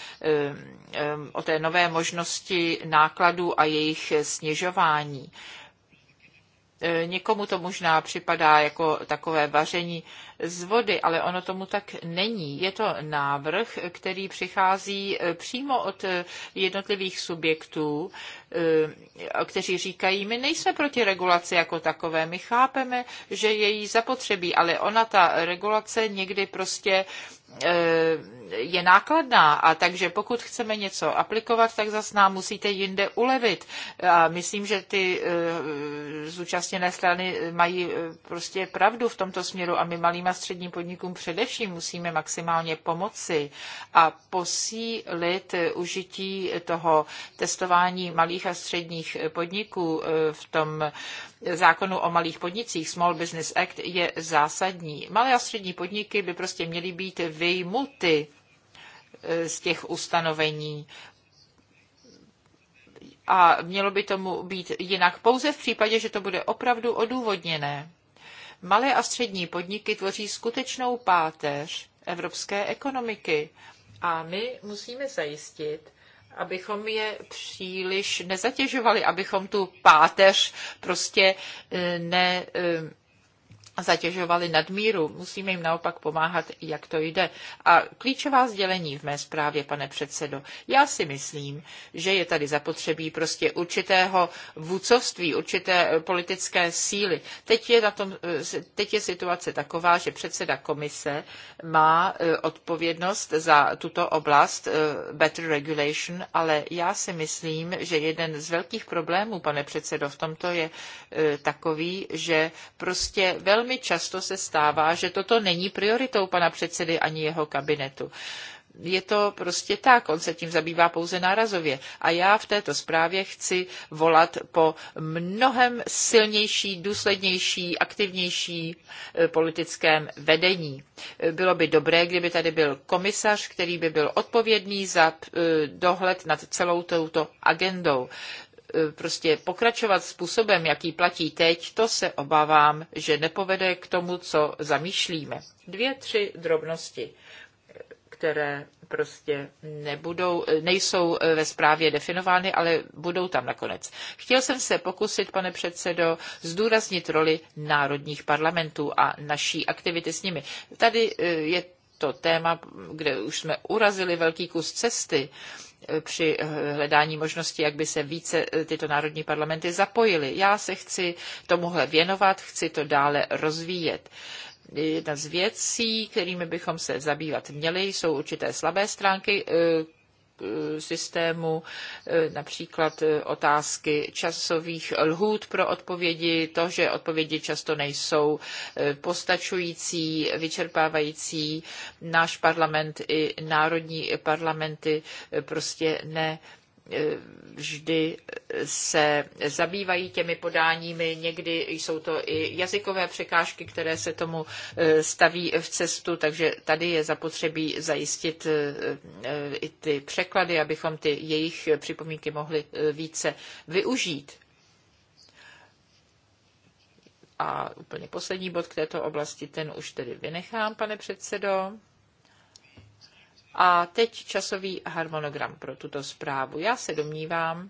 o té nové možnosti nákladů a jejich snižování E, Někomu to možná připadá jako takové vaření z vody, ale ono tomu tak není. Je to návrh, který přichází e, přímo od e, jednotlivých subjektů, kteří říkají, my nejsme proti regulaci jako takové, my chápeme, že její zapotřebí, ale ona ta regulace někdy prostě E, je nákladná a takže pokud chceme něco aplikovat, tak zas nám musíte jinde ulevit. A myslím, že ty e, zúčastněné strany mají e, prostě pravdu v tomto směru a my malým a středním podnikům především musíme maximálně pomoci a posílit užití toho testování malých a středních podniků v tom zákonu o malých podnicích, Small Business Act, je zásadní. Malé a střední podniky by prostě měly být vyjmuty eh, z těch ustanovení a mělo by tomu být jinak pouze v případě, že to bude opravdu odůvodněné. Malé a střední podniky tvoří skutečnou páteř evropské ekonomiky a my musíme zajistit, abychom je příliš nezatěžovali, abychom tu páteř prostě eh, ne eh, zatěžovali nadmíru. Musíme jim naopak pomáhat, jak to jde. A klíčová sdělení v mé zprávě, pane předsedo. Já si myslím, že je tady zapotřebí prostě určitého vůcovství, určité politické síly. Teď je, na tom, teď je situace taková, že předseda komise má e, odpovědnost za tuto oblast e, better regulation, ale já si myslím, že jeden z velkých problémů, pane předsedo, v tomto je e, takový, že prostě velmi velmi často se stává, že toto není prioritou pana předsedy ani jeho kabinetu je to prostě tak, on se tím zabývá pouze nárazově. A já v této zprávě chci volat po mnohem silnější, důslednější, aktivnější eh, politickém vedení. Eh, bylo by dobré, kdyby tady byl komisař, který by byl odpovědný za eh, dohled nad celou touto agendou. E, prostě pokračovat způsobem, jaký platí teď, to se obávám, že nepovede k tomu, co zamýšlíme. Dvě, tři drobnosti, které prostě nebudou, e, nejsou e, ve zprávě definovány, ale budou tam nakonec. Chtěl jsem se pokusit, pane předsedo, zdůraznit roli národních parlamentů a naší aktivity s nimi. Tady je to téma, kde už jsme urazili velký kus cesty při hledání možnosti, jak by se více eh, tyto národní parlamenty zapojily. Já se chci tomuhle věnovat, chci to dále rozvíjet. Jedna z věcí, kterými bychom se zabývat měli, jsou určité slabé stránky eh, Eh, systému, eh, například eh, otázky časových lhůt pro odpovědi, to, že odpovědi často nejsou postačující, vyčerpávající. Náš parlament i národní parlamenty prostě ne Eh, vždy se zabývají těmi podáními. Někdy jsou to i jazykové překážky, které se tomu eh, staví v cestu, takže tady je zapotřebí zajistit eh, i ty překlady, abychom ty jejich připomínky mohli více využít. A úplně poslední bod k této oblasti, ten už tedy vynechám, pane předsedo. A teď časový harmonogram pro tuto zprávu. Já se domnívám,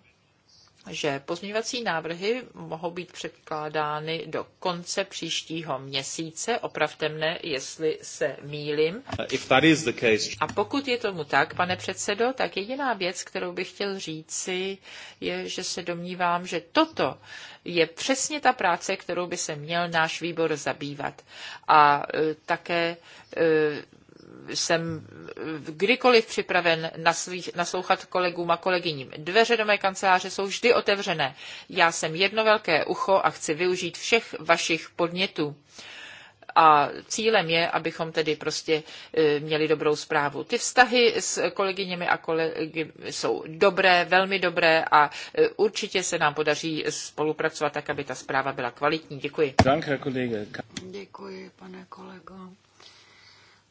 že pozměňovací návrhy mohou být předkládány do konce příštího měsíce. Opravte mne, jestli se mýlim. Uh, A pokud je tomu tak, pane předsedo, tak jediná věc, kterou bych chtěl říci, je, že se domnívám, že toto je přesně ta práce, kterou by se měl náš výbor zabývat. A eh, také eh, jsem kdykoliv připraven naslouchat kolegům a kolegyním. Dveře do mé kanceláře jsou vždy otevřené. Já jsem jedno velké ucho a chci využít všech vašich podnětů a cílem je, abychom tedy prostě e, měli dobrou zprávu. Ty vztahy s kolegyněmi a kolegy jsou dobré, velmi dobré a e, určitě se nám podaří spolupracovat tak, aby ta zpráva byla kvalitní. Děkuji. Děkuji, pane kolego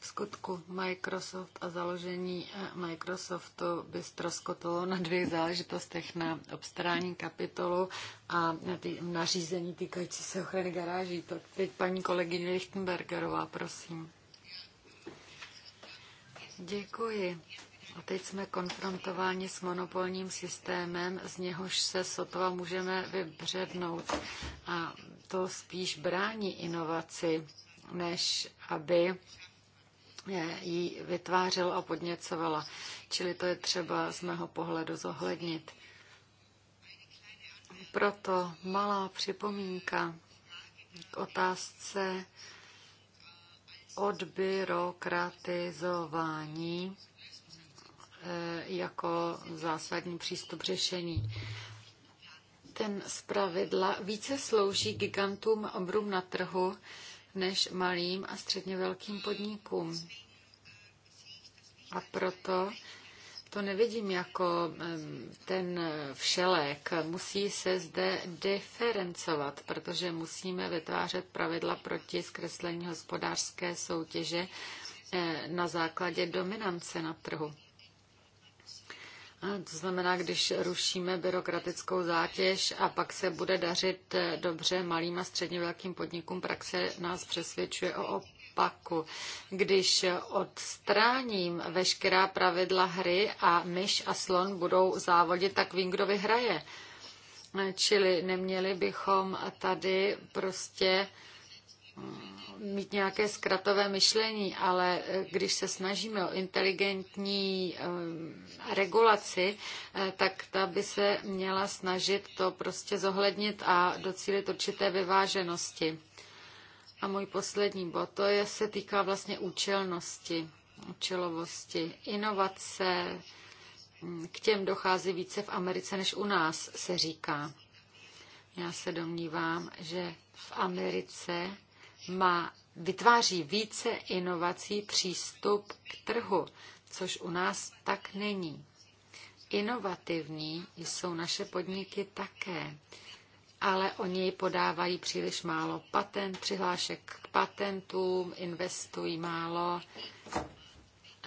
skutku Microsoft a založení eh, Microsoftu by ztroskotalo na dvě záležitostech na obstarání kapitolu a na tý, nařízení týkající se ochrany garáží. To teď paní kolegyně Lichtenbergerová, prosím. Děkuji. A teď jsme konfrontováni s monopolním systémem, z něhož se sotva můžeme vybřednout. A to spíš brání inovaci, než aby Vlastně ji vytvářel a podněcovala. Čili to je třeba z mého pohledu zohlednit. Proto malá připomínka k otázce odbyrokratizování eh, jako zásadní přístup řešení. Ten zpravidla více slouží gigantům obrům na trhu, než malým a středně velkým podnikům. A proto to nevidím jako ten všelek. Musí se zde diferencovat, protože musíme vytvářet pravidla proti zkreslení hospodářské soutěže eh, na základě dominance na trhu. To znamená, když rušíme byrokratickou zátěž a pak se bude dařit eh, dobře malým a středně velkým podnikům, praxe nás přesvědčuje o opaku. Když odstráním veškerá pravidla hry a myš a slon budou závodit, tak vím, kdo vyhraje. Eh, čili neměli bychom tady prostě mít nějaké zkratové myšlení, ale eh, když se snažíme o inteligentní eh, regulaci, eh, tak ta by se měla snažit to prostě zohlednit a docílit určité vyváženosti. A můj poslední bod, to je, se týká vlastně účelnosti, účelovosti, inovace, k těm dochází více v Americe než u nás, se říká. Já se domnívám, že v Americe má, vytváří více inovací přístup k trhu, což u nás tak není. Inovativní jsou naše podniky také, ale oni podávají příliš málo patent, přihlášek k patentům, investují málo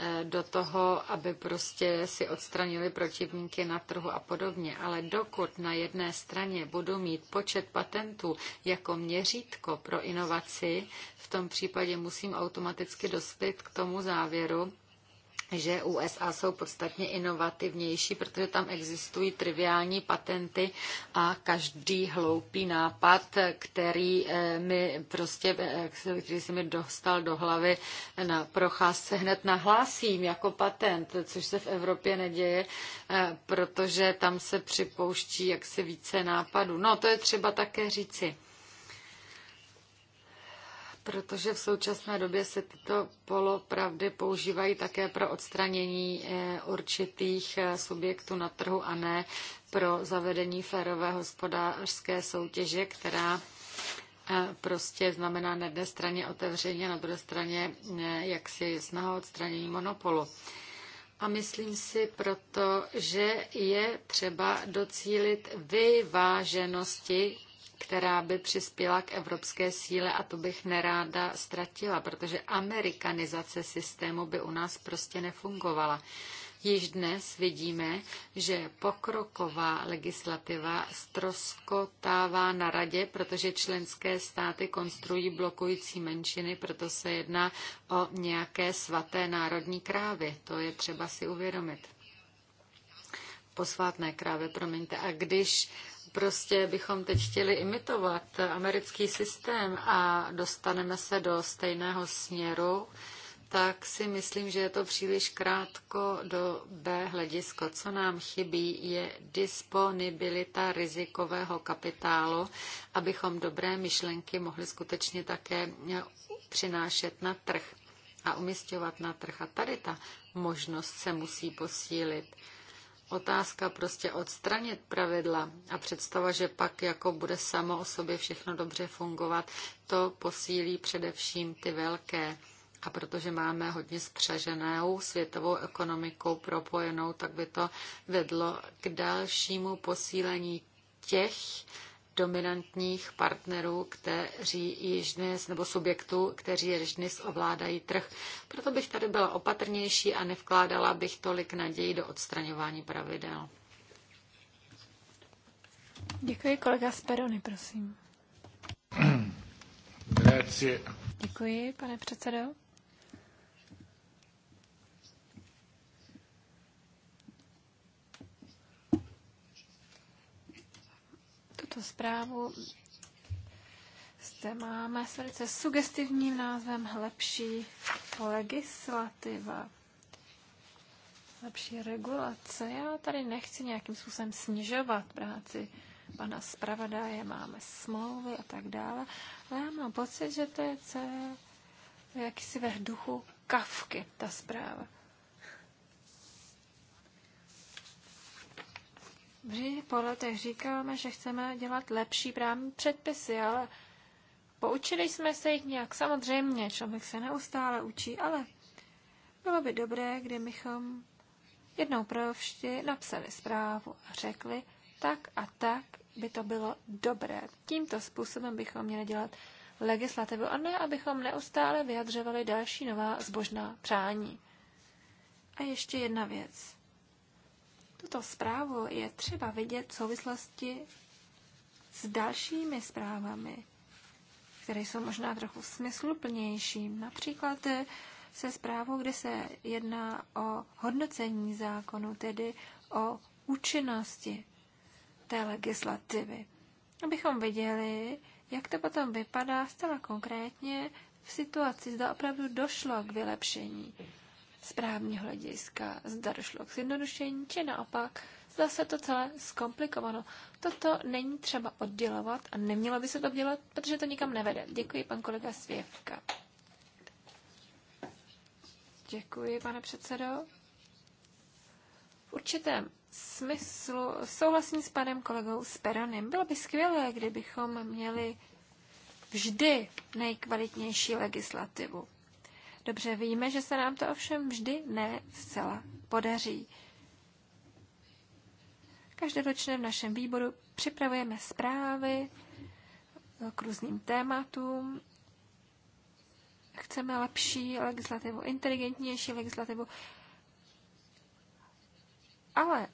Eh, do toho, aby prostě si odstranili protivníky na trhu a podobně. Ale dokud na jedné straně budu mít počet patentů jako měřítko pro inovaci, v tom případě musím automaticky dospět k tomu závěru, že USA jsou podstatně inovativnější, protože tam existují triviální patenty a každý hloupý nápad, který eh, mi prostě, eh, který se mi dostal do hlavy na procházce, hned nahlásím jako patent, což se v Evropě neděje, eh, protože tam se připouští jaksi více nápadů. No, to je třeba také říci. Protože v současné době se tyto polopravdy používají také pro odstranění eh, určitých eh, subjektů na trhu a ne pro zavedení férové hospodářské soutěže, která eh, prostě znamená na jedné straně otevření a na druhé straně jaksi snaha odstranění monopolu. A myslím si proto, že je třeba docílit vyváženosti která by přispěla k evropské síle a to bych neráda ztratila, protože amerikanizace systému by u nás prostě nefungovala. Již dnes vidíme, že pokroková legislativa stroskotává na radě, protože členské státy konstruují blokující menšiny, proto se jedná o nějaké svaté národní krávy. To je třeba si uvědomit posvátné krávy, promiňte. A když prostě bychom teď chtěli imitovat americký systém a dostaneme se do stejného směru, tak si myslím, že je to příliš krátko do B hledisko. Co nám chybí, je disponibilita rizikového kapitálu, abychom dobré myšlenky mohli skutečně také přinášet na trh a umistovat na trh. A tady ta možnost se musí posílit otázka prostě odstranit pravidla a představa, že pak jako bude samo o sobě všechno dobře fungovat, to posílí především ty velké. A protože máme hodně spřaženou světovou ekonomikou propojenou, tak by to vedlo k dalšímu posílení těch, dominantních partnerů, kteří již dnes, nebo subjektů, kteří již dnes ovládají trh. Proto bych tady byla opatrnější a nevkládala bych tolik naději do odstraňování pravidel. Děkuji, kolega Sperony, prosím. Děkuji, pane předsedo. tuto zprávu zde máme s velice sugestivním názvem Lepší legislativa, lepší regulace. Já tady nechci nějakým způsobem snižovat práci pana zpravodaje, máme smlouvy a tak dále, ale já mám pocit, že to je celé jakýsi ve duchu kavky, ta zpráva. Vždy po letech říkáme, že chceme dělat lepší právní předpisy, ale poučili jsme se jich nějak. Samozřejmě, člověk se neustále učí, ale bylo by dobré, kdybychom jednou pro vždy napsali zprávu a řekli, tak a tak by to bylo dobré. Tímto způsobem bychom měli dělat legislativu a ne, abychom neustále vyjadřovali další nová zbožná přání. A ještě jedna věc. Tuto zprávu je třeba vidět v souvislosti s dalšími zprávami, které jsou možná trochu smysluplnější. Například se zprávou, kde se jedná o hodnocení zákonu, tedy o účinnosti té legislativy. Abychom viděli, jak to potom vypadá zcela konkrétně v situaci, zda opravdu došlo k vylepšení správního hlediska, zda došlo k zjednodušení, či naopak, zda se to celé zkomplikovalo. Toto není třeba oddělovat a nemělo by se to dělat, protože to nikam nevede. Děkuji, pan kolega Svěvka. Děkuji, pane předsedo. V určitém smyslu souhlasím s panem kolegou Speranem. Bylo by skvělé, kdybychom měli vždy nejkvalitnější legislativu. Dobře víme, že se nám to ovšem vždy ne zcela podaří. Každoročně v našem výboru připravujeme zprávy k různým tématům. Chceme lepší legislativu, inteligentnější legislativu. Ale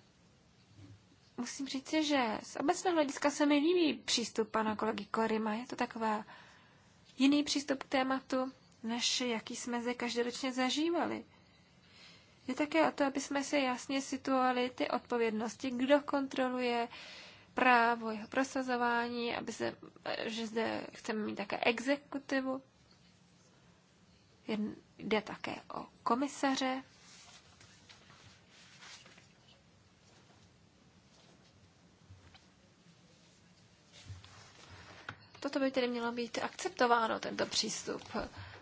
musím říct, že z obecného hlediska se mi líbí přístup pana kolegy Korima. Je to taková jiný přístup k tématu než jaký jsme zde každoročně zažívali. Je také o to, aby jsme se jasně situovali ty odpovědnosti, kdo kontroluje právo, jeho prosazování, aby se, že zde chceme mít také exekutivu. Jde také o komisaře. Toto by tedy mělo být akceptováno, tento přístup.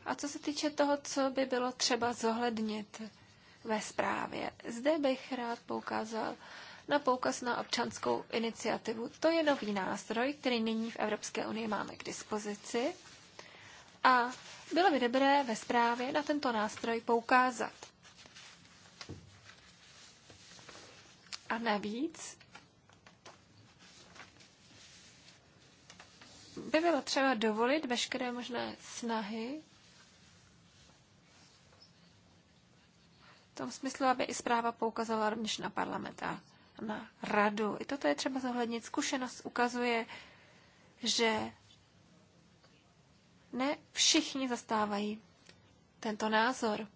A co se týče toho, co by bylo třeba zohlednit ve zprávě, zde bych rád poukázal na poukaz na občanskou iniciativu. To je nový nástroj, který nyní v Evropské unii máme k dispozici. A bylo by dobré ve zprávě na tento nástroj poukázat. A navíc by bylo třeba dovolit veškeré možné snahy V tom smyslu, aby i zpráva poukazovala rovněž na parlament a na radu. I toto je třeba zohlednit. Zkušenost ukazuje, že ne všichni zastávají tento názor.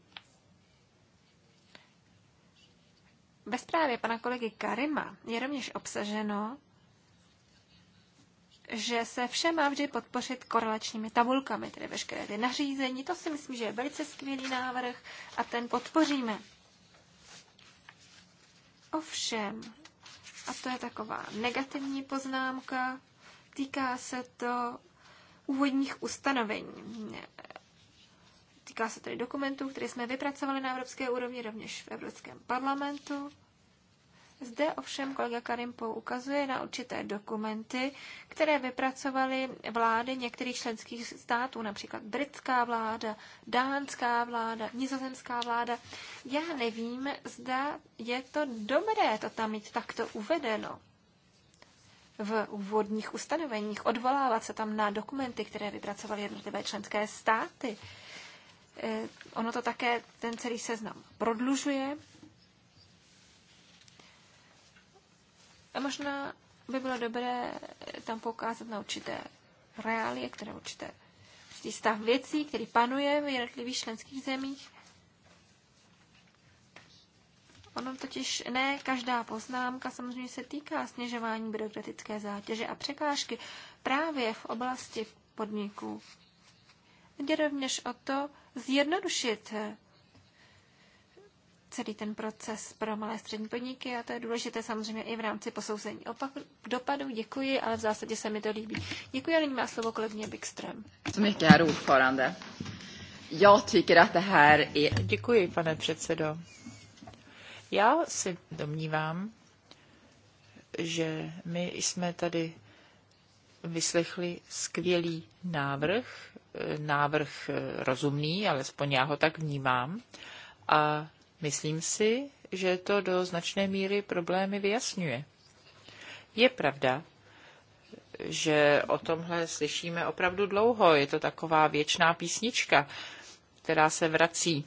Ve zprávě pana kolegy Karima je rovněž obsaženo, že se vše má vždy podpořit korelačními tabulkami, tedy veškeré ty nařízení. To si myslím, že je velice skvělý návrh a ten podpoříme. Ovšem, a to je taková negativní poznámka, týká se to úvodních ustanovení. Týká se tedy dokumentů, které jsme vypracovali na evropské úrovni, rovněž v Evropském parlamentu. Zde ovšem kolega Karim poukazuje na určité dokumenty, které vypracovaly vlády některých členských států, například britská vláda, dánská vláda, nizozemská vláda. Já nevím, zda je to dobré to tam mít takto uvedeno v úvodních ustanoveních, odvolávat se tam na dokumenty, které vypracovaly jednotlivé členské státy. Eh, ono to také ten celý seznam prodlužuje A možná by bylo dobré tam poukázat na určité reálie, které určité určitý stav věcí, který panuje v jednotlivých členských zemích. Ono totiž ne každá poznámka samozřejmě se týká sněžování byrokratické zátěže a překážky právě v oblasti podniků. Jde rovněž o to zjednodušit celý ten proces pro malé střední podniky a to je důležité samozřejmě i v rámci posouzení opak dopadu. Děkuji, ale v zásadě se mi to líbí. Děkuji a nyní má slovo kolegyně Bikström. Děkuji, pane předsedo. Já si domnívám, že my jsme tady vyslechli skvělý návrh, eh, návrh eh, rozumný, alespoň já ho tak vnímám. A Myslím si, že to do značné míry problémy vyjasňuje. Je pravda, že o tomhle slyšíme opravdu dlouho. Je to taková věčná písnička, která se vrací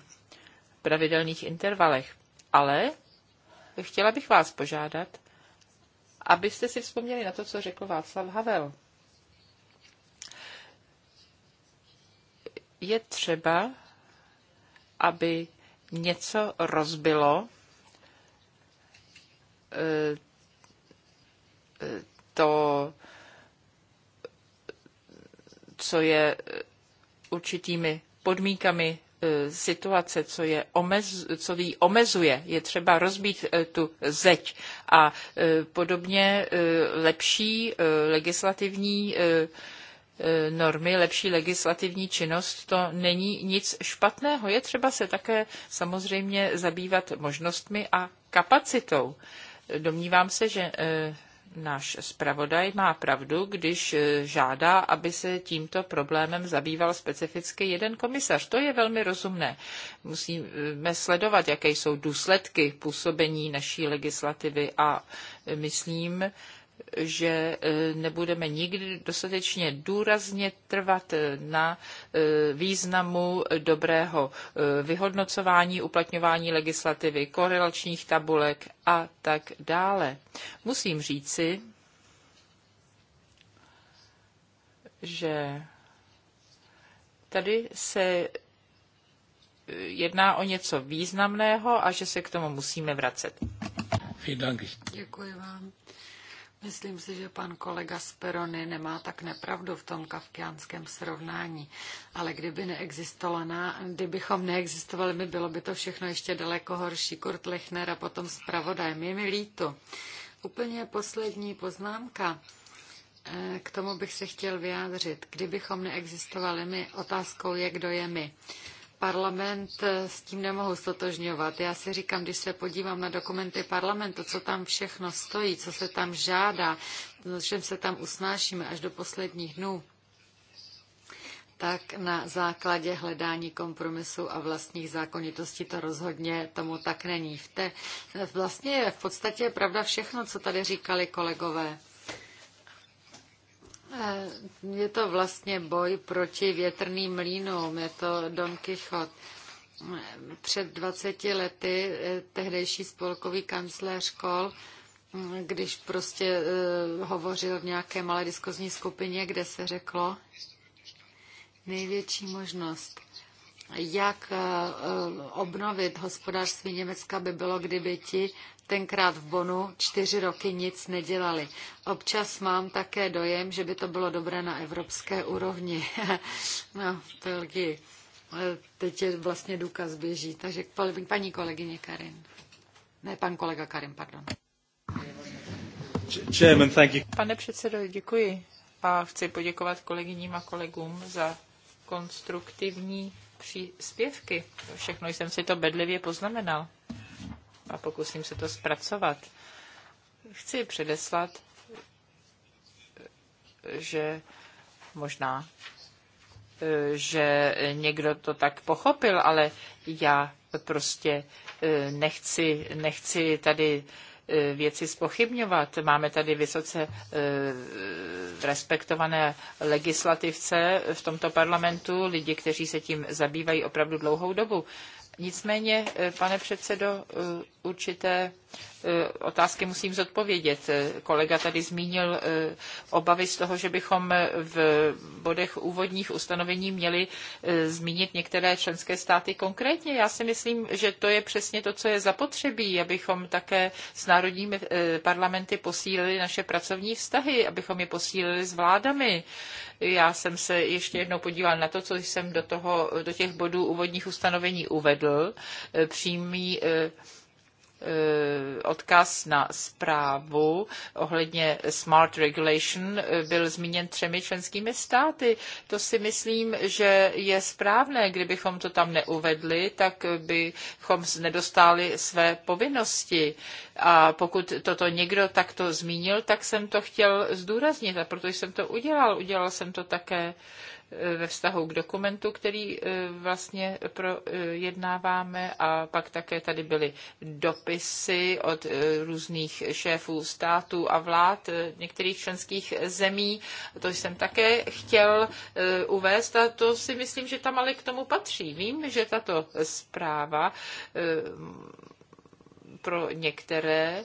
v pravidelných intervalech. Ale chtěla bych vás požádat, abyste si vzpomněli na to, co řekl Václav Havel. Je třeba, aby něco rozbilo eh, to, co je eh, určitými podmínkami eh, situace, co, je omez, co jí omezuje. Je třeba rozbít tu zeď a podobně lepší legislativní Eh, normy, lepší legislativní činnost, to není nic špatného. Je třeba se také samozřejmě zabývat možnostmi a kapacitou. Domnívám se, že eh, náš zpravodaj má pravdu, když eh, žádá, aby se tímto problémem zabýval specificky jeden komisař. To je velmi rozumné. Musíme sledovat, jaké jsou důsledky působení naší legislativy a myslím, že e, nebudeme nikdy dostatečně důrazně trvat e, na e, významu dobrého vyhodnocování, uplatňování legislativy, korelačních tabulek a tak dále. Musím říci, že tady se jedná o něco významného a že se k tomu musíme vracet. Děkuji vám. Myslím si, že pan kolega Sperony nemá tak nepravdu v tom kafkiánském srovnání, ale kdyby neexistovala, kdybychom neexistovali, my bylo by to všechno ještě daleko horší. Kurt Lechner a potom zpravodaj. Je mi líto. Úplně poslední poznámka. Eh, k tomu bych se chtěl vyjádřit. Kdybychom neexistovali my, otázkou je, kdo je my parlament eh, s tím nemohu stotožňovat. Já si říkám, když se podívám na dokumenty parlamentu, co tam všechno stojí, co se tam žádá, na čem se tam usnášíme až do posledních dnů, tak na základě hledání kompromisu a vlastních zákonitostí to rozhodně tomu tak není. V té, vlastně je v podstatě pravda všechno, co tady říkali kolegové. Eh, je to vlastně boj proti větrným mlínům, je to Don Kichot. Před 20 lety eh, tehdejší spolkový kancléř škol, hm, když prostě eh, hovořil v nějaké malé diskuzní skupině, kde se řeklo největší možnost jak eh, eh, obnovit hospodářství Německa by bylo, kdyby ti tenkrát v Bonu čtyři roky nic nedělali. Občas mám také dojem, že by to bylo dobré na evropské úrovni. no, to je eh, Teď je vlastně důkaz běží. Takže paní kolegyně Karin. Ne, pan kolega Karin, pardon. Chairman, thank you. Pane předsedo, děkuji. A chci poděkovat kolegyním a kolegům za konstruktivní příspěvky. Všechno jsem si to bedlivě poznamenal a pokusím se to zpracovat. Chci předeslat, že možná, že někdo to tak pochopil, ale já prostě eh, nechci, nechci tady věci spochybňovat. Máme tady vysoce eh, respektované legislativce v tomto parlamentu, lidi, kteří se tím zabývají opravdu dlouhou dobu. Nicméně, eh, pane předsedo, eh, určité E, otázky musím zodpovědět. E, kolega tady zmínil e, obavy z toho, že bychom v bodech úvodních ustanovení měli zmínit některé členské státy konkrétně. Já si myslím, že to je přesně to, co je zapotřebí, abychom také s národními parlamenty posílili naše pracovní vztahy, abychom je posílili s vládami. Já jsem se ještě jednou podíval na to, co jsem do, toho, do těch bodů úvodních ustanovení uvedl. Přímý odkaz na zprávu ohledně smart regulation byl zmíněn třemi členskými státy. To si myslím, že je správné. Kdybychom to tam neuvedli, tak bychom nedostali své povinnosti. A pokud toto někdo takto zmínil, tak jsem to chtěl zdůraznit a proto jsem to udělal. Udělal jsem to také ve vztahu k dokumentu, který e, vlastně projednáváme a pak také tady byly dopisy od e, různých šéfů států a vlád e, některých členských zemí. To jsem také chtěl uvést a to si myslím, že tam ale k tomu patří. Vím, že tato zpráva pro některé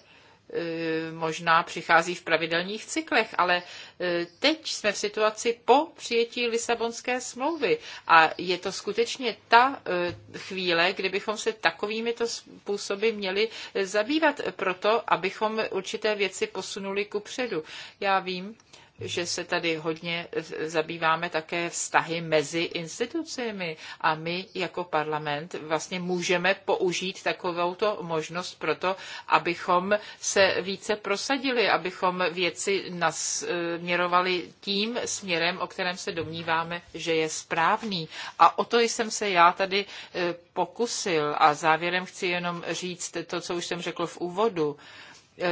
E, možná přichází v pravidelných cyklech, ale e, teď jsme v situaci po přijetí Lisabonské smlouvy a je to skutečně ta e, chvíle, kdybychom se takovými to způsoby měli zabývat proto, abychom určité věci posunuli ku předu. Já vím, že se tady hodně zabýváme také vztahy mezi institucemi a my jako parlament vlastně můžeme použít takovouto možnost proto, abychom se více prosadili, abychom věci nasměrovali tím směrem, o kterém se domníváme, že je správný. A o to jsem se já tady e, pokusil a závěrem chci jenom říct to, co už jsem řekl v úvodu e,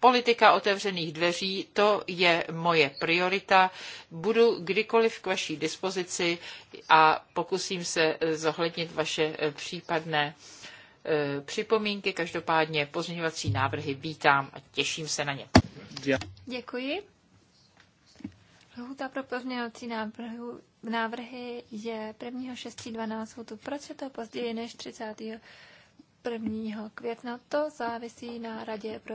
politika otevřených dveří, to je moje priorita. Budu kdykoliv k vaší dispozici a pokusím se zohlednit vaše eh, případné eh, připomínky. Každopádně pozměňovací návrhy vítám a těším se na ně. Děkuji. Lhuta pro pozměňovací návrhu, návrhy je 1.6.12. tu proč je to později než 31. května. To závisí na Radě pro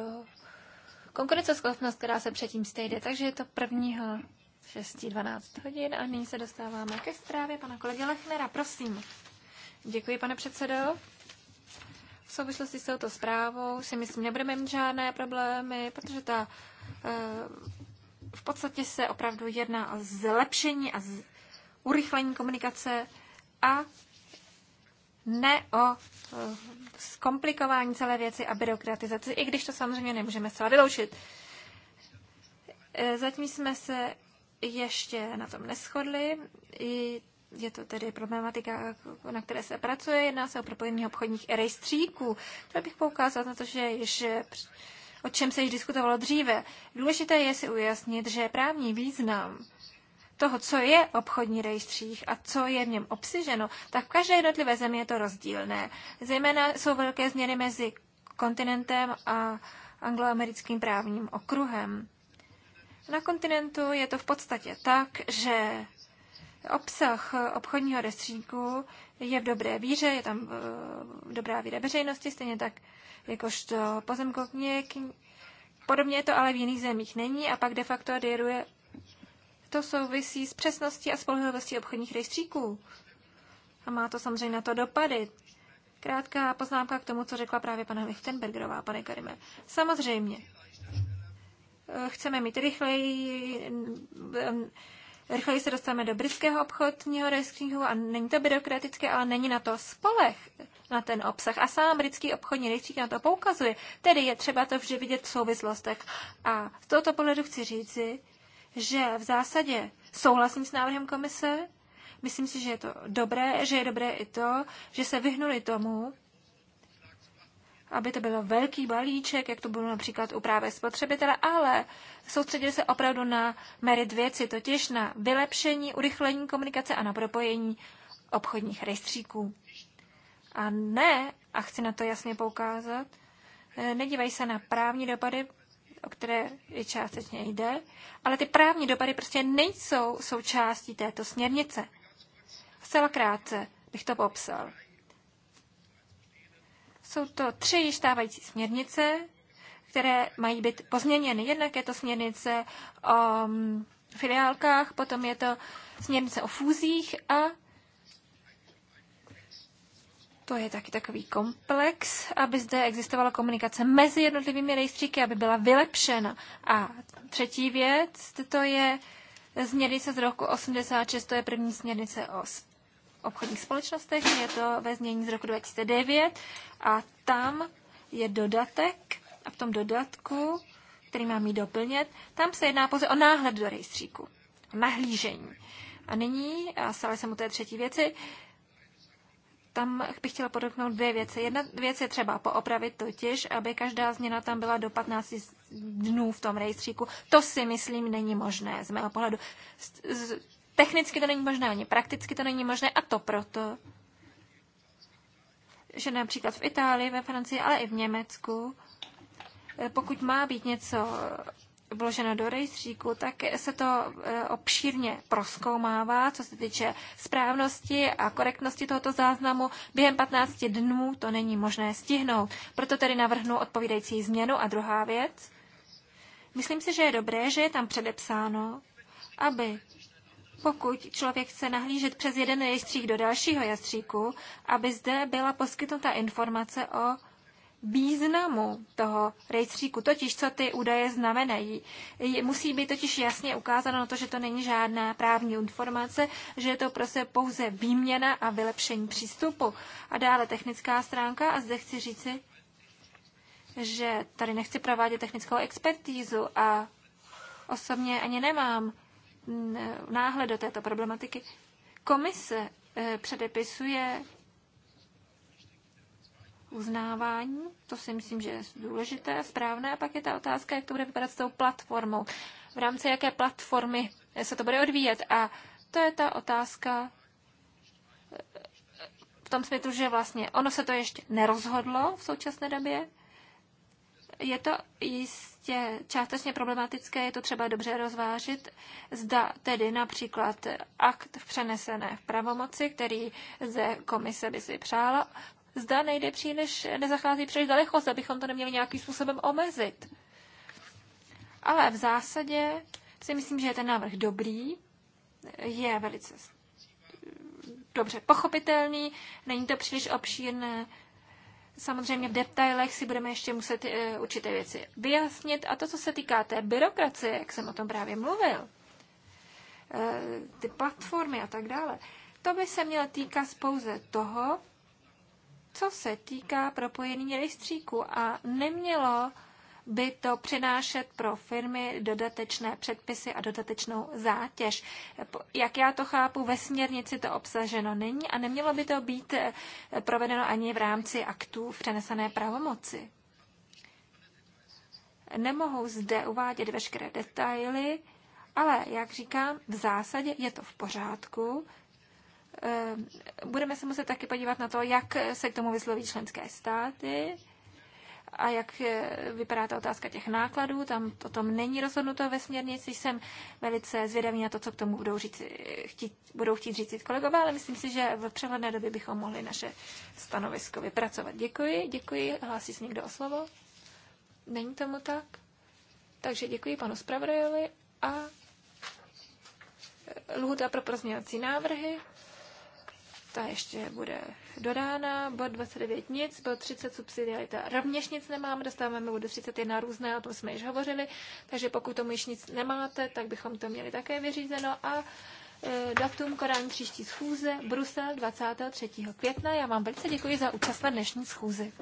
konkurenceschopnost, která se předtím stejde. Takže je to prvního 6.12 hodin a nyní se dostáváme ke zprávě pana kolegy Lechnera. Prosím. Děkuji, pane předsedo. V souvislosti s touto zprávou si myslím, nebudeme mít žádné problémy, protože ta eh, v podstatě se opravdu jedná o zlepšení a urychlení komunikace a ne o eh, zkomplikování celé věci a byrokratizaci, i když to samozřejmě nemůžeme zcela vyloučit. Eh, zatím jsme se ještě na tom neschodli. Je to tedy problematika, na které se pracuje. Jedná se o propojení obchodních rejstříků. Chtěl bych poukázat na to, že již eh, o čem se již diskutovalo dříve. Důležité je si ujasnit, že právní význam toho, co je obchodní rejstřík a co je v něm obsaženo, tak v každé jednotlivé zemi je to rozdílné. Zejména jsou velké změny mezi kontinentem a angloamerickým právním okruhem. Na kontinentu je to v podstatě tak, že obsah obchodního rejstříku je v dobré víře, je tam e, dobrá víra veřejnosti, stejně tak jakožto pozemkovník, Podobně to ale v jiných zemích není a pak de facto adieruje to souvisí s přesností a spolehlivostí obchodních rejstříků. A má to samozřejmě na to dopady. Krátká poznámka k tomu, co řekla právě pana Lichtenbergerová, pane Karime. Samozřejmě. Eh, chceme mít rychleji, mm, eh, rychleji se dostaneme do britského obchodního rejstříku a není to byrokratické, ale není na to spolech na ten obsah. A sám britský obchodní rejstřík na to poukazuje. Tedy je třeba to vždy vidět v souvislostech. A z tohoto pohledu chci říci, že v zásadě souhlasím s návrhem komise, myslím si, že je to dobré, že je dobré i to, že se vyhnuli tomu, aby to byl velký balíček, jak to bylo například u právě spotřebitele, ale soustředili se opravdu na merit věci, totiž na vylepšení, urychlení komunikace a na propojení obchodních rejstříků. A ne, a chci na to jasně poukázat, nedívají se na právní dopady o které částečně jde, ale ty právní dopady prostě nejsou součástí této směrnice. Zcela krátce bych to popsal. Jsou to tři již stávající směrnice, které mají být pozměněny. Jednak je to směrnice o mm, filiálkách, potom je to směrnice o fúzích a to je taky takový komplex, aby zde existovala komunikace mezi jednotlivými rejstříky, aby byla vylepšena. A třetí věc, to je směrnice z roku 86, to je první směrnice o obchodních společnostech, je to ve změní z roku 2009 a tam je dodatek a v tom dodatku, který mám jí doplnit, tam se jedná pouze o náhled do rejstříku, o nahlížení. A nyní, a stále jsem u té třetí věci, tam bych chtěla podotknout dvě věci. Jedna věc je třeba poopravit totiž, aby každá změna tam byla do 15 dnů v tom rejstříku. To si myslím není možné z mého pohledu. Technicky to není možné, ani prakticky to není možné a to proto, že například v Itálii, ve Francii, ale i v Německu, eh, pokud má být něco vloženo do rejstříku, tak se to e, obšírně proskoumává, co se týče správnosti a korektnosti tohoto záznamu. Během 15 dnů to není možné stihnout. Proto tedy navrhnu odpovídající změnu. A druhá věc, myslím si, že je dobré, že je tam předepsáno, aby pokud člověk chce nahlížet přes jeden rejstřík do dalšího jastříku, aby zde byla poskytnuta informace o významu toho rejstříku, totiž co ty údaje znamenají. Musí být totiž jasně ukázáno na to, že to není žádná právní informace, že je to prostě pouze výměna a vylepšení přístupu. A dále technická stránka a zde chci říci, že tady nechci provádět technickou expertízu a osobně ani nemám náhled do této problematiky. Komise eh, předepisuje uznávání, to si myslím, že je důležité, správné, a pak je ta otázka, jak to bude vypadat s tou platformou, v rámci jaké platformy se to bude odvíjet a to je ta otázka eh, v tom smyslu, že vlastně ono se to ještě nerozhodlo v současné době, je to jistě částečně problematické, je to třeba dobře rozvážit, zda tedy například akt v přenesené v pravomoci, který ze komise by si přála, zda nejde příliš, nezachází příliš daleko, zda bychom to neměli nějakým způsobem omezit. Ale v zásadě si myslím, že je ten návrh dobrý, je velice dobře pochopitelný, není to příliš obšírné. Samozřejmě v detailech si budeme ještě muset eh, určité věci vyjasnit. A to, co se týká té byrokracie, jak jsem o tom právě mluvil, eh, ty platformy a tak dále, to by se mělo týkat pouze toho, co se týká propojení rejstříku a nemělo by to přinášet pro firmy dodatečné předpisy a dodatečnou zátěž. Jak já to chápu, ve směrnici to obsaženo není a nemělo by to být eh, provedeno ani v rámci aktů v přenesené pravomoci. Nemohu zde uvádět veškeré detaily, ale jak říkám, v zásadě je to v pořádku, Eh, budeme se muset taky podívat na to, jak se k tomu vysloví členské státy a jak eh, vypadá ta otázka těch nákladů. Tam o tom není rozhodnuto ve směrnici. Jsem velice zvědavý na to, co k tomu budou, říct, chtít, budou chtít říct kolegové, ale myslím si, že v přehledné době bychom mohli naše stanovisko vypracovat. Děkuji, děkuji. Hlásí se někdo o slovo? Není tomu tak? Takže děkuji panu Spravodajovi a eh, lhuta pro pozměňovací návrhy ta ještě bude dodána. Bod 29 nic, bod 30 subsidiarita rovněž nic nemáme, dostáváme bod 31 různé, o tom jsme již hovořili, takže pokud tomu již nic nemáte, tak bychom to měli také vyřízeno a e, datum konání příští schůze Brusel 23. května. Já vám velice děkuji za účast na dnešní schůzi.